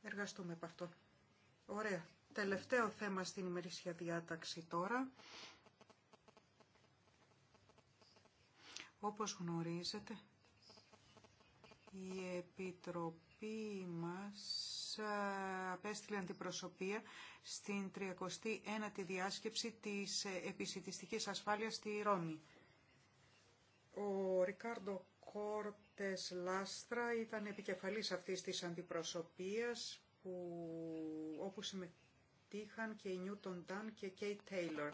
εργαστούμε από αυτό. Ωραία. Τελευταίο θέμα στην ημερήσια διάταξη τώρα. Όπως γνωρίζετε, η Επιτροπή μας απέστειλε αντιπροσωπεία στην 31 η διάσκεψη της επισητιστικής ασφάλειας στη Ρώμη. Ο Ρικάρντο Κόρτες Λάστρα ήταν επικεφαλής αυτής της αντιπροσωπείας που, όπου συμμετείχαν και η Νιούτον Ντάν και η Κέι Τέιλορ.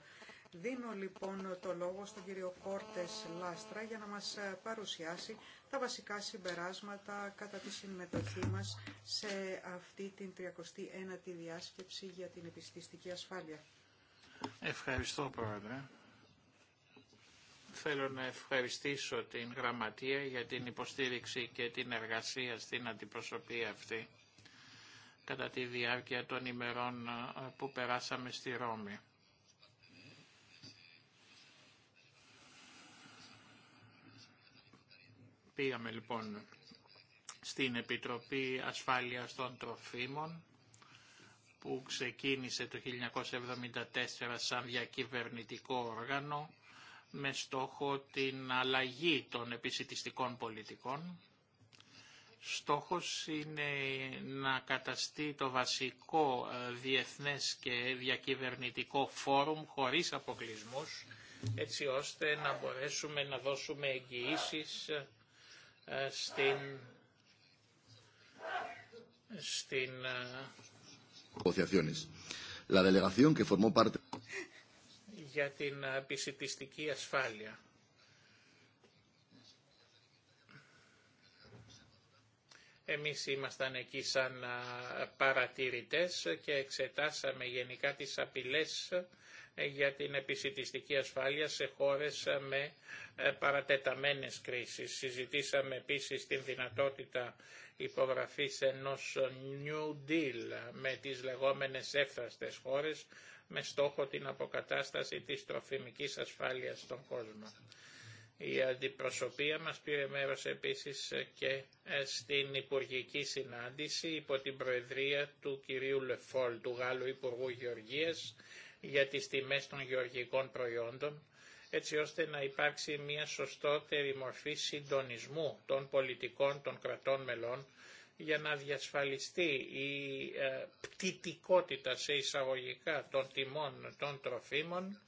Δίνω λοιπόν το λόγο στον κύριο Κόρτες Λάστρα για να μας παρουσιάσει τα βασικά συμπεράσματα κατά τη συμμετοχή μας σε αυτή την 39η διάσκεψη για την επιστηστική ασφάλεια. Ευχαριστώ Πρόεδρε. Θέλω να ευχαριστήσω την Γραμματεία για την υποστήριξη και την εργασία στην αντιπροσωπεία αυτή κατά τη διάρκεια των ημερών ε, που περάσαμε στη Ρώμη. Πήγαμε λοιπόν στην Επιτροπή Ασφάλειας των Τροφίμων που ξεκίνησε το 1974 σαν διακυβερνητικό όργανο με στόχο την αλλαγή των επισητιστικών πολιτικών. Στόχος είναι να καταστεί το βασικό ε, διεθνές και διακυβερνητικό φόρουμ χωρίς αποκλεισμούς, έτσι ώστε να μπορέσουμε να δώσουμε εγγυήσεις ε, ε, στην, στην ε, La delegación que parte... για την ε, επισητιστική ασφάλεια. Εμείς ήμασταν εκεί σαν παρατηρητές και εξετάσαμε γενικά τις απειλές για την επισητιστική ασφάλεια σε χώρες με ε, παρατεταμένες κρίσεις. Συζητήσαμε επίσης την δυνατότητα υπογραφής ενός New Deal με τις λεγόμενες έφραστες χώρες με στόχο την αποκατάσταση της τροφιμικής ασφάλειας στον κόσμο. Η αντιπροσωπεία μας πήρε μέρος επίσης και ε, στην Υπουργική Συνάντηση υπό την Προεδρία του κυρίου Λεφόλ, του Γάλλου Υπουργού Γεωργίας, για τις τιμές των γεωργικών προϊόντων, έτσι ώστε να υπάρξει μια σωστότερη μορφή συντονισμού των πολιτικών των κρατών μελών για να διασφαλιστεί η ε, πτητικότητα σε εισαγωγικά των τιμών των τροφίμων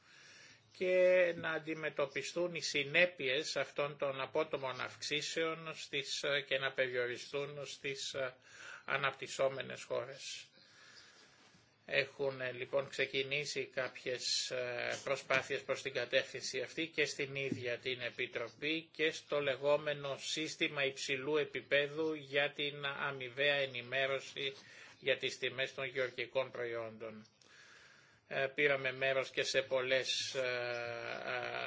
και να αντιμετωπιστούν οι συνέπειες αυτών των απότομων αυξήσεων στις, ε, και να περιοριστούν στις ε, αναπτυσσόμενες χώρες. Έχουν ε, λοιπόν ξεκινήσει κάποιες ε, προσπάθειες προς την κατεύθυνση αυτή και στην ίδια την Επιτροπή και στο λεγόμενο σύστημα υψηλού επίπεδου για την αμοιβαία ενημέρωση για τις τιμές των γεωργικών προϊόντων. Ε, πήραμε μέρος και σε πολλές,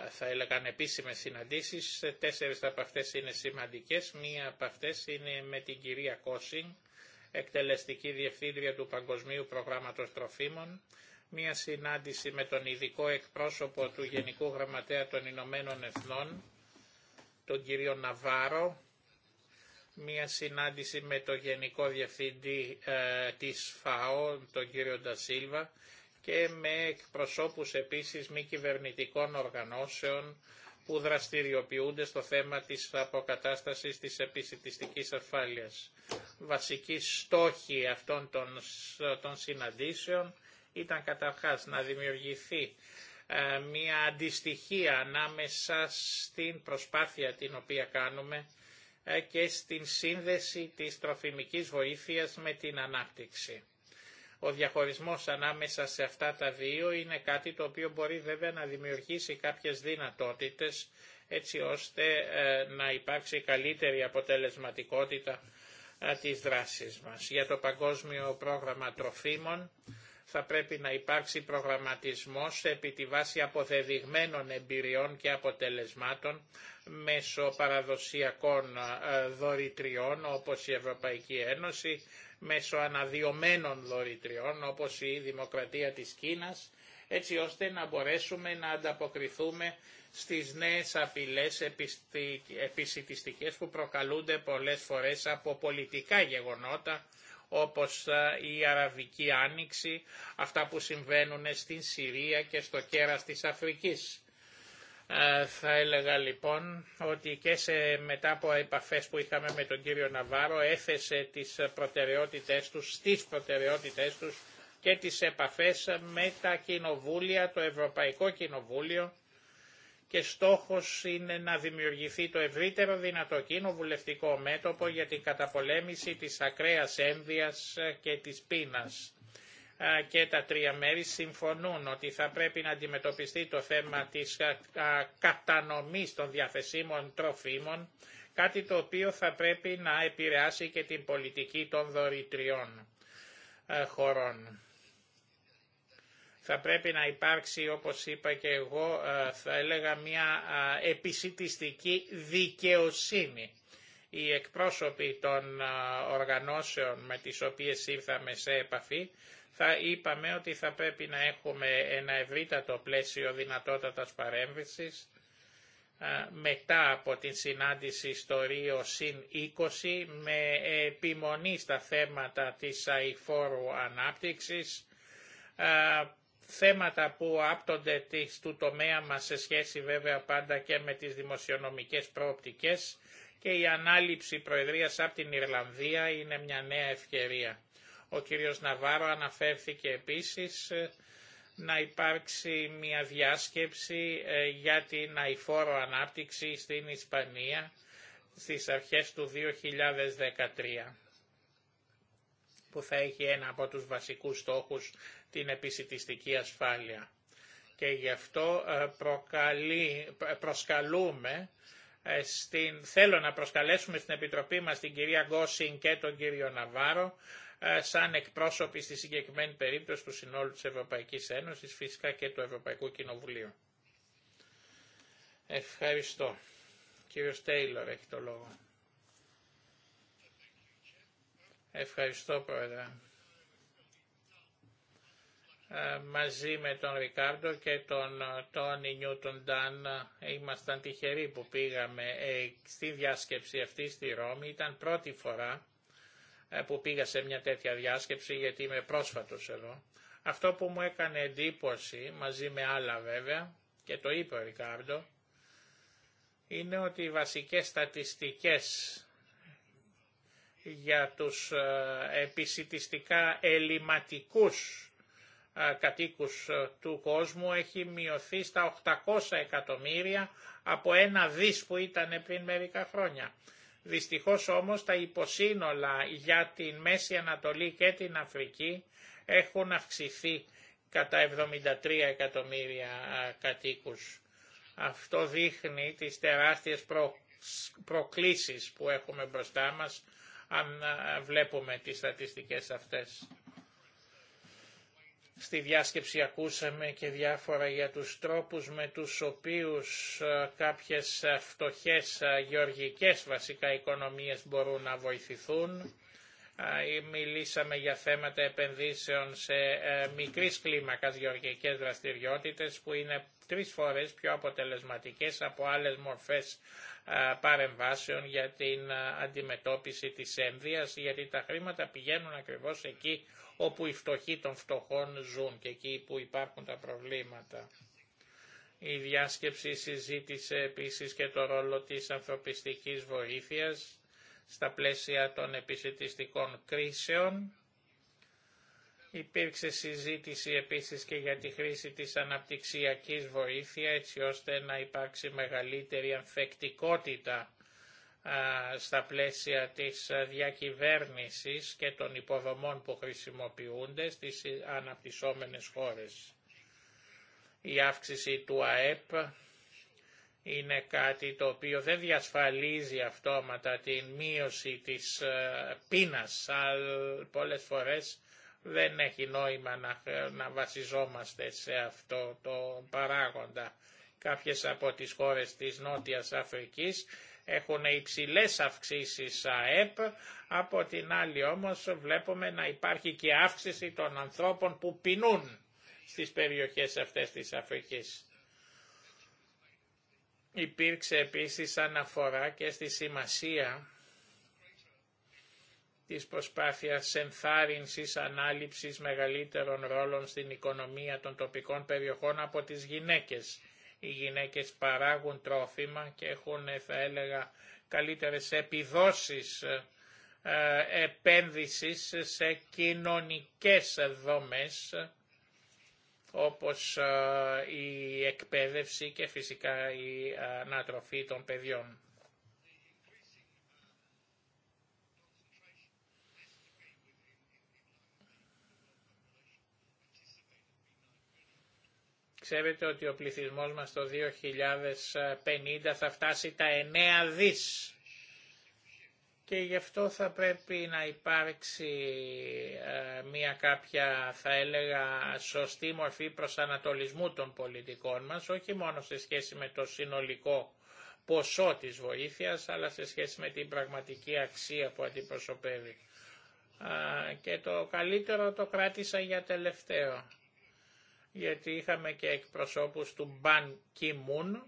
θα έλεγαν, επίσημες συναντήσεις. Τέσσερις από αυτές είναι σημαντικές. Μία από αυτές είναι με την κυρία Κόσινγκ εκτελεστική διευθύντρια του Παγκοσμίου Προγράμματος Τροφίμων, μία συνάντηση με τον ειδικό εκπρόσωπο του Γενικού Γραμματέα των Ηνωμένων Εθνών, τον κύριο Ναβάρο, μία συνάντηση με τον Γενικό Διευθυντή ε, της ΦΑΟ, τον κύριο Ντασίλβα, και με εκπροσώπους επίσης μη κυβερνητικών οργανώσεων που δραστηριοποιούνται στο θέμα της αποκατάστασης της επισητιστικής ασφάλειας. Βασική στόχη αυτών των, των συναντήσεων ήταν καταρχάς να δημιουργηθεί ε, μια αντιστοιχία ανάμεσα στην προσπάθεια την οποία κάνουμε ε, και στην σύνδεση της τροφιμικής βοήθειας με την ανάπτυξη. Ο διαχωρισμός ανάμεσα σε αυτά τα δύο είναι κάτι το οποίο μπορεί βέβαια να δημιουργήσει κάποιες δυνατότητες έτσι ώστε ε, να υπάρξει καλύτερη αποτελεσματικότητα ε, της δράσης μας. Για το Παγκόσμιο Πρόγραμμα Τροφίμων θα πρέπει να υπάρξει προγραμματισμός επί τη βάση αποδεδειγμένων εμπειριών και αποτελεσμάτων μέσω παραδοσιακών ε, δωρητριών όπως η Ευρωπαϊκή Ένωση, μέσω αναδιωμένων δωρητριών όπως η Δημοκρατία της Κίνας έτσι ώστε να μπορέσουμε να ανταποκριθούμε στις νέες απειλές επισητιστικές που προκαλούνται πολλές φορές από πολιτικά γεγονότα όπως η Αραβική Άνοιξη, αυτά που συμβαίνουν στην Συρία και στο κέρας της Αφρικής. Ε, θα έλεγα λοιπόν ότι και σε, μετά από επαφές που είχαμε με τον κύριο Ναβάρο έθεσε τις προτεραιότητές τους, στις προτεραιότητές τους και τις επαφές με τα κοινοβούλια, το Ευρωπαϊκό Κοινοβούλιο και στόχος είναι να δημιουργηθεί το ευρύτερο δυνατό κοινοβουλευτικό μέτωπο για την καταπολέμηση της ακραίας ένδυας και της πείνας και τα τρία μέρη συμφωνούν ότι θα πρέπει να αντιμετωπιστεί το θέμα της κατανομής των διαθεσίμων τροφίμων, κάτι το οποίο θα πρέπει να επηρεάσει και την πολιτική των δωρητριών ε, χωρών. Θα πρέπει να υπάρξει, όπως είπα και εγώ, ε, θα έλεγα μια επισητιστική δικαιοσύνη. Οι εκπρόσωποι των οργανώσεων με τις οποίες ήρθαμε σε επαφή θα είπαμε ότι θα πρέπει να έχουμε ένα ευρύτατο πλαίσιο δυνατότατας παρέμβησης μετά από την συνάντηση στο Ρίο ΣΥΝ 20 με επιμονή στα θέματα της αηφόρου ανάπτυξης, θέματα που άπτονται του τομέα μας σε σχέση βέβαια πάντα και με τις δημοσιονομικές προοπτικές και η ανάληψη προεδρίας από την Ιρλανδία είναι μια νέα ευκαιρία. Ο κύριος Ναβάρο αναφέρθηκε επίσης ε, να υπάρξει μια διάσκεψη ε, για την αηφόρο ανάπτυξη στην Ισπανία στις αρχές του 2013 που θα έχει ένα από τους βασικούς στόχους την επισητιστική ασφάλεια. Και γι' αυτό ε, προκαλεί, προσκαλούμε στην, θέλω να προσκαλέσουμε στην Επιτροπή μας την κυρία Γκόσιν και τον κύριο Ναβάρο ε, σαν εκπρόσωποι στη συγκεκριμένη περίπτωση του συνόλου της Ευρωπαϊκής Ένωσης, φυσικά και του Ευρωπαϊκού Κοινοβουλίου. Ευχαριστώ. Κύριος Τέιλορ έχει το λόγο. Ευχαριστώ Πρόεδρε. Ε, μαζί με τον Ρικάρντο και τον Τόνι Νιούτον Ντάν ε, ήμασταν τυχεροί που πήγαμε στη διάσκεψη αυτή στη Ρώμη. Ήταν πρώτη φορά που πήγα σε μια τέτοια διάσκεψη γιατί είμαι πρόσφατος εδώ. Αυτό που μου έκανε εντύπωση μαζί με άλλα βέβαια και το είπε ο Ρικάρντο είναι ότι οι βασικές στατιστικές για τους ε, επισητιστικά ελληματικούς ε, κατοίκους ε, του κόσμου έχει μειωθεί στα 800 εκατομμύρια από ένα δις που ήταν πριν μερικά χρόνια. Δυστυχώς όμως τα υποσύνολα για την Μέση Ανατολή και την Αφρική έχουν αυξηθεί κατά 73 εκατομμύρια κατοίκους. Αυτό δείχνει τις τεράστιες προ... προκλήσεις που έχουμε μπροστά μας αν βλέπουμε τις στατιστικές αυτές. Στη διάσκεψη ακούσαμε και διάφορα για τους τρόπους με τους οποίους ε, κάποιες ε, φτωχές ε, γεωργικές βασικά οικονομίες μπορούν να βοηθηθούν. Μιλήσαμε για θέματα επενδύσεων σε μικρής κλίμακας γεωργικές δραστηριότητες που είναι τρεις φορές πιο αποτελεσματικές από άλλες μορφές παρεμβάσεων για την αντιμετώπιση της ένδυας, γιατί τα χρήματα πηγαίνουν ακριβώς εκεί όπου οι φτωχοί των φτωχών ζουν και εκεί που υπάρχουν τα προβλήματα. Η διάσκεψη συζήτησε επίσης και το ρόλο της ανθρωπιστικής βοήθειας στα πλαίσια των επισητιστικών κρίσεων Υπήρξε συζήτηση επίσης και για τη χρήση της αναπτυξιακής βοήθεια έτσι ώστε να υπάρξει μεγαλύτερη ανθεκτικότητα στα πλαίσια της διακυβέρνησης και των υποδομών που χρησιμοποιούνται στις αναπτυσσόμενες χώρες. Η αύξηση του ΑΕΠ είναι κάτι το οποίο δεν διασφαλίζει αυτόματα την μείωση της ε, πείνας, αλλά πολλές φορές δεν έχει νόημα να, να βασιζόμαστε σε αυτό το παράγοντα. Κάποιες από τις χώρες της Νότιας Αφρικής έχουν υψηλές αυξήσεις ΑΕΠ, από την άλλη όμως βλέπουμε να υπάρχει και αύξηση των ανθρώπων που πεινούν στις περιοχές αυτές της Αφρικής. Υπήρξε επίσης αναφορά και στη σημασία της προσπάθειας ενθάρρυνσης ανάληψης μεγαλύτερων ρόλων στην οικονομία των τοπικών περιοχών από τις γυναίκες. Οι γυναίκες παράγουν τρόφιμα και έχουν, θα έλεγα, καλύτερες επιδόσεις ε, ε, επένδυσης σε κοινωνικές δομές όπως ε, η εκπαίδευση και φυσικά η ανατροφή των παιδιών. ξέρετε ότι ο πληθυσμός μας το 2050 θα φτάσει τα 9 δις. Και γι' αυτό θα πρέπει να υπάρξει ε, μια κάποια, θα έλεγα, σωστή μορφή προσανατολισμού των πολιτικών μας, όχι μόνο σε σχέση με το συνολικό ποσό της βοήθειας, αλλά σε σχέση με την πραγματική αξία που αντιπροσωπεύει. Και το καλύτερο το κράτησα για τελευταίο γιατί είχαμε και εκπροσώπους του Μπαν Κιμούν,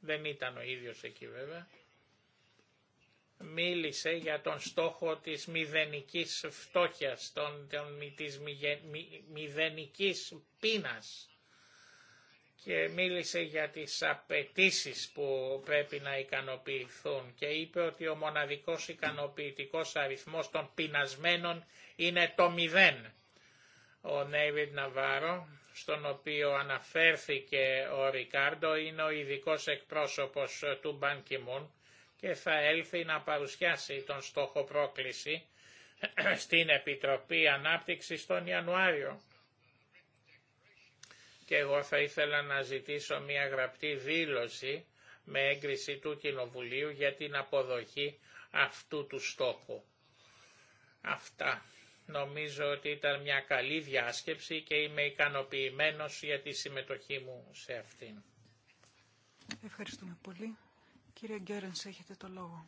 δεν ήταν ο ίδιος εκεί βέβαια, μίλησε για τον στόχο της μηδενικής φτώχειας, των, των, της μη, μηδενικής και μίλησε για τις απαιτήσει που πρέπει να ικανοποιηθούν και είπε ότι ο μοναδικός ικανοποιητικός αριθμός των πεινασμένων είναι το μηδέν. Ο Νέιβιτ Ναβάρο, στον οποίο αναφέρθηκε ο Ρικάρντο, είναι ο ειδικό εκπρόσωπος του Μπαν και θα έλθει να παρουσιάσει τον στόχο πρόκληση στην Επιτροπή Ανάπτυξης τον Ιανουάριο. Και εγώ θα ήθελα να ζητήσω μια γραπτή δήλωση με έγκριση του Κοινοβουλίου για την αποδοχή αυτού του στόχου. Αυτά. Νομίζω ότι ήταν μια καλή διάσκεψη και είμαι ικανοποιημένος για τη συμμετοχή μου σε αυτήν. Ευχαριστούμε πολύ. Κύριε Γκέρενς, έχετε το λόγο.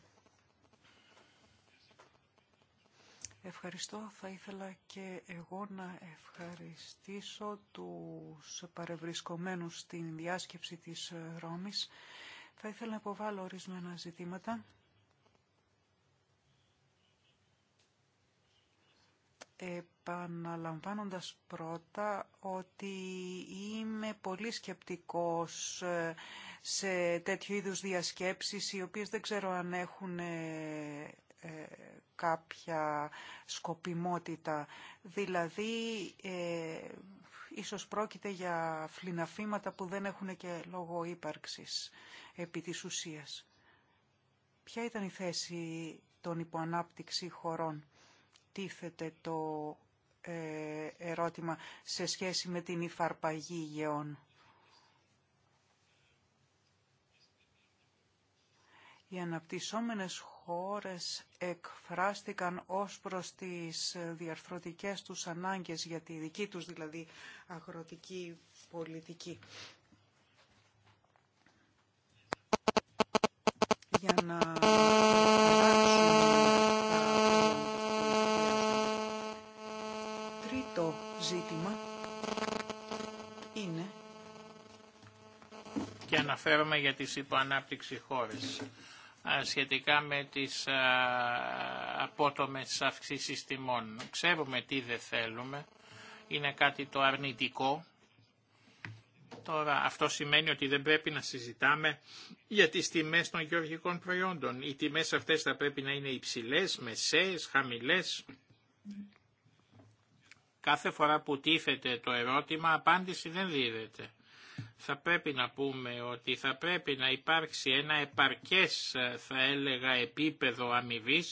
Ευχαριστώ. Θα ήθελα και εγώ να ευχαριστήσω τους παρευρισκομένους στην διάσκεψη της Ρώμης. Θα ήθελα να υποβάλω ορισμένα ζητήματα επαναλαμβάνοντας πρώτα ότι είμαι πολύ σκεπτικός ε, σε τέτοιου είδους διασκέψεις οι οποίες δεν ξέρω αν έχουν ε, ε, κάποια σκοπιμότητα. Δηλαδή, ε, ίσως πρόκειται για φλιναφήματα που δεν έχουν και λόγο ύπαρξης επί της ουσίας. Ποια ήταν η θέση των υποανάπτυξη χωρών τίθεται το ε, ερώτημα σε σχέση με την υφαρπαγή γεών. Οι αναπτυσσόμενες χώρες εκφράστηκαν ως προς τις διαρθρωτικές τους ανάγκες για τη δική τους δηλαδή αγροτική πολιτική. Για να αναφέρομαι για τις υποανάπτυξη χώρες σχετικά με τις απότομες αυξήσεις τιμών. Ξέρουμε τι δεν θέλουμε. Είναι κάτι το αρνητικό. Τώρα αυτό σημαίνει ότι δεν πρέπει να συζητάμε για τις τιμές των γεωργικών προϊόντων. Οι τιμές αυτές θα πρέπει να είναι υψηλές, μεσαίες, χαμηλές. Κάθε φορά που τίθεται το ερώτημα, απάντηση δεν δίδεται θα πρέπει να πούμε ότι θα πρέπει να υπάρξει ένα επαρκές ε, θα έλεγα επίπεδο αμοιβή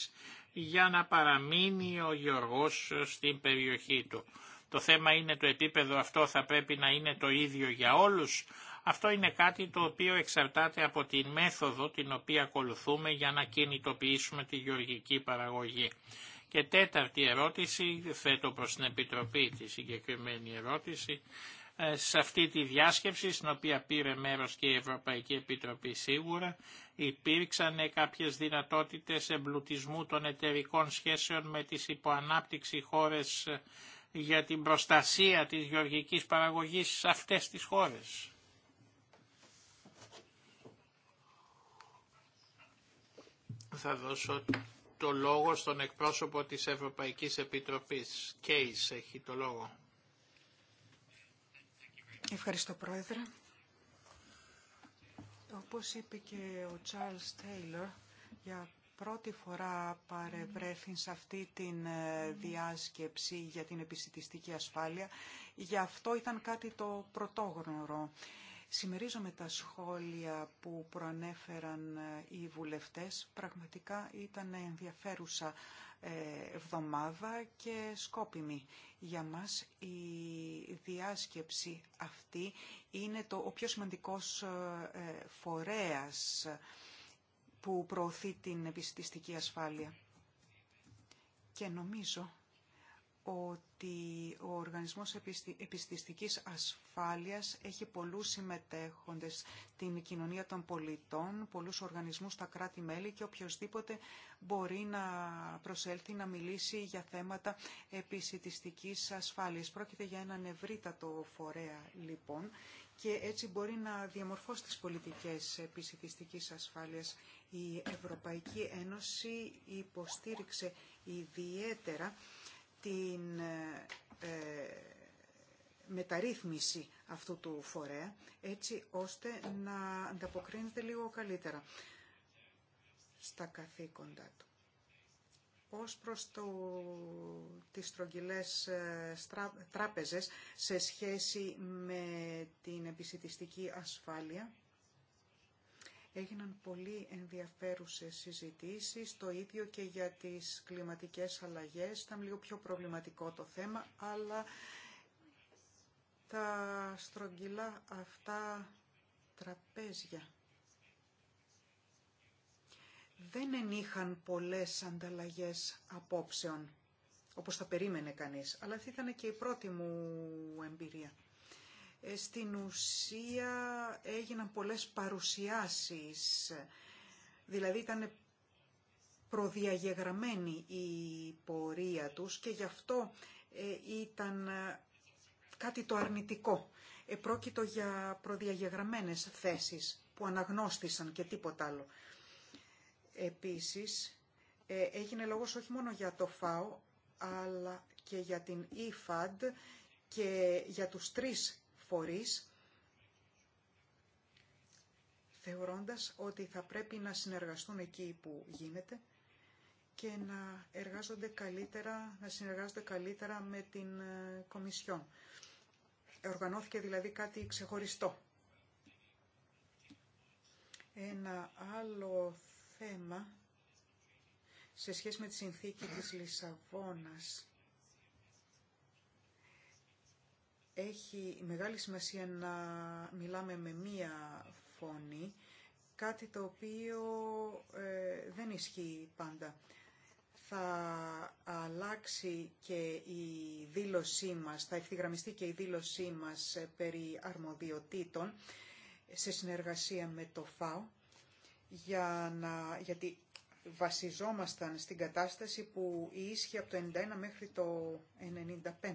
για να παραμείνει ο Γεωργός ε, στην περιοχή του. Το θέμα είναι το επίπεδο αυτό θα πρέπει να είναι το ίδιο για όλους. Αυτό είναι κάτι το οποίο εξαρτάται από τη μέθοδο την οποία ακολουθούμε για να κινητοποιήσουμε τη γεωργική παραγωγή. Και τέταρτη ερώτηση, θέτω προς την Επιτροπή τη συγκεκριμένη ερώτηση, σε αυτή τη διάσκεψη στην οποία πήρε μέρος και η Ευρωπαϊκή Επιτροπή σίγουρα υπήρξαν κάποιες δυνατότητες εμπλουτισμού των εταιρικών σχέσεων με τις υποανάπτυξη χώρες για την προστασία της γεωργικής παραγωγής σε αυτές τις χώρες. Θα δώσω το λόγο στον εκπρόσωπο της Ευρωπαϊκής Επιτροπής. Κέις έχει το λόγο. Ευχαριστώ, Πρόεδρε. Όπως είπε και ο Charles Taylor, για πρώτη φορά παρευρέθην σε αυτή την ε, διάσκεψη για την επιστημιστική ασφάλεια. Γι' αυτό ήταν κάτι το πρωτόγνωρο. Συμμερίζομαι τα σχόλια που προανέφεραν ε, οι βουλευτές. Πραγματικά ήταν ενδιαφέρουσα εβδομάδα και σκόπιμη. Για μας η διάσκεψη αυτή είναι το, ο πιο σημαντικός ε, φορέας που προωθεί την επιστηστική ασφάλεια. Και νομίζω ότι ο Οργανισμός Επιστηστικής Ασφάλειας έχει πολλούς συμμετέχοντες την κοινωνία των πολιτών, πολλούς οργανισμούς στα κράτη-μέλη και οποιοδήποτε μπορεί να προσέλθει να μιλήσει για θέματα επιστηστικής ασφάλειας. Πρόκειται για έναν ευρύτατο φορέα λοιπόν και έτσι μπορεί να διαμορφώσει τις πολιτικές επιστηστικής ασφάλειας. Η Ευρωπαϊκή Ένωση υποστήριξε ιδιαίτερα την ε, μεταρρύθμιση αυτού του φορέα, έτσι ώστε να ανταποκρίνεται λίγο καλύτερα στα καθήκοντά του. Ως προς το, τις τροχιλές ε, τράπεζες σε σχέση με την επισητιστική ασφάλεια, Έγιναν πολύ ενδιαφέρουσες συζητήσεις, το ίδιο και για τις κλιματικές αλλαγές. Ήταν λίγο πιο προβληματικό το θέμα, αλλά τα στρογγυλά αυτά τραπέζια δεν ενείχαν πολλές ανταλλαγές απόψεων, όπως θα περίμενε κανείς. Αλλά αυτή ήταν και η πρώτη μου εμπειρία. Ε, στην ουσία έγιναν πολλές παρουσιάσεις, δηλαδή ήταν προδιαγεγραμμένη η πορεία τους και γι' αυτό ε, ήταν ε, κάτι το αρνητικό. Επρόκειτο για προδιαγεγραμμένες θέσεις που αναγνώστησαν και τίποτα άλλο. Επίσης, έγινε λόγος όχι μόνο για το ΦΑΟ, αλλά και για την IFAD και για τους τρεις φορείς, θεωρώντας ότι θα πρέπει να συνεργαστούν εκεί που γίνεται και να, εργάζονται καλύτερα, να συνεργάζονται καλύτερα με την ε, Κομισιόν. Οργανώθηκε δηλαδή κάτι ξεχωριστό. Ένα άλλο θέμα σε σχέση με τη συνθήκη της Λισαβόνας έχει μεγάλη σημασία να μιλάμε με μία φωνή, κάτι το οποίο ε, δεν ισχύει πάντα. Θα αλλάξει και η δήλωσή μας, θα ευθυγραμμιστεί και η δήλωσή μας ε, περί αρμοδιοτήτων σε συνεργασία με το ΦΑΟ, για να, γιατί βασιζόμασταν στην κατάσταση που ίσχυε από το 1991 μέχρι το 1995.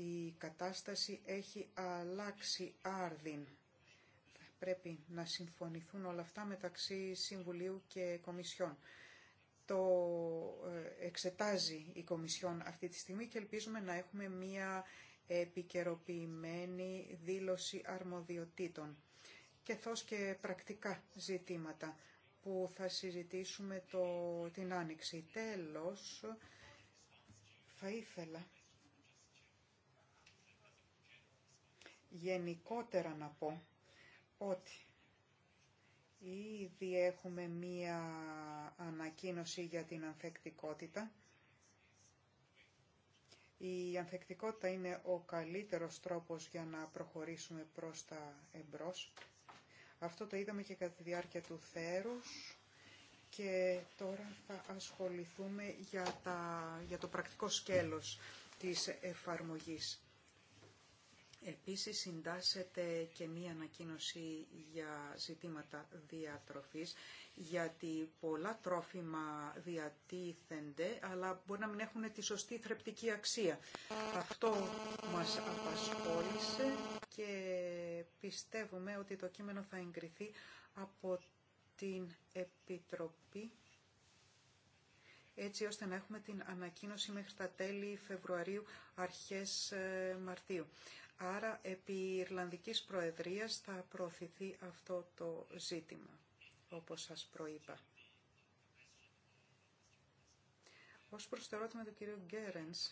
Η κατάσταση έχει αλλάξει άρδιν. Πρέπει να συμφωνηθούν όλα αυτά μεταξύ Συμβουλίου και Κομισιόν. Το ε, εξετάζει η Κομισιόν αυτή τη στιγμή και ελπίζουμε να έχουμε μία επικαιροποιημένη δήλωση αρμοδιοτήτων και και πρακτικά ζητήματα που θα συζητήσουμε το, την Άνοιξη. Τέλος, θα ήθελα γενικότερα να πω ότι ήδη έχουμε μία ανακοίνωση για την ανθεκτικότητα. Η ανθεκτικότητα είναι ο καλύτερος τρόπος για να προχωρήσουμε προς τα εμπρός. Αυτό το είδαμε και κατά τη διάρκεια του θέρους και τώρα θα ασχοληθούμε για, τα, για το πρακτικό σκέλος της εφαρμογής. Επίσης συντάσσεται και μία ανακοίνωση για ζητήματα διατροφής, γιατί πολλά τρόφιμα διατίθενται, αλλά μπορεί να μην έχουν τη σωστή θρεπτική αξία. Αυτό μας απασχόλησε και πιστεύουμε ότι το κείμενο θα εγκριθεί από την Επιτροπή έτσι ώστε να έχουμε την ανακοίνωση μέχρι τα τέλη Φεβρουαρίου, αρχές ε, Μαρτίου. Άρα επί Ιρλανδικής Προεδρίας θα προωθηθεί αυτό το ζήτημα, όπως σας προείπα. Ως προς το ερώτημα του κυρίου Γκέρενς,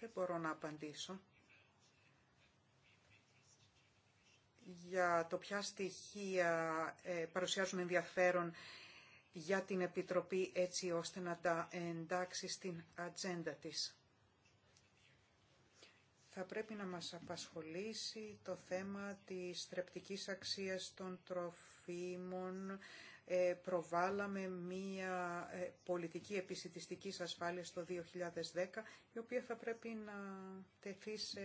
δεν μπορώ να απαντήσω. για το ποια στοιχεία ε, παρουσιάζουν ενδιαφέρον για την Επιτροπή έτσι ώστε να τα εντάξει στην ατζέντα της θα πρέπει να μας απασχολήσει το θέμα της τρεπτικής αξίας των τροφίμων. Ε, προβάλαμε μία ε, πολιτική επισητιστικής ασφάλειας το 2010, η οποία θα πρέπει να τεθεί σε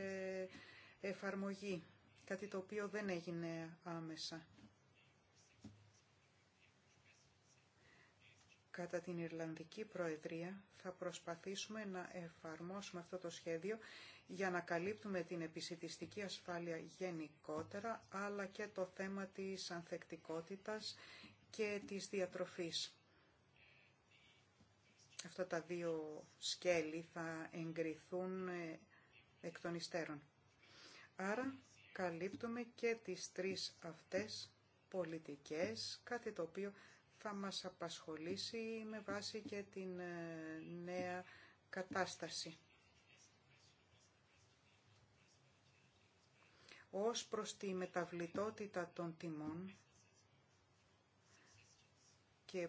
εφαρμογή, κάτι το οποίο δεν έγινε άμεσα. Κατά την Ιρλανδική Προεδρία θα προσπαθήσουμε να εφαρμόσουμε αυτό το σχέδιο για να καλύπτουμε την επισητιστική ασφάλεια γενικότερα, αλλά και το θέμα της ανθεκτικότητας και της διατροφής. Αυτά τα δύο σκέλη θα εγκριθούν ε, εκ των υστέρων. Άρα καλύπτουμε και τις τρεις αυτές πολιτικές, κάτι το οποίο θα μας απασχολήσει με βάση και την ε, νέα κατάσταση. ως προς τη μεταβλητότητα των τιμών και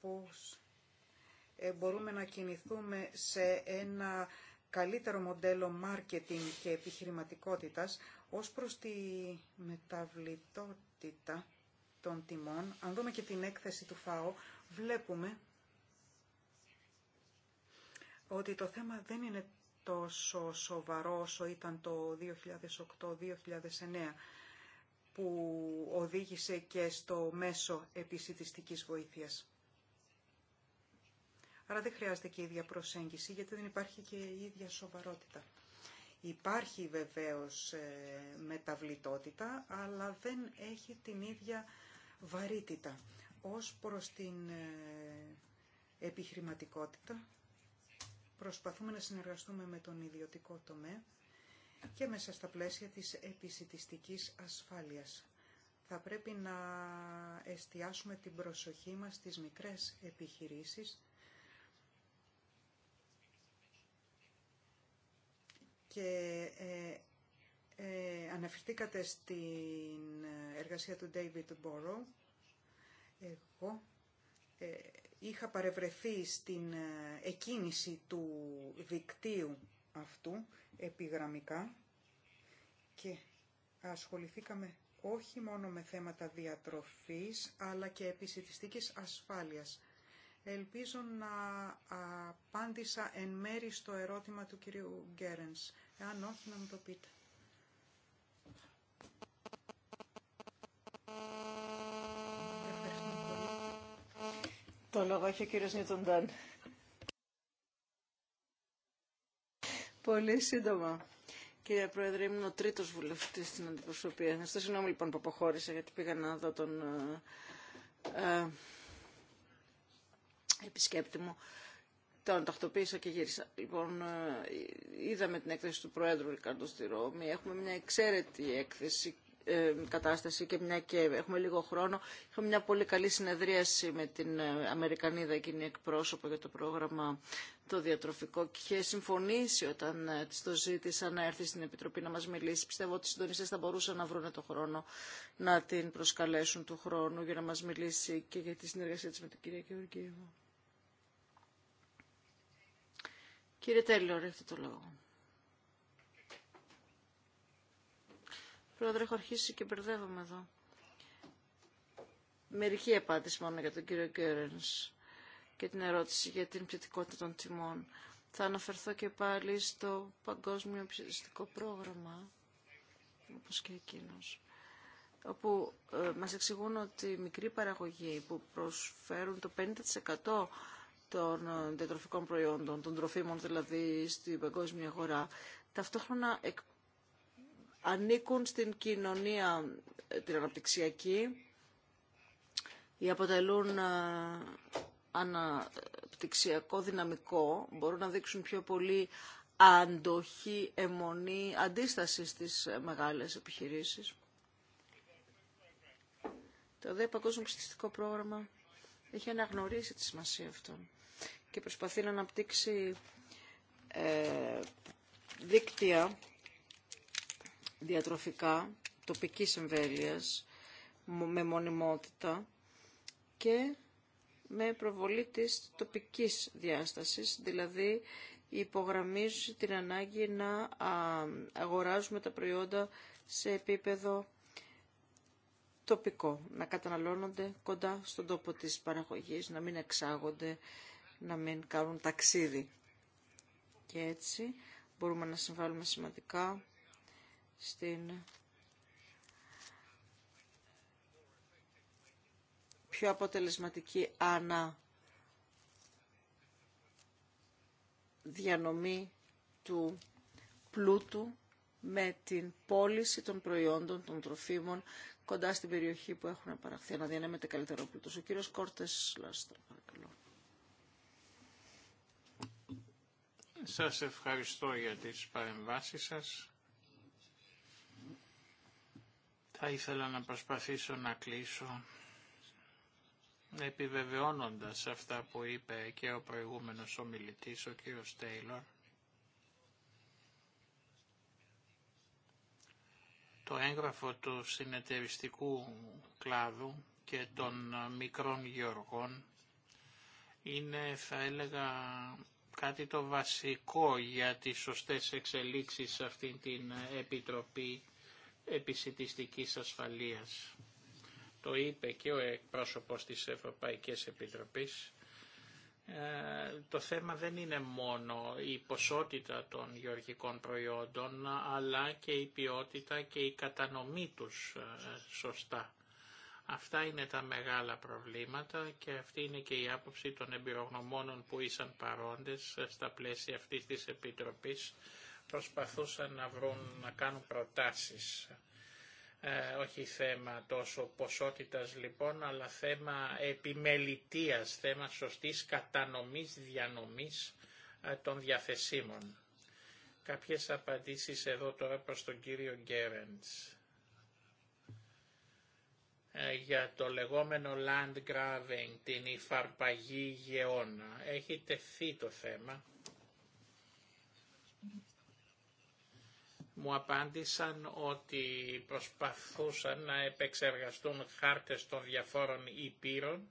πώς ε, μπορούμε να κινηθούμε σε ένα καλύτερο μοντέλο μάρκετινγκ και επιχειρηματικότητας ως προς τη μεταβλητότητα των τιμών. Αν δούμε και την έκθεση του ΦΑΟ, βλέπουμε ότι το θέμα δεν είναι τόσο σοβαρό όσο ήταν το 2008-2009 που οδήγησε και στο μέσο επισητιστικής βοήθειας. Άρα δεν χρειάζεται και η ίδια προσέγγιση γιατί δεν υπάρχει και η ίδια σοβαρότητα. Υπάρχει βεβαίως ε, μεταβλητότητα αλλά δεν έχει την ίδια βαρύτητα ως προς την ε, επιχειρηματικότητα Προσπαθούμε να συνεργαστούμε με τον ιδιωτικό τομέα και μέσα στα πλαίσια της επισητιστικής ασφάλειας. Θα πρέπει να εστιάσουμε την προσοχή μας στις μικρές επιχειρήσεις και ε, ε αναφερθήκατε στην εργασία του David Borrow. Εγώ ε, είχα παρευρεθεί στην ε, εκκίνηση του δικτύου αυτού επιγραμμικά και ασχοληθήκαμε όχι μόνο με θέματα διατροφής αλλά και επισητιστικής ασφάλειας. Ελπίζω να απάντησα εν μέρη στο ερώτημα του κυρίου Γκέρενς. Εάν όχι να μου το πείτε. Το λόγο έχει ο κύριος Πολύ σύντομα. Κύριε Πρόεδρε, ήμουν ο τρίτος βουλευτής στην αντιπροσωπεία. Στο συγγνώμη λοιπόν που αποχώρησα γιατί πήγα να δω τον ε, ε επισκέπτη μου. Τον τακτοποίησα και γύρισα. Λοιπόν, ε, είδαμε την έκθεση του Προέδρου Ρικάρντο στη Ρώμη. Έχουμε μια εξαίρετη έκθεση ε, κατάσταση και μια και έχουμε λίγο χρόνο. Είχαμε μια πολύ καλή συνεδρίαση με την ε, Αμερικανίδα εκείνη εκπρόσωπο για το πρόγραμμα το διατροφικό και είχε συμφωνήσει όταν ε, της το ζήτησα να έρθει στην Επιτροπή να μας μιλήσει. Πιστεύω ότι οι συντονιστές θα μπορούσαν να βρουν το χρόνο να την προσκαλέσουν του χρόνου για να μας μιλήσει και για τη συνεργασία της με την κυρία Κεωργίου. Κύριε Τέλειο, ρίχτε το λόγο. Πρόεδρε, έχω αρχίσει και μπερδεύομαι εδώ. Μερική απάντηση μόνο για τον κύριο Κέρενς και την ερώτηση για την πτυτικότητα των τιμών. Θα αναφερθώ και πάλι στο παγκόσμιο Ψηφιστικό πρόγραμμα, όπως και εκείνος, όπου ε, μας εξηγούν ότι οι μικροί παραγωγοί που προσφέρουν το 50% των ε, διατροφικών προϊόντων, των τροφίμων δηλαδή στην παγκόσμια αγορά, ταυτόχρονα εκπαιδεύουν ανήκουν στην κοινωνία ε, την αναπτυξιακή ή αποτελούν ε, αναπτυξιακό δυναμικό, μπορούν να δείξουν πιο πολύ αντοχή, αιμονή, αντίσταση στις ε, μεγάλες επιχειρήσεις. Το ΔΕ Παγκόσμιο Πρόγραμμα έχει αναγνωρίσει τη σημασία αυτών και προσπαθεί να αναπτύξει ε, δίκτυα διατροφικά τοπικής εμβέλειας με μονιμότητα και με προβολή της τοπικής διάστασης, δηλαδή υπογραμμίζει την ανάγκη να αγοράζουμε τα προϊόντα σε επίπεδο τοπικό, να καταναλώνονται κοντά στον τόπο της παραγωγής, να μην εξάγονται, να μην κάνουν ταξίδι. Και έτσι μπορούμε να συμβάλλουμε σημαντικά στην πιο αποτελεσματική ανά διανομή του πλούτου με την πώληση των προϊόντων, των τροφίμων κοντά στην περιοχή που έχουν παραχθεί. Να διανέμεται καλύτερο πλούτος. Ο κύριος Κόρτες Λάστρα, παρακαλώ. Σας ευχαριστώ για τις παρεμβάσεις σας. Θα ήθελα να προσπαθήσω να κλείσω επιβεβαιώνοντας αυτά που είπε και ο προηγούμενος ομιλητής, ο κύριος Τέιλορ, το έγγραφο του συνεταιριστικού κλάδου και των μικρών γεωργών είναι θα έλεγα κάτι το βασικό για τις σωστές εξελίξεις σε αυτήν την Επιτροπή επισητιστικής ασφαλείας. Το είπε και ο εκπρόσωπος της Ευρωπαϊκής Επιτροπής. Ε, το θέμα δεν είναι μόνο η ποσότητα των γεωργικών προϊόντων, αλλά και η ποιότητα και η κατανομή τους ε, σωστά. Αυτά είναι τα μεγάλα προβλήματα και αυτή είναι και η άποψη των εμπειρογνωμόνων που ήσαν παρόντες ε, στα πλαίσια αυτής της Επιτροπής προσπαθούσαν να βρουν, να κάνουν προτάσεις. Ε, όχι θέμα τόσο ποσότητας λοιπόν, αλλά θέμα επιμελητίας, θέμα σωστής κατανομής, διανομής ε, των διαθεσίμων. Κάποιες απαντήσεις εδώ τώρα προς τον κύριο Γκέρεντς. Ε, για το λεγόμενο land grabbing, την υφαρπαγή γεώνα. Έχει τεθεί το θέμα μου απάντησαν ότι προσπαθούσαν να επεξεργαστούν χάρτες των διαφόρων υπήρων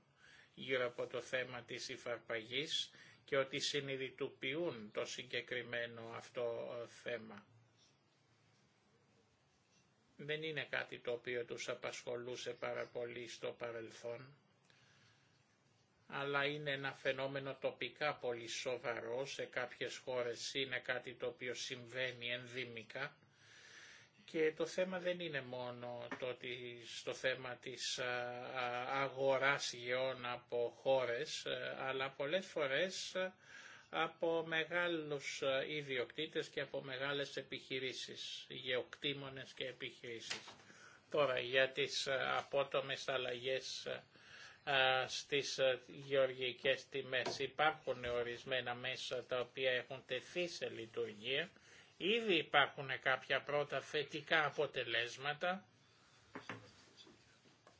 γύρω από το θέμα της υφαρπαγής και ότι συνειδητοποιούν το συγκεκριμένο αυτό ε, θέμα. Δεν είναι κάτι το οποίο τους απασχολούσε πάρα πολύ στο παρελθόν αλλά είναι ένα φαινόμενο τοπικά πολύ σοβαρό, σε κάποιες χώρες είναι κάτι το οποίο συμβαίνει ενδυμικά και το θέμα δεν είναι μόνο το στο θέμα της αγοράς γεών από χώρες, ε, αλλά πολλές φορές ε, από μεγάλους ε, ιδιοκτήτες και από μεγάλες επιχειρήσεις, γεωκτήμονες και επιχειρήσεις. Τώρα για τις απότομες αλλαγές στις γεωργικές τιμές. Υπάρχουν ορισμένα μέσα τα οποία έχουν τεθεί σε λειτουργία. Ήδη υπάρχουν κάποια πρώτα θετικά αποτελέσματα,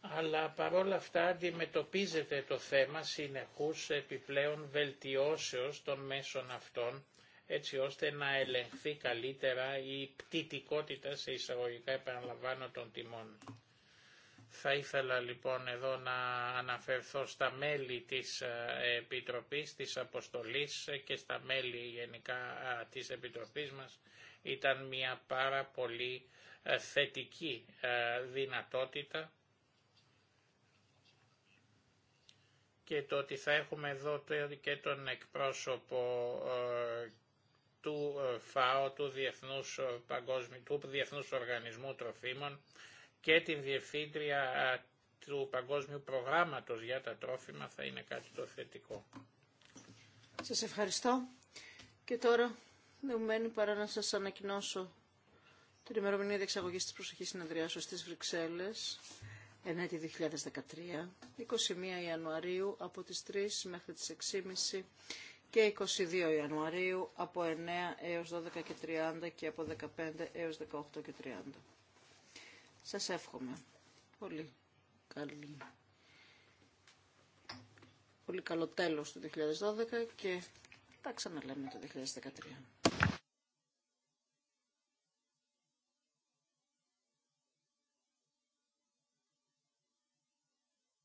αλλά παρόλα αυτά αντιμετωπίζεται το θέμα συνεχούς επιπλέον βελτιώσεως των μέσων αυτών, έτσι ώστε να ελεγχθεί καλύτερα η πτητικότητα σε εισαγωγικά επαναλαμβάνω των τιμών. Θα ήθελα λοιπόν εδώ να αναφερθώ στα μέλη της ε, Επιτροπής, της Αποστολής και στα μέλη γενικά της Επιτροπής μας. Ήταν μια πάρα πολύ ε, θετική ε, δυνατότητα και το ότι θα έχουμε εδώ και τον εκπρόσωπο του ΦΑΟ, του Διεθνούς, Παγκόσμιου, του Διεθνούς Οργανισμού Τροφίμων, και την διευθύντρια του Παγκόσμιου Προγράμματος για τα τρόφιμα θα είναι κάτι το θετικό. Σας ευχαριστώ. Και τώρα δεν μένει παρά να σας ανακοινώσω την ημερομηνία διεξαγωγής της προσοχής συνεδριάσεως στις Βρυξέλλες, 9η 2013, 21 Ιανουαρίου από τις 3 μέχρι τις 6.30 και 22 Ιανουαρίου από 9 έως 12.30 και από 15 έως 18.30. Σας εύχομαι. Πολύ καλή. Πολύ καλό τέλος του 2012 και τα ξαναλέμε το 2013.